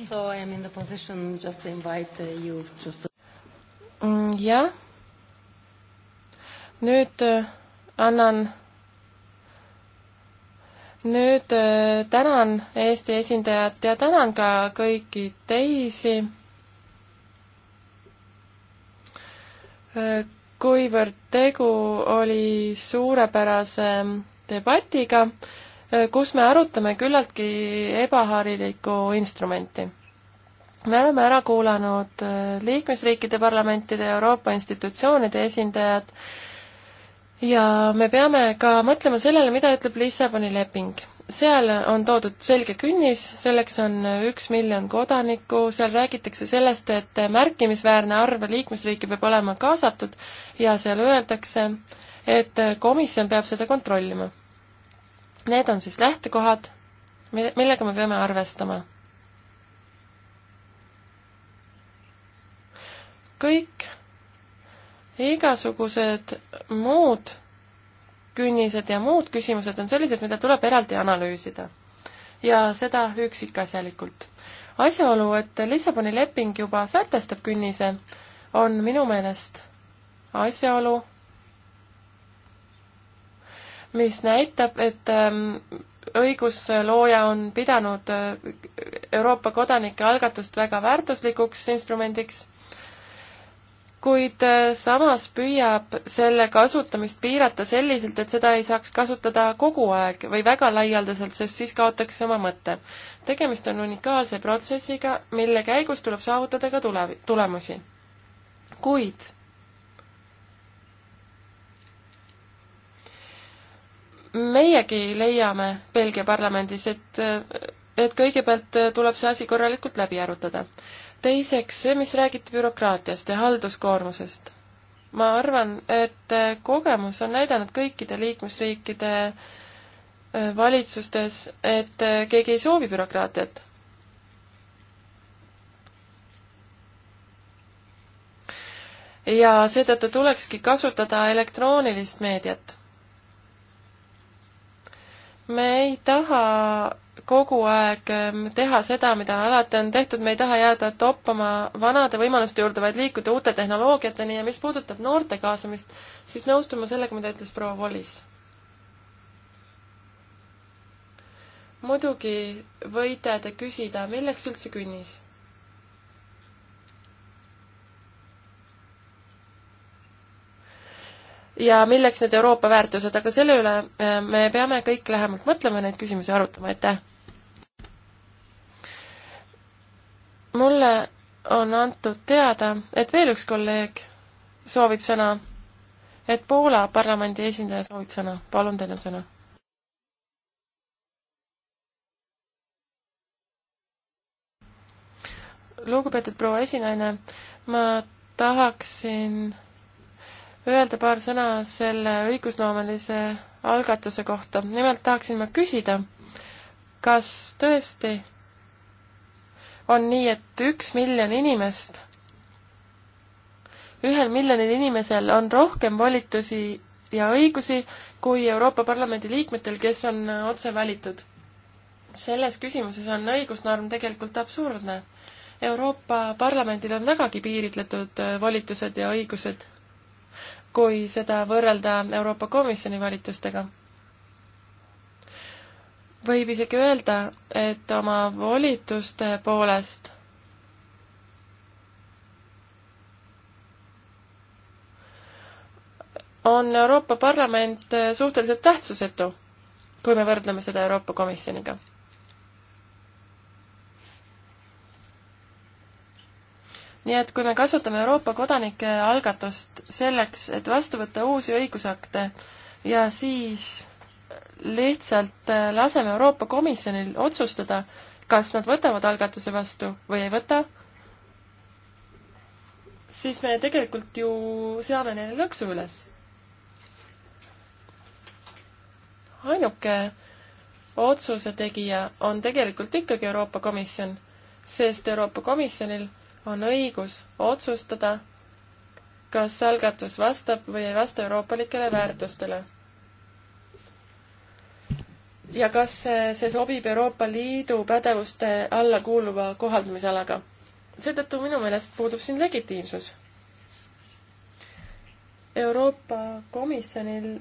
So I am in the position just to invite uh, you just to... Mm, jah. Nüüd uh, annan nüüd äh, tänan Eesti esindajat ja tänan ka kõiki teisi, äh, kuivõrd tegu oli suurepärase debatiga, äh, kus me arutame küllaltki ebaharilikku instrumenti. me oleme ära kuulanud liikmesriikide parlamentide ja Euroopa institutsioonide esindajad, ja me peame ka mõtlema sellele, mida ütleb Lissaboni leping. seal on toodud selge künnis, selleks on üks miljon kodanikku, seal räägitakse sellest, et märkimisväärne arv liikmesriike peab olema kaasatud ja seal öeldakse, et komisjon peab seda kontrollima. Need on siis lähtekohad, millega me peame arvestama. kõik igasugused muud künnised ja muud küsimused on sellised, mida tuleb eraldi analüüsida. ja seda üksikasjalikult. asjaolu, et Lissaboni leping juba sätestab künnise, on minu meelest asjaolu, mis näitab, et ähm, õiguslooja on pidanud äh, Euroopa kodanike algatust väga väärtuslikuks instrumendiks kuid äh, samas püüab selle kasutamist piirata selliselt, et seda ei saaks kasutada kogu aeg või väga laialdaselt, sest siis kaotaks oma mõtte. tegemist on unikaalse protsessiga, mille käigus tuleb saavutada ka tule-, tulemusi. kuid meiegi leiame Belgia parlamendis, et, et kõigepealt tuleb see asi korralikult läbi arutada teiseks, see, mis räägiti bürokraatiast ja halduskoormusest. ma arvan, et äh, kogemus on näidanud kõikide liikmesriikide äh, valitsustes, et äh, keegi ei soovi bürokraatiat ja seetõttu tulekski kasutada elektroonilist meediat me ei taha kogu aeg ähm, teha seda, mida alati on tehtud, me ei taha jääda toppama vanade võimaluste juurde, vaid liikuda uute tehnoloogiateni ja mis puudutab noorte kaasamist, siis nõustun ma sellega, mida ütles proua Wallis. muidugi võite te küsida, milleks üldse künnis ja milleks need Euroopa väärtused, aga selle üle eh, me peame kõik lähemalt mõtlema ja neid küsimusi arutama, aitäh! mulle on antud teada, et veel üks kolleeg soovib sõna, et Poola parlamendi esindaja soovib sõna, palun, teil on sõna lugupeetud proua esinaine, ma tahaksin öelda paar sõna selle õigusloomelise algatuse kohta. nimelt tahaksin ma küsida, kas tõesti on nii, et üks miljon inimest, ühel miljonil inimesel on rohkem volitusi ja õigusi kui Euroopa Parlamendi liikmetel, kes on otse valitud. selles küsimuses on õigusnorm tegelikult absurdne. Euroopa Parlamendil on vägagi piiritletud volitused ja õigused kui seda võrrelda Euroopa Komisjoni valitustega. võib isegi öelda, et oma volituste poolest on Euroopa Parlament suhteliselt tähtsusetu, kui me võrdleme seda Euroopa Komisjoniga nii et kui me kasutame Euroopa kodanike algatust selleks, et vastu võtta uusi õigusakte ja siis lihtsalt äh, laseme Euroopa Komisjonil otsustada, kas nad võtavad algatuse vastu või ei võta, siis me tegelikult ju seame neile lõksu üles. ainuke otsuse tegija on tegelikult ikkagi Euroopa Komisjon, sest Euroopa Komisjonil on õigus otsustada, kas algatus vastab või ei vasta euroopalikele väärtustele. ja kas see sobib Euroopa Liidu pädevuste alla kuuluva kohaldamisalaga. seetõttu minu meelest puudub siin legitiimsus. Euroopa Komisjonil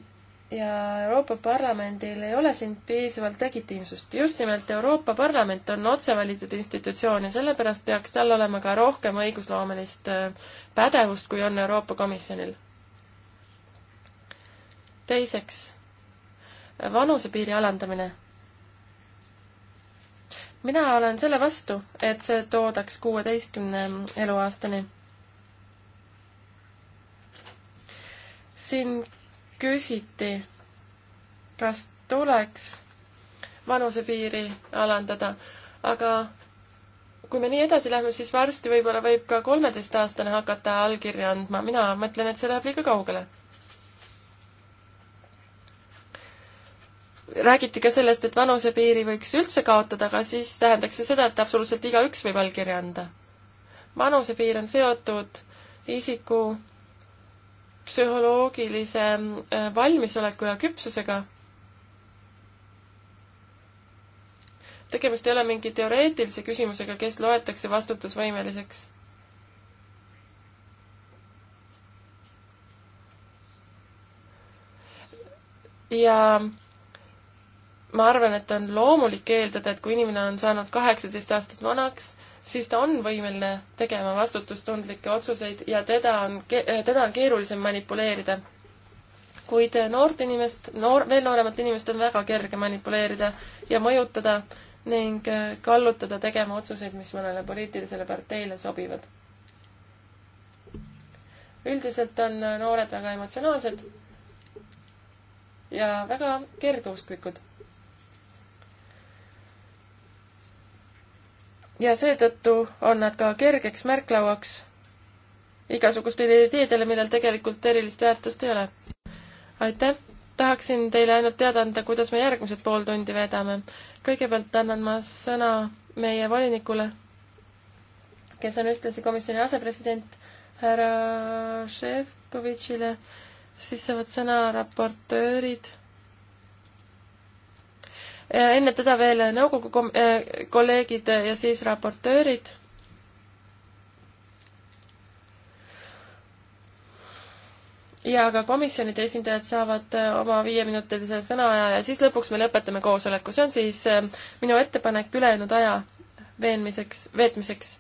ja Euroopa Parlamendil ei ole siin piisavalt legitiimsust. just nimelt Euroopa Parlament on otse valitud institutsioon ja sellepärast peaks tal olema ka rohkem õigusloomelist äh, pädevust, kui on Euroopa Komisjonil. teiseks, vanusepiiri alandamine. mina olen selle vastu, et see toodaks kuueteistkümne eluaastani siin küsiti, kas tuleks vanusepiiri alandada, aga kui me nii edasi lähme, siis varsti võib-olla võib ka kolmeteistaastane hakata allkirja andma, mina mõtlen, et see läheb liiga kaugele. räägiti ka sellest, et vanusepiiri võiks üldse kaotada, aga siis tähendaks see seda, et absoluutselt igaüks võib allkirja anda. vanusepiir on seotud isiku psühholoogilise äh, valmisoleku ja küpsusega. tegemist ei ole mingi teoreetilise küsimusega, kes loetakse vastutusvõimeliseks ja ma arvan, et on loomulik eeldada, et kui inimene on saanud kaheksateist aastat vanaks, siis ta on võimeline tegema vastutustundlikke otsuseid ja teda on, teda on keerulisem manipuleerida. kuid noort inimest, noor, veel nooremat inimest on väga kerge manipuleerida ja mõjutada ning kallutada tegema otsuseid, mis mõnele poliitilisele parteile sobivad. üldiselt on noored väga emotsionaalsed ja väga kergeusklikud ja seetõttu on nad ka kergeks märklauaks igasugustele ideedele, millel tegelikult erilist väärtust ei ole. aitäh! tahaksin teile ainult teada anda, kuidas me järgmised pool tundi veedame. kõigepealt annan ma sõna meie volinikule, kes on ühtlasi komisjoni asepresident, härra Šefkovitšile, siis saavad sõna raportöörid Äh, enne teda veel nõukogu äh, kolleegid ja siis raportöörid. ja ka komisjonide esindajad saavad äh, oma viieminutilise sõnaaja ja siis lõpuks me lõpetame koosoleku, see on siis minu ettepanek ülejäänud aja veenmiseks, veetmiseks.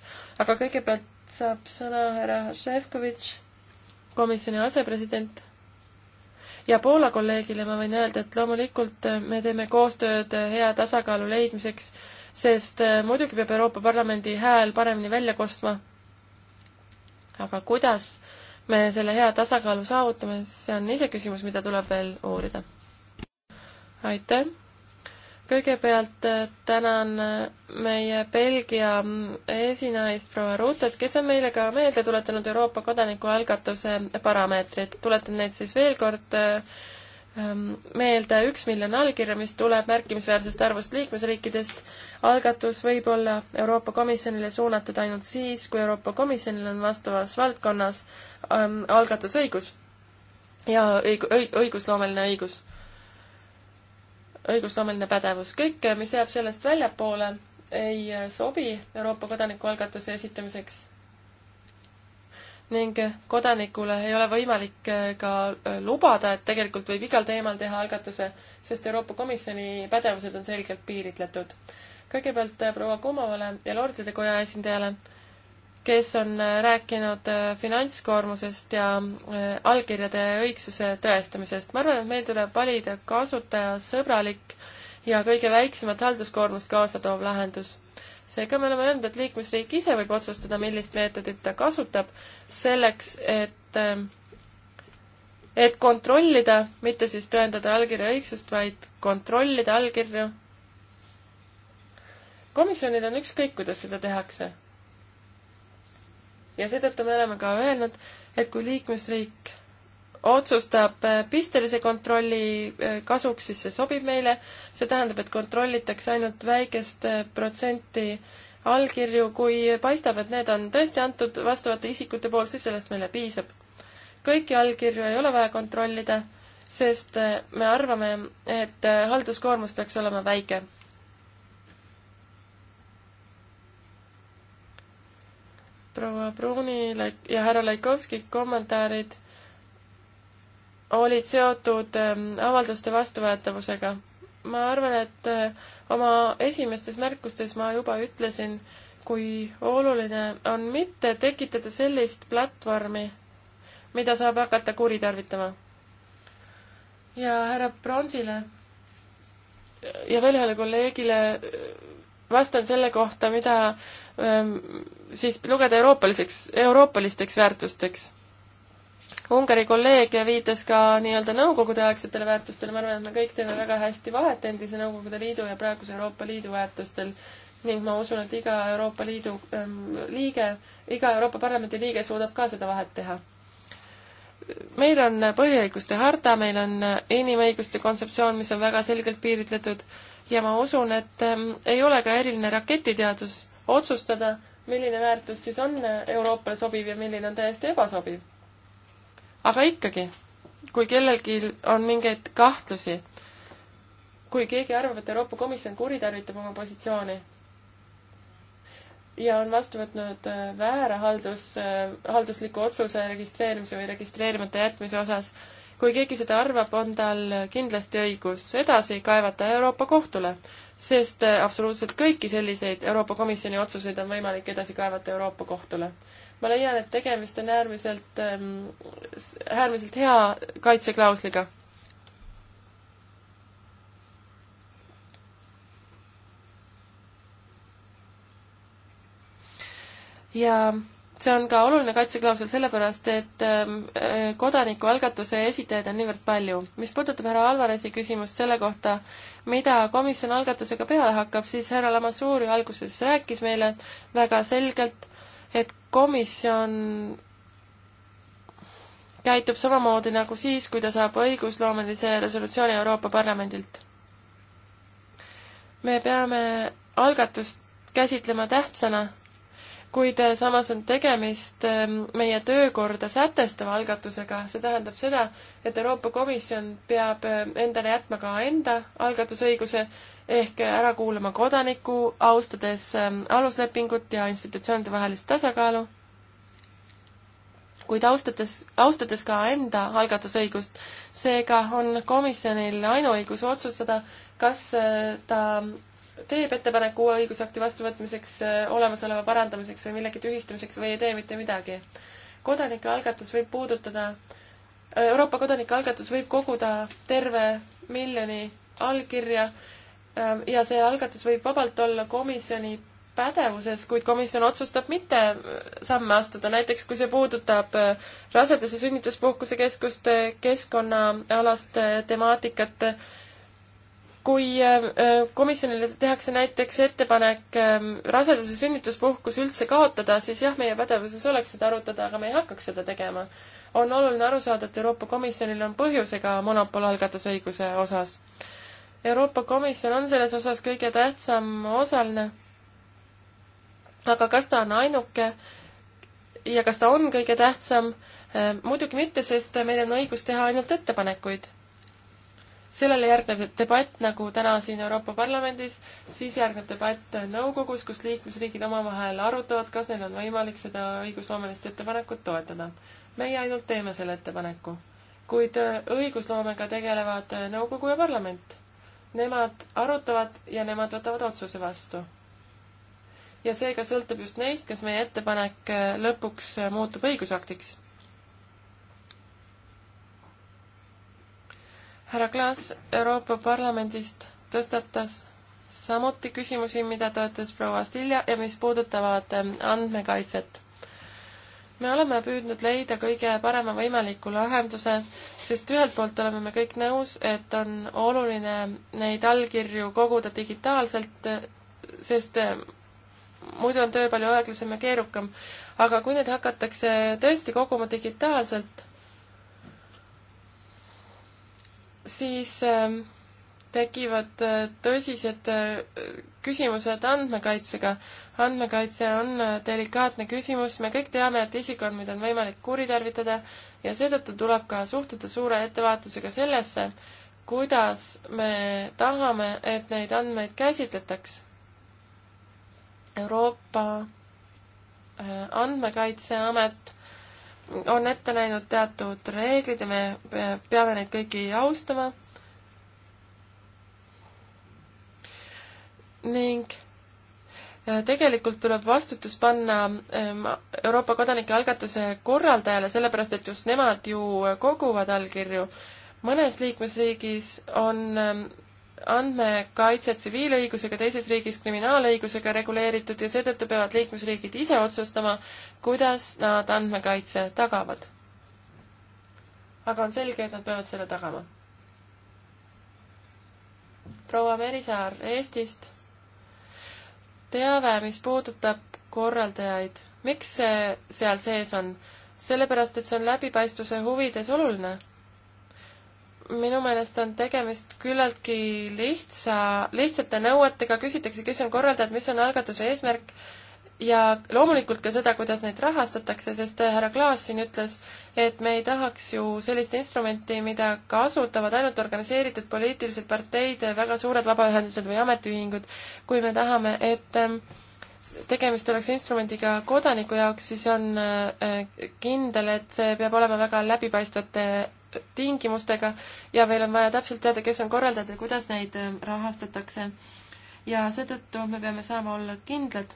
aga kõigepealt saab sõna härra Šefkovitš, komisjoni asepresident ja Poola kolleegile ma võin öelda, et loomulikult äh, me teeme koostööd äh, hea tasakaalu leidmiseks, sest äh, muidugi peab Euroopa Parlamendi hääl paremini välja kostma. aga kuidas me selle hea tasakaalu saavutame, see on iseküsimus, mida tuleb veel uurida. aitäh! kõigepealt äh, tänan äh, meie Belgia mm, esinaist proua Ruutet, kes on meile ka meelde tuletanud Euroopa kodanikualgatuse parameetrid. tuletan neid siis veel kord äh, ähm, meelde, üks miljon allkirja, mis tuleb märkimisväärsest arvust liikmesriikidest. algatus võib olla Euroopa Komisjonile suunatud ainult siis, kui Euroopa Komisjonil on vastavas valdkonnas ähm, algatusõigus ja õig-, õig-, õigusloomeline õigus õigusloomeline pädevus. kõik, mis jääb sellest väljapoole, ei sobi Euroopa kodanikualgatuse esitamiseks. ning kodanikule ei ole võimalik eh, ka eh, lubada, et tegelikult võib igal teemal teha algatuse, sest Euroopa Komisjoni pädevused on selgelt piiritletud. kõigepealt eh, proua Kumovale ja Lordide Koja esindajale kes on äh, rääkinud äh, finantskoormusest ja äh, allkirjade õigsuse tõestamisest. ma arvan, et meil tuleb valida kasutajasõbralik ja kõige väiksemat halduskoormust kaasa toov lahendus. seega me oleme öelnud, et liikmesriik ise võib otsustada, millist meetodit ta kasutab selleks, et et kontrollida, mitte siis tõendada allkirja õigsust, vaid kontrollida allkirju. komisjonil on ükskõik, kuidas seda tehakse ja seetõttu me oleme ka öelnud, et kui liikmesriik otsustab äh, pistelise kontrolli äh, kasuks, siis see sobib meile, see tähendab, et kontrollitakse ainult väikest äh, protsenti allkirju, kui paistab, et need on tõesti antud vastavate isikute poolt, siis sellest meile piisab. kõiki allkirju ei ole vaja kontrollida, sest me arvame, et halduskoormus peaks olema väike proua Pruunile ja härra Laikovski kommentaarid olid seotud ähm, avalduste vastuvõetavusega. ma arvan, et äh, oma esimestes märkustes ma juba ütlesin, kui oluline on mitte tekitada sellist platvormi, mida saab hakata kuritarvitama. ja härra Bronsile ja veel ühele kolleegile äh, vastan selle kohta, mida ähm, siis lugeda euroopaliseks, euroopalisteks väärtusteks. Ungari kolleeg viitas ka nii-öelda nõukogudeaegsetele väärtustele, ma arvan, et me kõik teeme väga hästi vahet endise Nõukogude Liidu ja praeguse Euroopa Liidu väärtustel ning ma usun, et iga Euroopa Liidu ähm, liige, iga Euroopa Parlamendi liige suudab ka seda vahet teha meil on põhiõiguste harta, meil on inimõiguste kontseptsioon, mis on väga selgelt piiritletud ja ma usun, et ähm, ei ole ka eriline raketiteadus otsustada, milline väärtus siis on äh, Euroopale sobiv ja milline on täiesti ebasobiv. aga ikkagi, kui kellelgi on mingeid kahtlusi, kui keegi arvab, et Euroopa Komisjon kuritarvitab oma positsiooni ja on vastu võtnud äh, väära haldus, äh, haldusliku otsuse registreerimise või registreerimata jätmise osas, kui keegi seda arvab, on tal kindlasti õigus edasi kaevata Euroopa Kohtule, sest äh, absoluutselt kõiki selliseid Euroopa Komisjoni otsuseid on võimalik edasi kaevata Euroopa Kohtule. ma leian, et tegemist on äärmiselt, ähm, äärmiselt hea kaitseklausliga ja see on ka oluline kaitseklausel sellepärast, et ähm, äh, kodanikualgatuse esitajaid on niivõrd palju. mis puudutab härra Alvaresi küsimust selle kohta, mida komisjon algatusega peale hakkab, siis härra Lamassuuri alguses rääkis meile väga selgelt, et komisjon käitub samamoodi nagu siis, kui ta saab õigusloomelise resolutsiooni Euroopa Parlamendilt. me peame algatust käsitlema tähtsana kuid äh, samas on tegemist ähm, meie töökorda sätestava algatusega, see tähendab seda, et Euroopa Komisjon peab ähm, endale jätma ka enda algatusõiguse ehk ära kuulama kodaniku, austades ähm, aluslepingut ja institutsioonide vahelist tasakaalu, kuid austades, austades ka enda algatusõigust. seega on komisjonil ainuõigus otsustada, kas äh, ta teeb ettepaneku uue õigusakti vastuvõtmiseks, äh, olemasoleva parandamiseks või millegi tühistamiseks või ei tee mitte midagi. kodanikealgatus võib puudutada, äh, Euroopa kodanikealgatus võib koguda terve miljoni allkirja ähm, ja see algatus võib vabalt olla komisjoni pädevuses, kuid komisjon otsustab mitte äh, samme astuda, näiteks kui see puudutab raseduse sünnituspuhkuse keskust, keskkonnaalast temaatikat kui äh, äh, komisjonile tehakse näiteks ettepanek ähm, raseduse sünnituspuhkus üldse kaotada, siis jah, meie pädevuses oleks seda arutada, aga me ei hakkaks seda tegema. on oluline aru saada, et Euroopa Komisjonil on põhjusega monopol algatusõiguse osas. Euroopa Komisjon on selles osas kõige tähtsam osaline. aga kas ta on ainuke ja kas ta on kõige tähtsam? Äh, muidugi mitte, sest meil on õigus teha ainult ettepanekuid sellele järgneb debatt, nagu täna siin Euroopa Parlamendis, siis järgneb debatt nõukogus, kus liikmesriigid omavahel arutavad, kas neil on võimalik seda õigusloomelist ettepanekut toetada. meie ainult teeme selle ettepaneku. kuid õigusloomega tegelevad nõukogu ja parlament. Nemad arutavad ja nemad võtavad otsuse vastu. ja seega sõltub just neist, kas meie ettepanek lõpuks muutub õigusaktiks härra Klaas Euroopa Parlamendist tõstatas samuti küsimusi, mida toetas proua Stilja ja mis puudutavad ähm, andmekaitset. me oleme püüdnud leida kõige parema võimaliku lahenduse, sest ühelt poolt oleme me kõik nõus, et on oluline neid allkirju koguda digitaalselt, äh, sest ähm, muidu on töö palju aeglasem ja keerukam. aga kui neid hakatakse tõesti koguma digitaalselt, siis ähm, tekivad äh, tõsised äh, küsimused andmekaitsega. andmekaitse on äh, delikaatne küsimus, me kõik teame, et isikuandmeid on võimalik kuritarvitada ja seetõttu tuleb ka suhtuda suure ettevaatusega sellesse, kuidas me tahame, et neid andmeid käsitletaks. Euroopa Andmekaitseamet on ette näinud teatud reeglid ja me peame neid kõiki austama. ning äh, tegelikult tuleb vastutus panna ähm, Euroopa kodanike algatuse korraldajale, sellepärast et just nemad ju koguvad allkirju. mõnes liikmesriigis on ähm, andmekaitse tsiviilõigusega, teises riigis kriminaalõigusega reguleeritud ja seetõttu peavad liikmesriigid ise otsustama, kuidas nad andmekaitse tagavad. aga on selge, et nad peavad selle tagama. proua Merisaar Eestist. teave, mis puudutab korraldajaid, miks see seal sees on? sellepärast, et see on läbipaistvuse huvides oluline minu meelest on tegemist küllaltki lihtsa, lihtsate nõuetega, küsitakse, kes on korraldajad, mis on algatuse eesmärk ja loomulikult ka seda, kuidas neid rahastatakse, sest äh, härra Klaas siin ütles, et me ei tahaks ju sellist instrumenti, mida kasutavad ainult organiseeritud poliitilised parteid, äh, väga suured vabaühendused või ametiühingud, kui me tahame, et ähm, tegemist oleks instrumendiga kodaniku jaoks, siis on äh, kindel, et see peab olema väga läbipaistvate tingimustega ja meil on vaja täpselt teada, kes on korraldajad ja kuidas neid äh, rahastatakse. ja seetõttu me peame saama olla kindlad,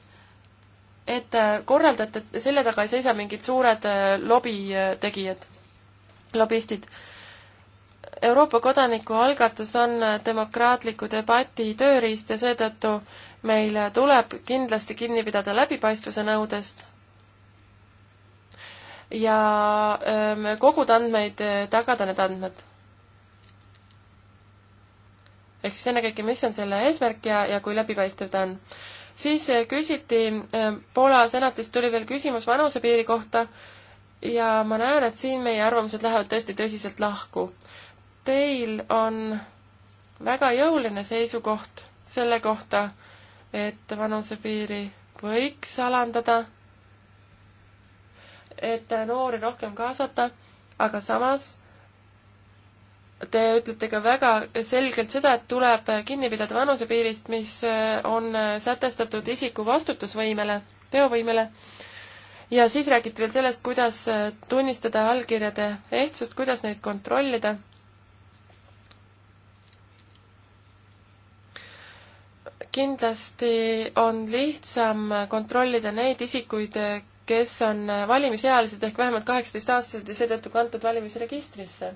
et äh, korraldajate selja taga ei seisa mingid suured äh, lobitegijad, lobistid. Euroopa kodanikualgatus on demokraatliku debati tööriist ja seetõttu meil tuleb kindlasti kinni pidada läbipaistvuse nõudest ja ähm, koguda andmeid, äh, tagada need andmed. ehk siis ennekõike, mis on selle eesmärk ja, ja kui läbipaistev ta on. siis äh, küsiti, ähm, Poola senatist tuli veel küsimus vanusepiiri kohta ja ma näen, et siin meie arvamused lähevad tõesti tõsiselt lahku. Teil on väga jõuline seisukoht selle kohta, et vanusepiiri võiks alandada et noori rohkem kaasata, aga samas te ütlete ka väga selgelt seda, et tuleb kinni pidada vanusepiirist, mis on sätestatud isiku vastutusvõimele, teovõimele. ja siis räägiti veel sellest, kuidas tunnistada allkirjade ehtsust, kuidas neid kontrollida. kindlasti on lihtsam kontrollida neid isikuid, kes on valimisealised ehk vähemalt kaheksateistaastased ja seetõttu kantud valimisregistrisse.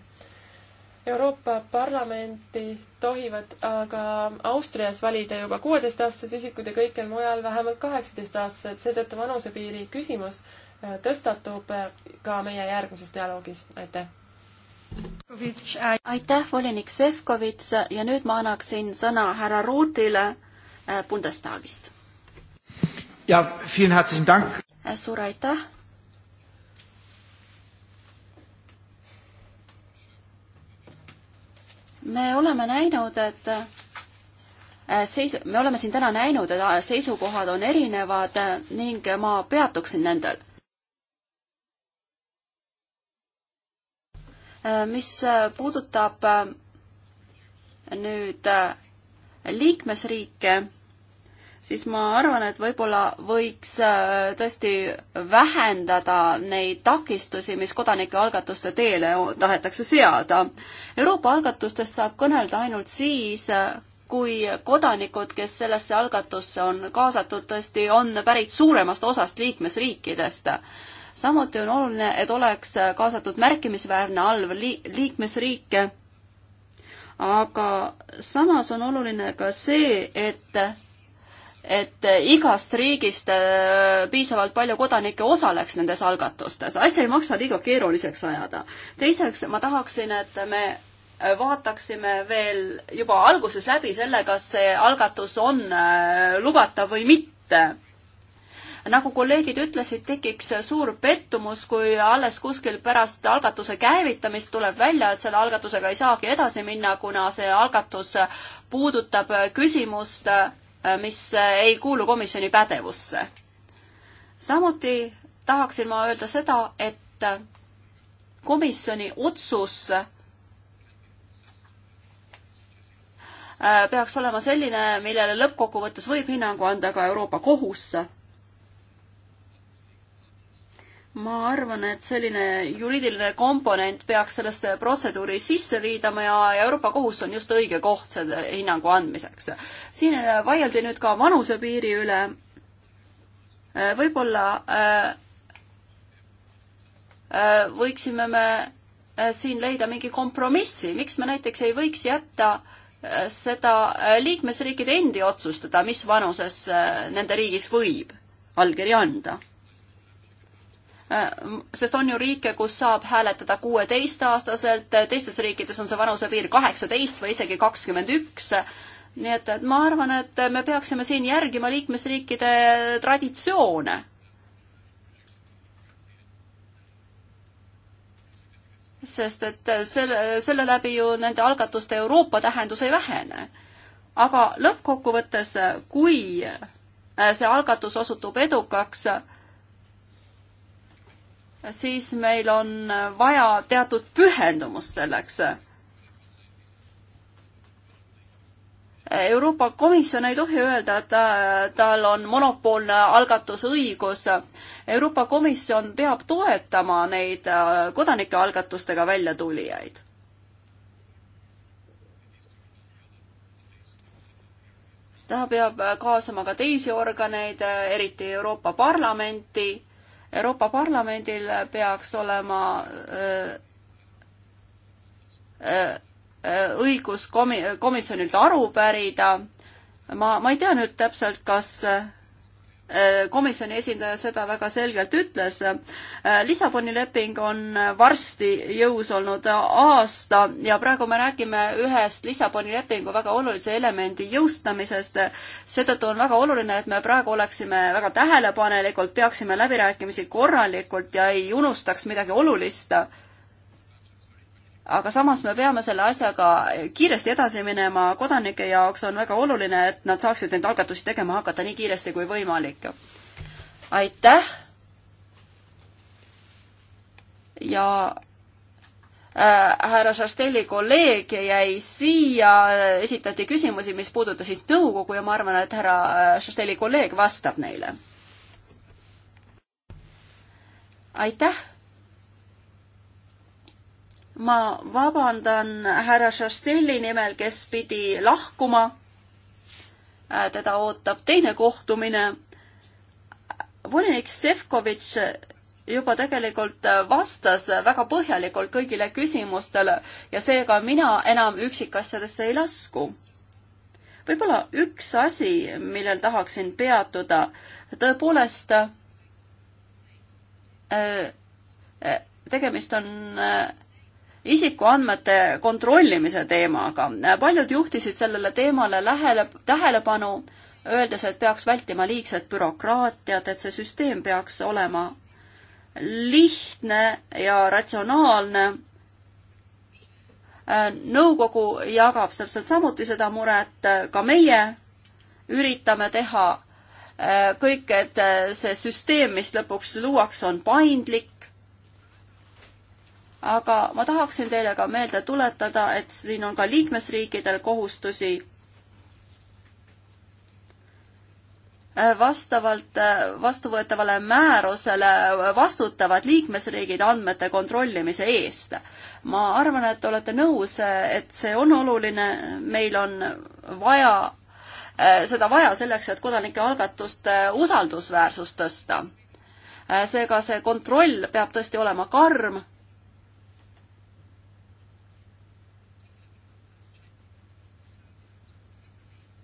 Euroopa Parlamenti tohivad aga Austrias valida juba kuueteistaastased isikud ja kõikjal mujal vähemalt kaheksateistaastased, seetõttu vanusepiiri küsimus äh, tõstatub äh, ka meie järgmises dialoogis, aitäh! aitäh, volinik Sefkovits ja nüüd ma annaksin sõna härra Ruutile äh, Bundestagist. ja, vielen herzlichen Dank! suur aitäh. me oleme näinud, et äh, seis-, me oleme siin täna näinud, et äh, seisukohad on erinevad äh, ning ma peatuksin nendel. mis puudutab nüüd liikmesriike siis ma arvan, et võib-olla võiks äh, tõesti vähendada neid takistusi, mis kodanikealgatuste teele tahetakse seada. Euroopa algatustest saab kõnelda ainult siis, kui kodanikud, kes sellesse algatusse on kaasatud, tõesti on pärit suuremast osast liikmesriikidest. samuti on oluline, et oleks kaasatud märkimisväärne alv li-, liikmesriike, aga samas on oluline ka see, et et eh, igast riigist eh, piisavalt palju kodanikke osaleks nendes algatustes, asja ei maksa liiga keeruliseks ajada. teiseks, ma tahaksin, et me eh, vaataksime veel juba alguses läbi selle, kas see algatus on lubatav või mitte nagu kolleegid ütlesid, tekiks suur pettumus, kui alles kuskil pärast algatuse käivitamist tuleb välja, et selle algatusega ei saagi edasi minna, kuna see algatus puudutab küsimust äh, Äh, mis äh, ei kuulu komisjoni pädevusse. samuti tahaksin ma öelda seda, et äh, komisjoni otsus peaks olema selline, millele lõppkokkuvõttes võib hinnangu anda ka Euroopa Kohus ma arvan, et selline juriidiline komponent peaks sellesse protseduuri sisse viidama ja Euroopa Kohus on just õige koht selle hinnangu andmiseks. siin vaieldi nüüd ka vanusepiiri üle. Äh, võib-olla äh, äh, võiksime me siin leida mingi kompromissi, miks me näiteks ei võiks jätta seda liikmesriikide endi otsustada, mis vanuses nende riigis võib allkiri anda Äh, sest on ju riike, kus saab hääletada kuueteistaastaselt, teistes riikides on see vanusepiir kaheksateist või isegi kakskümmend üks. nii et, et ma arvan, et me peaksime siin järgima liikmesriikide traditsioone. sest et selle, selle läbi ju nende algatuste Euroopa tähendus ei vähene. aga lõppkokkuvõttes, kui see algatus osutub edukaks, siis meil on vaja teatud pühendumust selleks. Euroopa Komisjon ei tohi öelda, et ta, äh, tal on monopoolne algatusõigus. Euroopa Komisjon peab toetama neid äh, kodanike algatustega väljatulijaid. ta peab kaasama ka teisi organeid, äh, eriti Euroopa Parlamenti Euroopa Parlamendil peaks olema äh, äh, õigus komi-, komisjonilt aru pärida. ma, ma ei tea nüüd täpselt, kas Äh, komisjoni esindaja seda väga selgelt ütles. Äh, Lissaboni leping on varsti jõus olnud aasta ja praegu me räägime ühest Lissaboni lepingu väga olulise elemendi jõustamisest. seetõttu on väga oluline, et me praegu oleksime väga tähelepanelikud, peaksime läbirääkimisi korralikult ja ei unustaks midagi olulist aga samas me peame selle asjaga kiiresti edasi minema, kodanike jaoks on väga oluline, et nad saaksid neid algatusi tegema hakata nii kiiresti kui võimalik. aitäh! ja äh, härra Šašteli kolleeg jäi siia, esitati küsimusi, mis puudutasid nõukogu ja ma arvan, et härra äh, Šašteli kolleeg vastab neile. aitäh! ma vabandan härra Šastelli nimel, kes pidi lahkuma. Äh, teda ootab teine kohtumine. volinik Sefkovitš juba tegelikult vastas väga põhjalikult kõigile küsimustele ja seega mina enam üksikasjadesse ei lasku. võib-olla üks asi, millel tahaksin peatuda, tõepoolest äh, äh tegemist on äh, isikuandmete kontrollimise teemaga. paljud juhtisid sellele teemale lähele, tähelepanu, öeldes, et peaks vältima liigset bürokraatiat, et see süsteem peaks olema lihtne ja ratsionaalne. nõukogu jagab täpselt samuti seda muret, ka meie üritame teha kõik, et see süsteem, mis lõpuks luuakse, on paindlik, aga ma tahaksin teile ka meelde tuletada, et siin on ka liikmesriikidel kohustusi vastavalt äh, vastuvõetavale määrusele vastutavad liikmesriigid andmete kontrollimise eest. ma arvan, et olete nõus, et see on oluline, meil on vaja, äh, seda vaja selleks, et kodanike algatuste äh, usaldusväärsust tõsta. seega see kontroll peab tõesti olema karm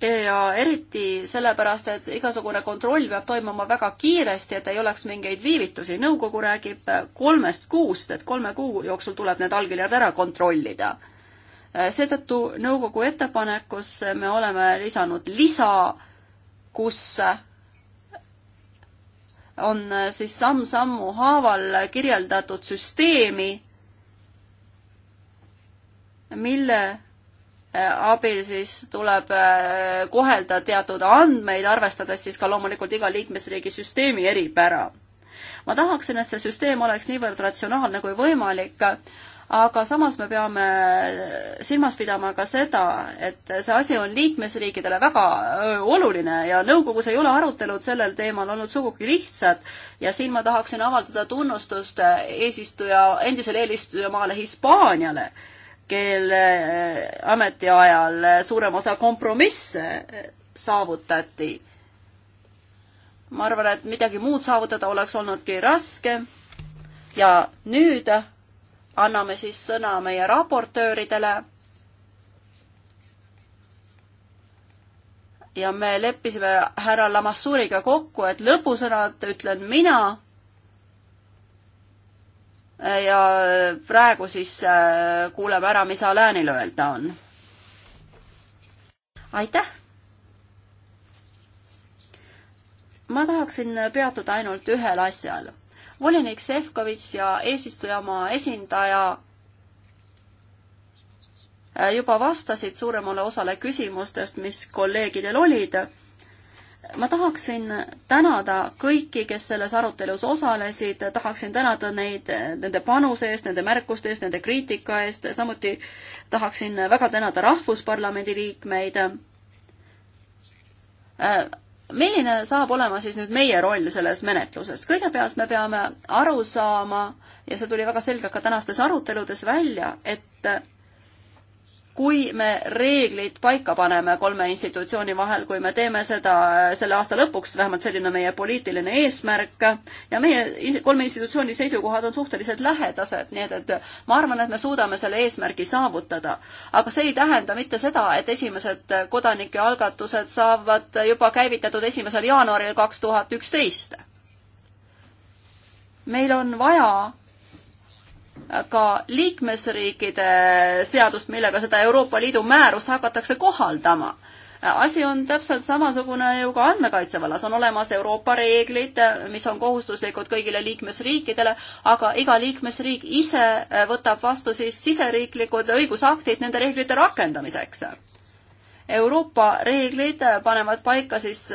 E ja eriti sellepärast, et igasugune kontroll peab toimuma väga kiiresti, et ei oleks mingeid viivitusi. nõukogu räägib kolmest kuust, et kolme kuu jooksul tuleb need allkirjad ära kontrollida. E, seetõttu nõukogu ettepanekus me oleme lisanud lisa, kus on siis samm-sammu haaval kirjeldatud süsteemi, mille abil siis tuleb äh, kohelda teatud andmeid, arvestades siis ka loomulikult iga liikmesriigi süsteemi eripära. ma tahaksin, et see süsteem oleks niivõrd ratsionaalne kui võimalik, aga samas me peame silmas pidama ka seda, et see asi on liikmesriikidele väga oluline ja nõukogus ei ole arutelud sellel teemal olnud sugugi lihtsad ja siin ma tahaksin avaldada tunnustust äh, eesistuja, endisele eelistujamaale Hispaaniale kelle äh, ametiajal äh, suurem osa kompromisse äh, saavutati. ma arvan, et midagi muud saavutada oleks olnudki raske. ja nüüd anname siis sõna meie raportööridele. ja me leppisime härra Lamassuriga kokku, et lõpusõnad ütlen mina ja praegu siis äh, kuuleme ära, mis Alenil öelda on. aitäh! ma tahaksin peatuda ainult ühel asjal. volinik Sefkovitš ja eesistujamaa esindaja äh, juba vastasid suuremale osale küsimustest, mis kolleegidel olid ma tahaksin tänada kõiki, kes selles arutelus osalesid, tahaksin tänada neid nende panuse eest, nende märkuste eest, nende kriitika eest, samuti tahaksin väga tänada Rahvusparlamendi liikmeid. Äh, milline saab olema siis nüüd meie roll selles menetluses? kõigepealt me peame aru saama ja see tuli väga selgelt ka tänastes aruteludes välja, et kui me reeglid paika paneme kolme institutsiooni vahel, kui me teeme seda äh, selle aasta lõpuks, vähemalt selline meie poliitiline eesmärk, ja meie kolme institutsiooni seisukohad on suhteliselt lähedased, nii et, et ma arvan, et me suudame selle eesmärgi saavutada. aga see ei tähenda mitte seda, et esimesed kodanike algatused saavad juba käivitatud esimesel jaanuaril kaks tuhat üksteist. meil on vaja ka liikmesriikide seadust, millega seda Euroopa Liidu määrust hakatakse kohaldama. asi on täpselt samasugune ju ka andmekaitse vallas, on olemas Euroopa reeglid, mis on kohustuslikud kõigile liikmesriikidele, aga iga liikmesriik ise võtab vastu siis siseriiklikud õigusaktid nende reeglite rakendamiseks. Euroopa reeglid panevad paika siis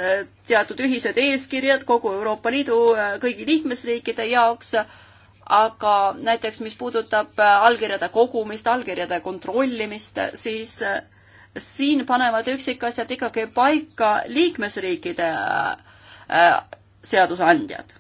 teatud ühised eeskirjad kogu Euroopa Liidu kõigi liikmesriikide jaoks aga näiteks, mis puudutab äh, allkirjade kogumist, allkirjade kontrollimist, siis äh, siin panevad üksikasjad ikkagi paika liikmesriikide äh, seadusandjad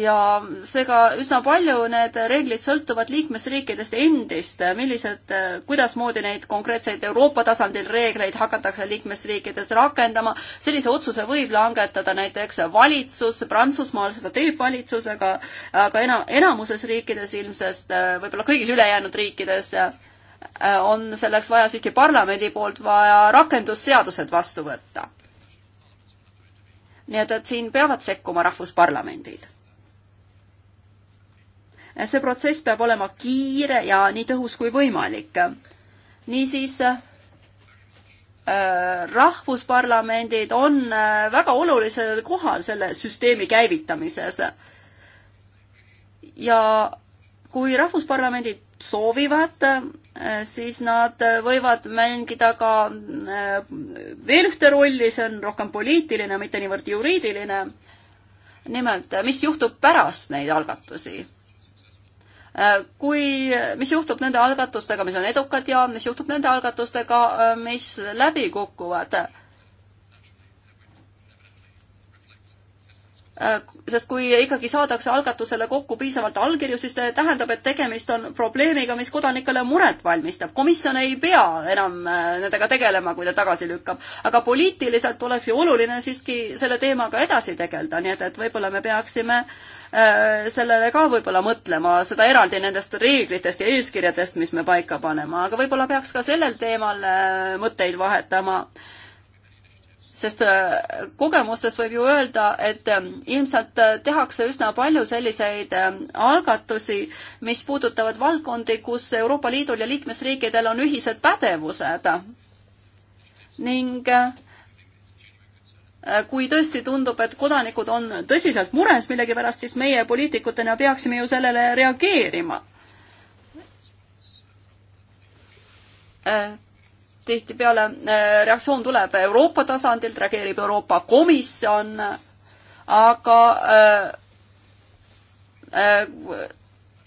ja seega üsna palju need reeglid sõltuvad liikmesriikidest endist, millised, kuidasmoodi neid konkreetseid Euroopa tasandil reegleid hakatakse liikmesriikides rakendama. sellise otsuse võib langetada näiteks valitsus, Prantsusmaal seda teeb valitsus, aga, aga ena-, enamuses riikides ilmselt, võib-olla kõigis ülejäänud riikides on selleks vaja siiski parlamendi poolt vaja rakendusseadused vastu võtta. nii et, et siin peavad sekkuma rahvusparlamendid see protsess peab olema kiire ja nii tõhus kui võimalik. niisiis äh, rahvusparlamendid on äh, väga olulisel kohal selle süsteemi käivitamises. ja kui rahvusparlamendid soovivad, äh, siis nad võivad mängida ka veel ühte rolli, see on rohkem poliitiline, mitte niivõrd juriidiline. nimelt, mis juhtub pärast neid algatusi Äh, kui, mis juhtub nende algatustega, mis on edukad ja mis juhtub nende algatustega, äh, mis läbi kukuvad. Äh, sest kui ikkagi saadakse algatusele kokku piisavalt allkirju, siis see tähendab, et tegemist on probleemiga, mis kodanikele muret valmistab. komisjon ei pea enam nendega tegelema, kui ta tagasi lükkab. aga poliitiliselt oleks ju oluline siiski selle teemaga edasi tegeleda, nii et, et võib-olla me peaksime äh, Äh, sellele ka võib-olla mõtlema, seda eraldi nendest reeglitest ja eeskirjadest, mis me paika paneme, aga võib-olla peaks ka sellel teemal äh, mõtteid vahetama. sest äh, kogemustest võib ju öelda, et ilmselt tehakse üsna palju selliseid algatusi, mis puudutavad valdkondi, kus Euroopa Liidul ja liikmesriikidel on ühised pädevused ning äh, Äh, kui tõesti tundub, et kodanikud on tõsiselt mures millegipärast, siis meie poliitikutena peaksime ju sellele reageerima. Äh, tihtipeale äh, reaktsioon tuleb Euroopa tasandilt, reageerib Euroopa Komisjon, aga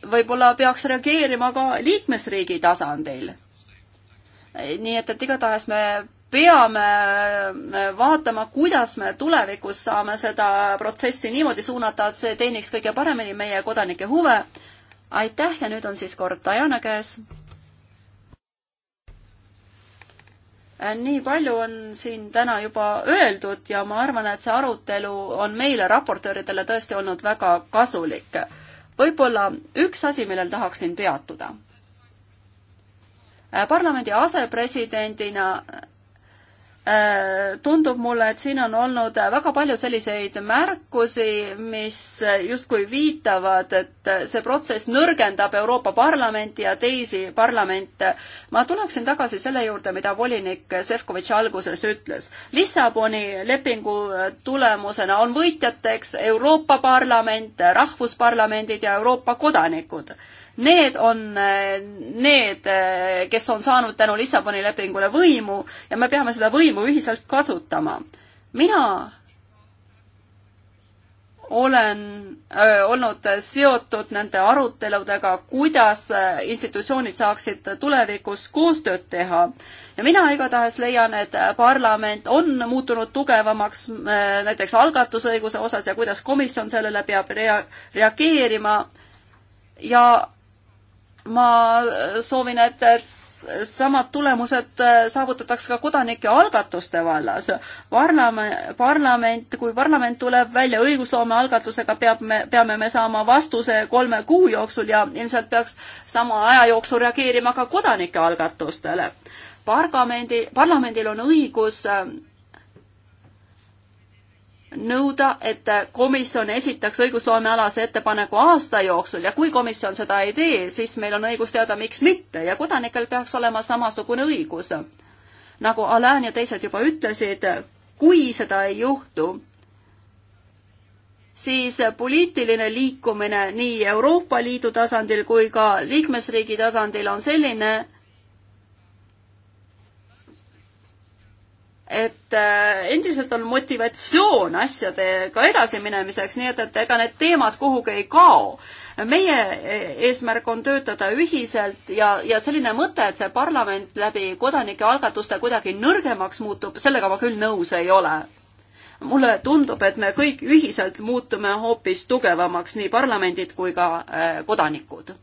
võib-olla peaks reageerima ka liikmesriigi tasandil nii et, et igatahes me peame äh, vaatama, kuidas me tulevikus saame seda protsessi niimoodi suunata, et see teeniks kõige paremini meie kodanike huve. aitäh ja nüüd on siis kord Diana käes. Äh, nii palju on siin täna juba öeldud ja ma arvan, et see arutelu on meile, raportööridele, tõesti olnud väga kasulik. võib-olla üks asi, millel tahaksin peatuda äh, parlamendi asepresidendina Äh, tundub mulle, et siin on olnud väga palju selliseid märkusi, mis justkui viitavad, et see protsess nõrgendab Euroopa Parlamenti ja teisi parlamente. ma tuleksin tagasi selle juurde, mida volinik Sefkovitš alguses ütles. Lissaboni lepingu tulemusena on võitjateks Euroopa Parlament, rahvusparlamendid ja Euroopa kodanikud Need on eh, need, eh, kes on saanud tänu Lissaboni lepingule võimu ja me peame seda võimu ühiselt kasutama. mina olen öö, eh, olnud seotud nende aruteludega, kuidas institutsioonid saaksid tulevikus koostööd teha. ja mina igatahes leian, et parlament on muutunud tugevamaks näiteks algatusõiguse osas ja kuidas komisjon sellele peab rea-, reageerima ja ma soovin, et, et samad tulemused saavutatakse ka kodanike algatuste vallas. parlament, parlament, kui parlament tuleb välja õigusloome algatusega, peab me, peame me saama vastuse kolme kuu jooksul ja ilmselt peaks sama aja jooksul reageerima ka kodanike algatustele. parlamendi, parlamendil on õigus nõuda, et komisjon esitaks õigusloomealase ettepaneku aasta jooksul ja kui komisjon seda ei tee, siis meil on õigus teada, miks mitte ja kodanikel peaks olema samasugune õigus. nagu Alain ja teised juba ütlesid, kui seda ei juhtu, siis poliitiline liikumine nii Euroopa Liidu tasandil kui ka liikmesriigi tasandil on selline, et äh, endiselt on motivatsioon asjadega edasiminemiseks, nii et, et ega need teemad kuhugi ei kao. meie äh, eesmärk on töötada ühiselt ja, ja selline mõte, et see parlament läbi kodanike algatuste kuidagi nõrgemaks muutub, sellega ma küll nõus ei ole. mulle tundub, et me kõik ühiselt muutume hoopis tugevamaks, nii parlamendid kui ka äh, kodanikud.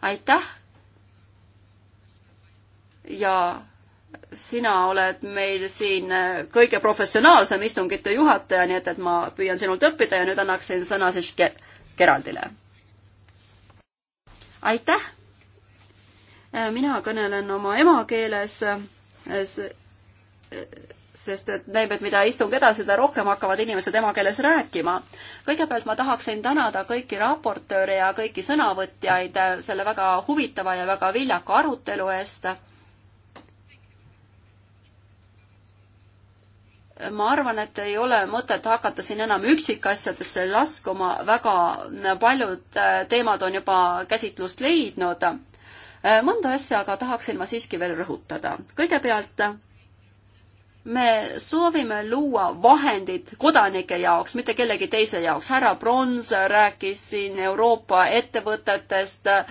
aitäh! ja sina oled meil siin äh, kõige professionaalsem istungite juhataja, nii et, et ma püüan sinult õppida ja nüüd annaksin sõna siis Ger Geraldile. aitäh! Äh, mina kõnelen oma emakeeles, äh, sest et näib, et mida istung edasi, seda rohkem hakkavad inimesed emakeeles rääkima. kõigepealt ma tahaksin tänada kõiki raportööre ja kõiki sõnavõtjaid selle väga huvitava ja väga viljaka arutelu eest ma arvan, et ei ole mõtet hakata siin enam üksikasjadesse laskuma, väga paljud äh, teemad on juba käsitlust leidnud. Äh, mõnda asja aga tahaksin ma siiski veel rõhutada. kõigepealt me soovime luua vahendid kodanike jaoks, mitte kellegi teise jaoks. härra Brons rääkis siin Euroopa ettevõtetest äh,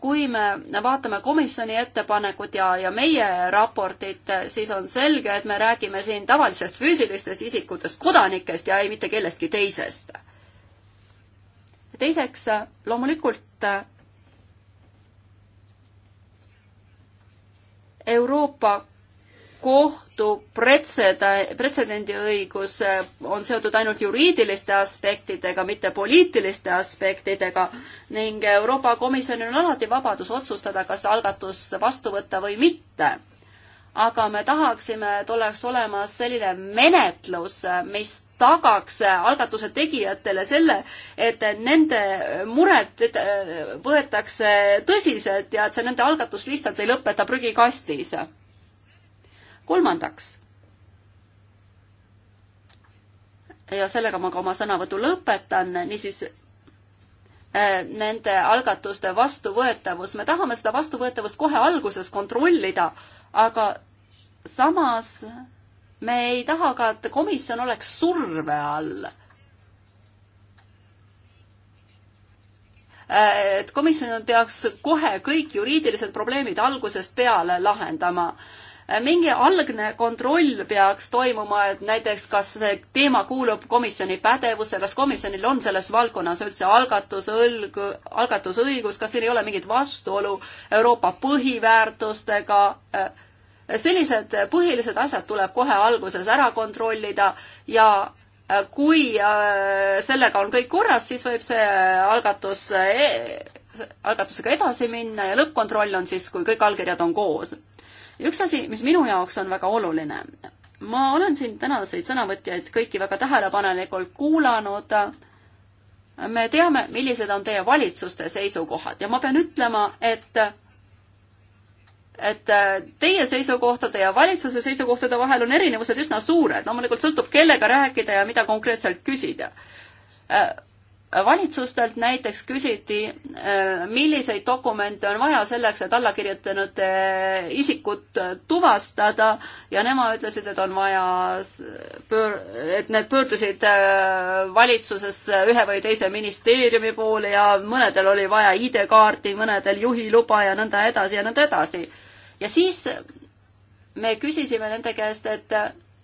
kui me vaatame komisjoni ettepanekut ja, ja meie raportit, siis on selge, et me räägime siin tavalisest füüsilistest isikutest, kodanikest ja ei mitte kellestki teisest. teiseks, loomulikult Euroopa kohtu pretseda-, pretsedendiõigus äh, on seotud ainult juriidiliste aspektidega, mitte poliitiliste aspektidega ning Euroopa Komisjonil on alati vabadus otsustada, kas algatus vastu võtta või mitte. aga me tahaksime, et oleks olemas selline menetlus, mis tagaks algatuse tegijatele selle, et nende mured äh, võetakse tõsiselt ja et see nende algatus lihtsalt ei lõpeta prügikastis kolmandaks, ja sellega ma ka oma sõnavõtu lõpetan, niisiis äh, nende algatuste vastuvõetavus, me tahame seda vastuvõetavust kohe alguses kontrollida, aga samas me ei taha ka, et komisjon oleks surve all. Äh, et komisjon peaks kohe kõik juriidilised probleemid algusest peale lahendama mingi algne kontroll peaks toimuma, et näiteks kas see teema kuulub komisjoni pädevusse, kas komisjonil on selles valdkonnas üldse algatusõlg, algatusõigus, kas siin ei ole mingit vastuolu Euroopa põhiväärtustega? sellised põhilised asjad tuleb kohe alguses ära kontrollida ja kui äh, sellega on kõik korras, siis võib see algatus, e-, algatusega edasi minna ja lõppkontroll on siis, kui kõik allkirjad on koos üks asi, mis minu jaoks on väga oluline. ma olen siin tänaseid sõnavõtjaid kõiki väga tähelepanelikult kuulanud. me teame, millised on teie valitsuste seisukohad ja ma pean ütlema, et et teie seisukohtade ja valitsuse seisukohtade vahel on erinevused üsna suured, loomulikult sõltub, kellega rääkida ja mida konkreetselt küsida valitsustelt näiteks küsiti, äh, milliseid dokumente on vaja selleks, et allakirjutanud äh, isikut äh, tuvastada ja nemad ütlesid, et on vaja pöör-, et need pöördusid valitsuses ühe või teise ministeeriumi poole ja mõnedel oli vaja ID-kaarti, mõnedel juhiluba ja nõnda edasi ja nõnda edasi. ja siis me küsisime nende käest, et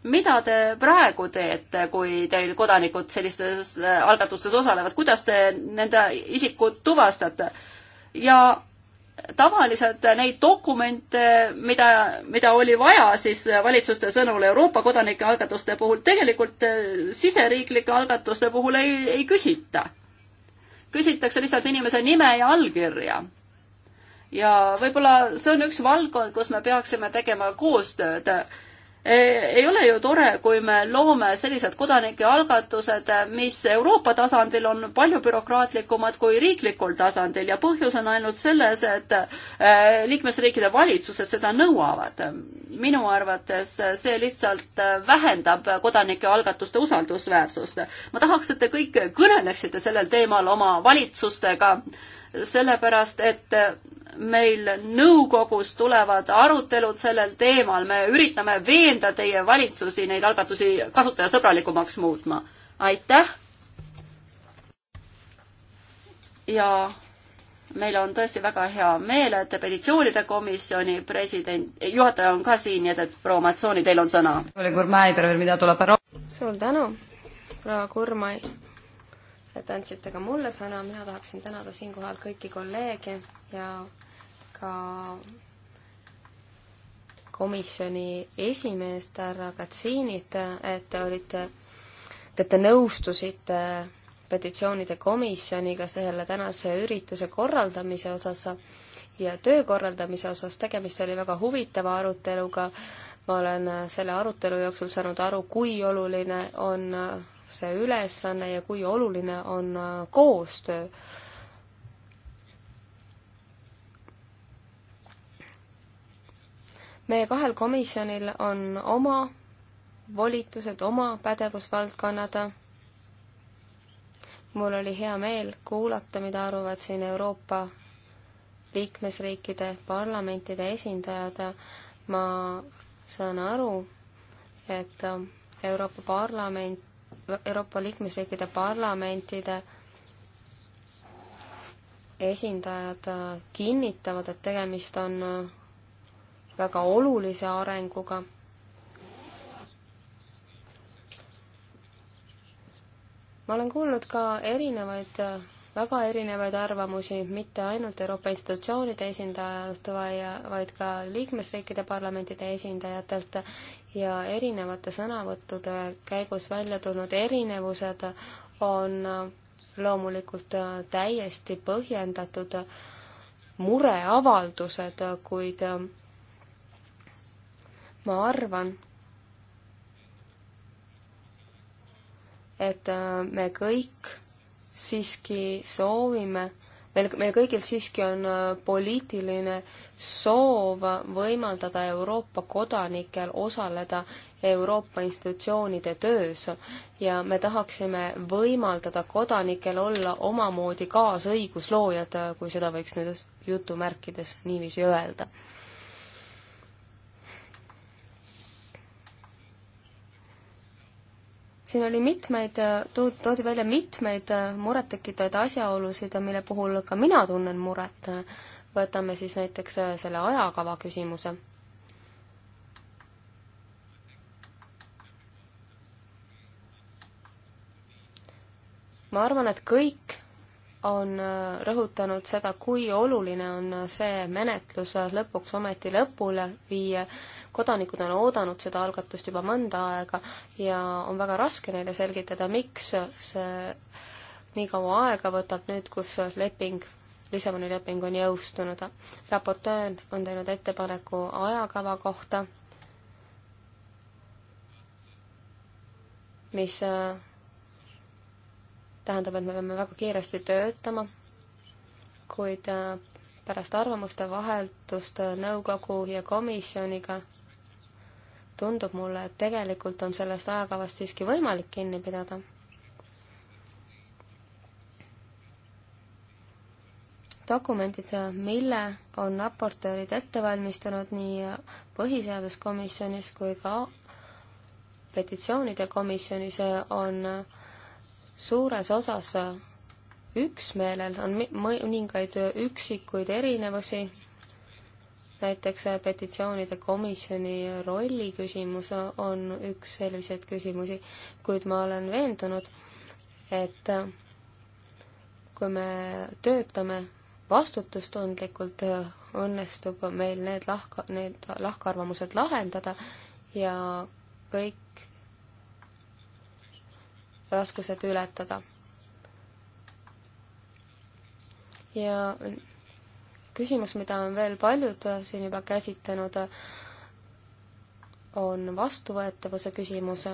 mida te praegu teete, kui teil kodanikud sellistes äh, algatustes osalevad, kuidas te nende isikud tuvastate? ja tavaliselt neid dokumente, mida, mida oli vaja siis valitsuste sõnul Euroopa kodanike algatuste puhul, tegelikult äh, siseriiklike algatuste puhul ei, ei küsita. küsitakse lihtsalt inimese nime ja allkirja. ja võib-olla see on üks valdkond, kus me peaksime tegema koostööd ei ole ju tore, kui me loome sellised kodanike algatused, mis Euroopa tasandil on palju bürokraatlikumad kui riiklikul tasandil ja põhjus on ainult selles, et eh, liikmesriikide valitsused seda nõuavad. minu arvates see lihtsalt vähendab kodanike algatuste usaldusväärsust. ma tahaks, et te kõik kõneleksite sellel teemal oma valitsustega, sellepärast et meil nõukogus tulevad arutelud sellel teemal, me üritame veenda teie valitsusi neid algatusi kasutajasõbralikumaks muutma. aitäh! ja meil on tõesti väga hea meel, et petitsioonide komisjoni president, juhataja on ka siin, nii et, et proua Matsooni, teil on sõna. suur tänu, proua Kurmai, et andsite ka mulle sõna, mina tahaksin tänada siinkohal kõiki kolleege ja ka komisjoni esimeest härra Katsiinit, et te olite, et te nõustusite petitsioonide komisjoniga selle tänase ürituse korraldamise osas ja töö korraldamise osas. tegemist oli väga huvitava aruteluga. ma olen selle arutelu jooksul saanud aru, kui oluline on see ülesanne ja kui oluline on koostöö meie kahel komisjonil on oma volitused, oma pädevusvaldkonnad. mul oli hea meel kuulata, mida arvavad siin Euroopa liikmesriikide parlamentide esindajad. ma saan aru, et Euroopa Parlament, Euroopa liikmesriikide parlamentide esindajad kinnitavad, et tegemist on väga olulise arenguga. ma olen kuulnud ka erinevaid, väga erinevaid arvamusi, mitte ainult Euroopa institutsioonide esindajalt, vaid ka liikmesriikide parlamentide esindajatelt ja erinevate sõnavõttude käigus välja tulnud erinevused on loomulikult täiesti põhjendatud mureavaldused, kuid ma arvan, et äh, me kõik siiski soovime, meil, meil kõigil siiski on äh, poliitiline soov võimaldada Euroopa kodanikel osaleda Euroopa institutsioonide töös ja me tahaksime võimaldada kodanikel olla omamoodi kaasõigusloojad, äh, kui seda võiks nüüd jutumärkides niiviisi öelda siin oli mitmeid, toodi välja mitmeid äh, murettekitavaid asjaolusid, mille puhul ka mina tunnen muret. võtame siis näiteks äh, selle ajakava küsimuse. ma arvan, et kõik on äh, rõhutanud seda, kui oluline on äh, see menetlus äh, lõpuks ometi lõpule viia. kodanikud on oodanud seda algatust juba mõnda aega ja on väga raske neile selgitada, miks see nii kaua aega võtab nüüd, kus leping, Lissaboni leping on jõustunud. raportöör on teinud ettepaneku ajakava kohta, mis tähendab, et me peame väga kiiresti töötama, kuid äh, pärast arvamuste vahetust äh, nõukogu ja komisjoniga tundub mulle, et tegelikult on sellest ajakavast siiski võimalik kinni pidada. dokumendid, äh, mille on raportöörid ette valmistanud nii põhiseaduskomisjonis kui ka petitsioonide komisjonis, on suures osas üksmeelel, on mõningaid üksikuid erinevusi, näiteks petitsioonide komisjoni rolli küsimus on üks selliseid küsimusi, kuid ma olen veendunud, et kui me töötame vastutustundlikult, õnnestub meil need lahka, need lahkarvamused lahendada ja kõik raskused ületada. ja küsimus, mida on veel paljud siin juba käsitlenud, on vastuvõetavuse küsimus.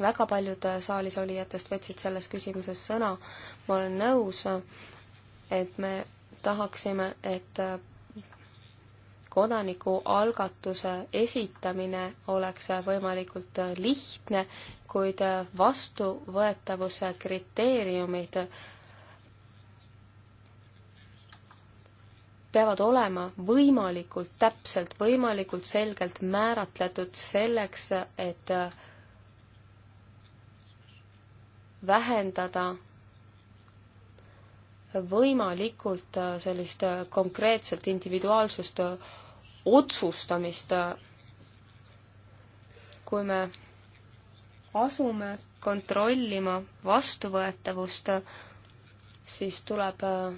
väga paljud saalis olijatest võtsid selles küsimuses sõna. ma olen nõus, et me tahaksime, et kodanikualgatuse esitamine oleks võimalikult lihtne, kuid vastuvõetavuse kriteeriumid peavad olema võimalikult täpselt, võimalikult selgelt määratletud selleks, et vähendada võimalikult sellist konkreetselt individuaalsust otsustamist. kui me asume kontrollima vastuvõetavust, siis tuleb äh,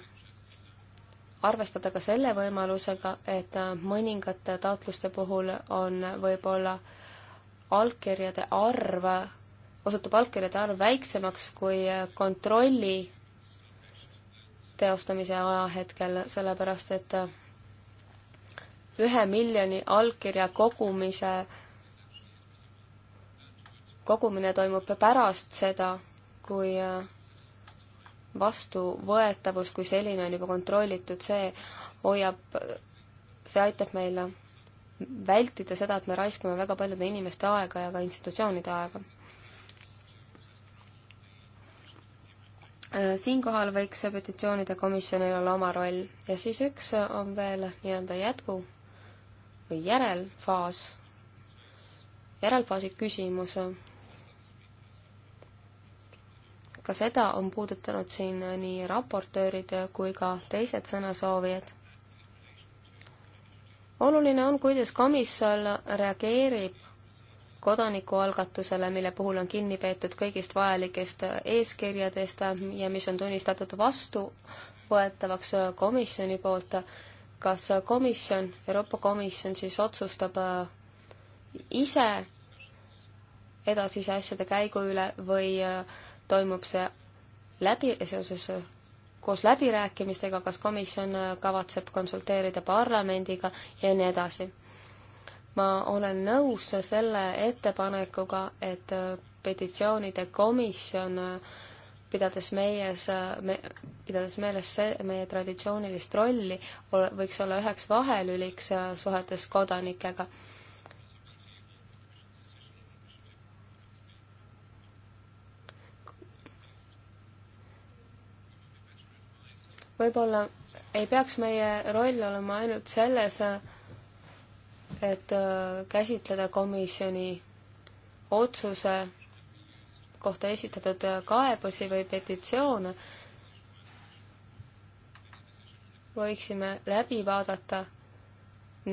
arvestada ka selle võimalusega, et äh, mõningate taotluste puhul on võib-olla allkirjade arv, osutub allkirjade arv väiksemaks kui äh, kontrolli teostamise ajahetkel, sellepärast et ühe miljoni allkirja kogumise, kogumine toimub pärast seda, kui äh, vastuvõetavus kui selline on juba kontrollitud, see hoiab, see aitab meil vältida seda, et me raiskame väga paljude inimeste aega ja ka institutsioonide aega. Äh, siinkohal võiks petitsioonide komisjonil olla oma roll ja siis üks on veel nii-öelda jätku või järelfaas, järelfaasi küsimus, ka seda on puudutanud siin nii raportöörid kui ka teised sõnasoovijad. oluline on, kuidas komisjon reageerib kodanikualgatusele, mille puhul on kinni peetud kõigist vajalikest eeskirjadest ja mis on tunnistatud vastuvõetavaks komisjoni poolt kas komisjon, Euroopa Komisjon siis otsustab äh, ise edasise asjade käigu üle või äh, toimub see läbi, seoses äh, koos läbirääkimistega, kas komisjon kavatseb konsulteerida parlamendiga ja nii edasi. ma olen nõus selle ettepanekuga, et petitsioonide komisjon äh, pidades meies me,, pidades meeles see, meie traditsioonilist rolli, võiks olla üheks vahelüliks äh, suhetes kodanikega. võib-olla ei peaks meie roll olema ainult selles, äh, et äh, käsitleda komisjoni otsuse kohta esitatud kaebusi või petitsioone, võiksime läbi vaadata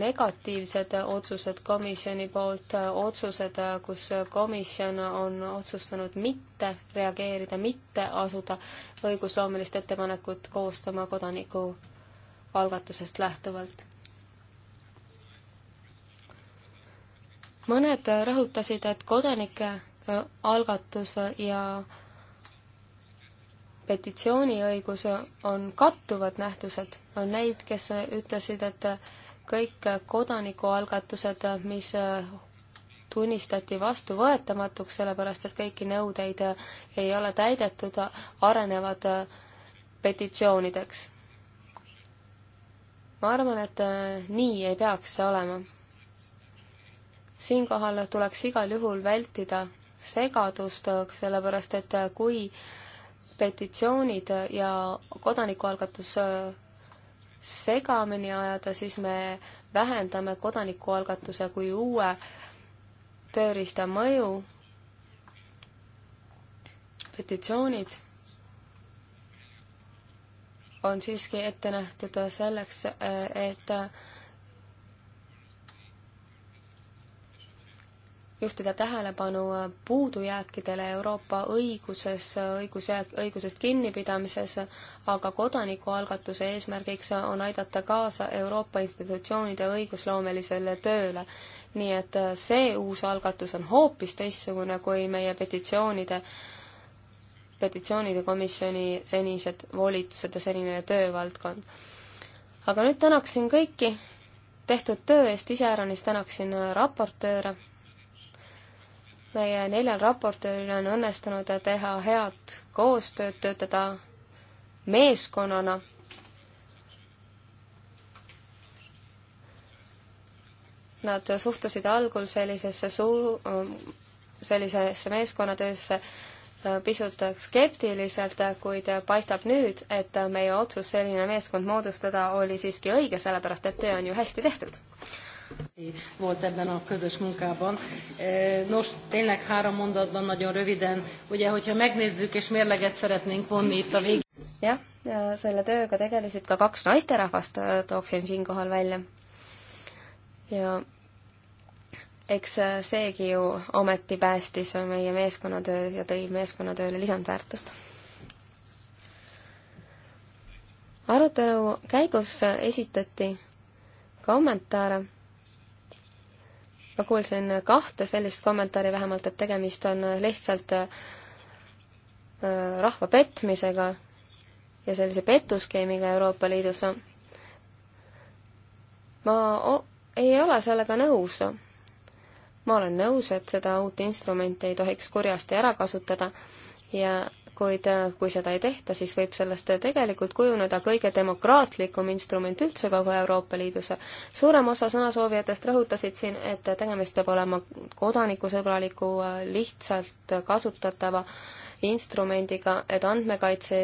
negatiivsed otsused komisjoni poolt, otsused, kus komisjon on otsustanud mitte reageerida, mitte asuda õigusloomelist ettepanekut koostama kodaniku algatusest lähtuvalt. mõned rõhutasid, et kodanike Äh, algatus ja petitsiooniõigus on kattuvad nähtused, on neid, kes ütlesid, et kõik kodanikualgatused, mis tunnistati vastuvõetamatuks, sellepärast et kõiki nõudeid ei ole täidetud, arenevad petitsioonideks. ma arvan, et nii ei peaks see olema. siinkohal tuleks igal juhul vältida segadust, sellepärast et kui petitsioonid ja kodanikualgatus segamini ajada, siis me vähendame kodanikualgatuse kui uue tööriista mõju. petitsioonid on siiski ette nähtud selleks, et juhtida tähelepanu puudujääkidele Euroopa õiguses, õigusjääk, õigusest kinnipidamises, aga kodanikualgatuse eesmärgiks on aidata kaasa Euroopa institutsioonide õigusloomelisele tööle. nii et see uus algatus on hoopis teistsugune kui meie petitsioonide, petitsioonide komisjoni senised volitused ja senine töövaldkond. aga nüüd tänaksin kõiki tehtud töö eest, iseäranis tänaksin raportööre meie neljal raportööril on õnnestunud teha head koostööd, töötada meeskonnana. Nad suhtusid algul sellisesse suu-, sellisesse meeskonnatöösse äh, pisut skeptiliselt, kuid paistab nüüd, et meie otsus selline meeskond moodustada oli siiski õige, sellepärast et töö on ju hästi tehtud volt ebben a közös munkában. E, nos, tényleg három mondatban nagyon röviden, ugye, hogyha megnézzük és mérleget szeretnénk vonni itt a vég... jah, ja selle e, tööga tegelesid ka kaks naisterahvast, e, tooksin siinkohal välja. ja eks seegi ju ometi päästis meie meeskonnatöö ja tõi meeskonnatööle lisandväärtust arutelu käigus esitati kommentaare ma kuulsin kahte sellist kommentaari vähemalt, et tegemist on lihtsalt äh, rahva petmisega ja sellise petuskeemiga Euroopa Liidus. ma ei ole sellega nõus. ma olen nõus, et seda uut instrumenti ei tohiks kurjasti ära kasutada ja kuid äh, kui seda ei tehta, siis võib sellest tegelikult kujuneda kõige demokraatlikum instrument üldse kogu Euroopa Liidus. suurem osa sõnasoovijatest rõhutasid siin, et tegemist peab olema kodanikusõbraliku, äh, lihtsalt kasutatava instrumendiga, et andmekaitse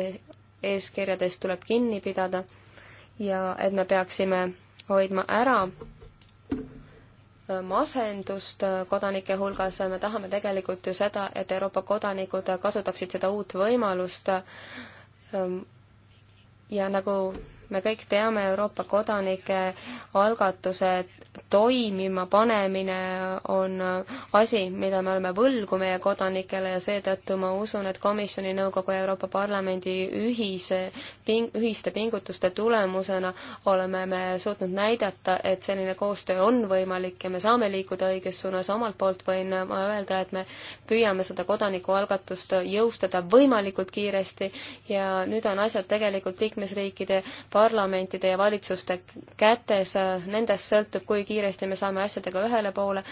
eeskirjadest tuleb kinni pidada ja et me peaksime hoidma ära masendust äh, kodanike hulgas, me tahame tegelikult ju seda, et Euroopa kodanikud äh, kasutaksid seda uut võimalust ähm, ja nagu me kõik teame, Euroopa kodanike algatuse toimima panemine on asi, mida me oleme võlgu meie kodanikele ja seetõttu ma usun, et Komisjoni, Nõukogu ja Euroopa Parlamendi ühise ping-, ühiste pingutuste tulemusena oleme me suutnud näidata, et selline koostöö on võimalik ja me saame liikuda õiges suunas, omalt poolt võin ma öelda, et me püüame seda kodanikualgatust jõustada võimalikult kiiresti ja nüüd on asjad tegelikult liikmesriikide parlamentide ja valitsuste kätes, nendest sõltub, kui kiiresti me saame asjadega ühele poole.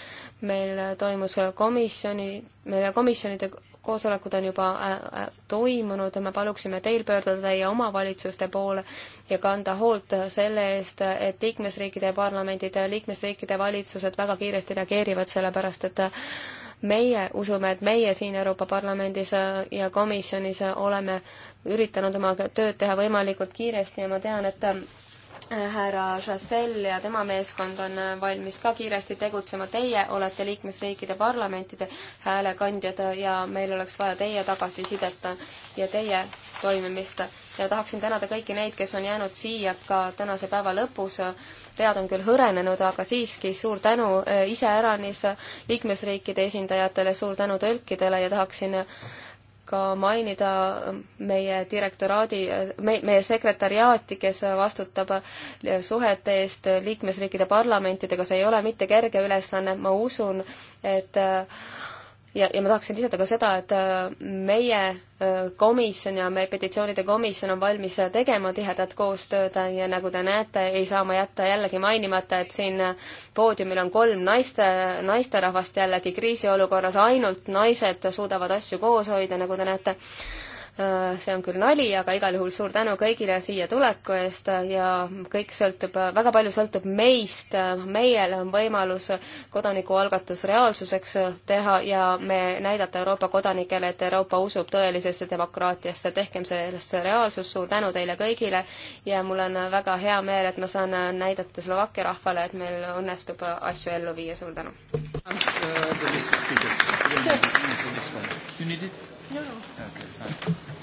meil toimus komisjoni, meil komisjonide koosolekud on juba äh, äh, toimunud, me paluksime teil pöörduda teie omavalitsuste poole ja kanda hoolt selle eest, et liikmesriikide parlamendid ja liikmesriikide valitsused väga kiiresti reageerivad, sellepärast et meie usume, et meie siin Euroopa Parlamendis ja komisjonis oleme üritanud oma tööd teha võimalikult kiiresti ja ma tean, et äh, härra Chastel ja tema meeskond on äh, valmis ka kiiresti tegutsema. Teie olete liikmesriikide parlamentide häälekandjad ja meil oleks vaja teie tagasisidet ja teie toimimist. ja tahaksin tänada kõiki neid, kes on jäänud siia ka tänase päeva lõpus. read on küll hõrenenud, aga siiski suur tänu äh, iseäranis liikmesriikide esindajatele, suur tänu tõlkidele ja tahaksin ka mainida meie direktoraadi, meie sekretariaati, kes vastutab suhete eest liikmesriikide parlamentidega, see ei ole mitte kerge ülesanne, ma usun, et äh, ja, ja ma tahaksin lisada ka seda, et äh, meie äh, komisjon ja meie petitsioonide komisjon on valmis äh, tegema tihedat koostööd ja nagu te näete, ei saa ma jätta jällegi mainimata, et siin poodiumil on kolm naiste, naisterahvast jällegi kriisiolukorras, ainult naised suudavad asju koos hoida, nagu te näete Äh, see on küll nali, aga igal juhul suur tänu kõigile siia tuleku eest äh, ja kõik sõltub, äh, väga palju sõltub meist, meil on võimalus kodanikualgatus reaalsuseks teha ja me näidata Euroopa kodanikele, et Euroopa usub tõelisesse demokraatiasse, tehkem sellesse reaalsus, suur tänu teile kõigile ja mul on väga hea meel, et ma saan näidata Slovakkia rahvale, et meil õnnestub asju ellu viia, suur tänu! Uh, the list of speakers. Yes. You need it? No, no. Okay, fine.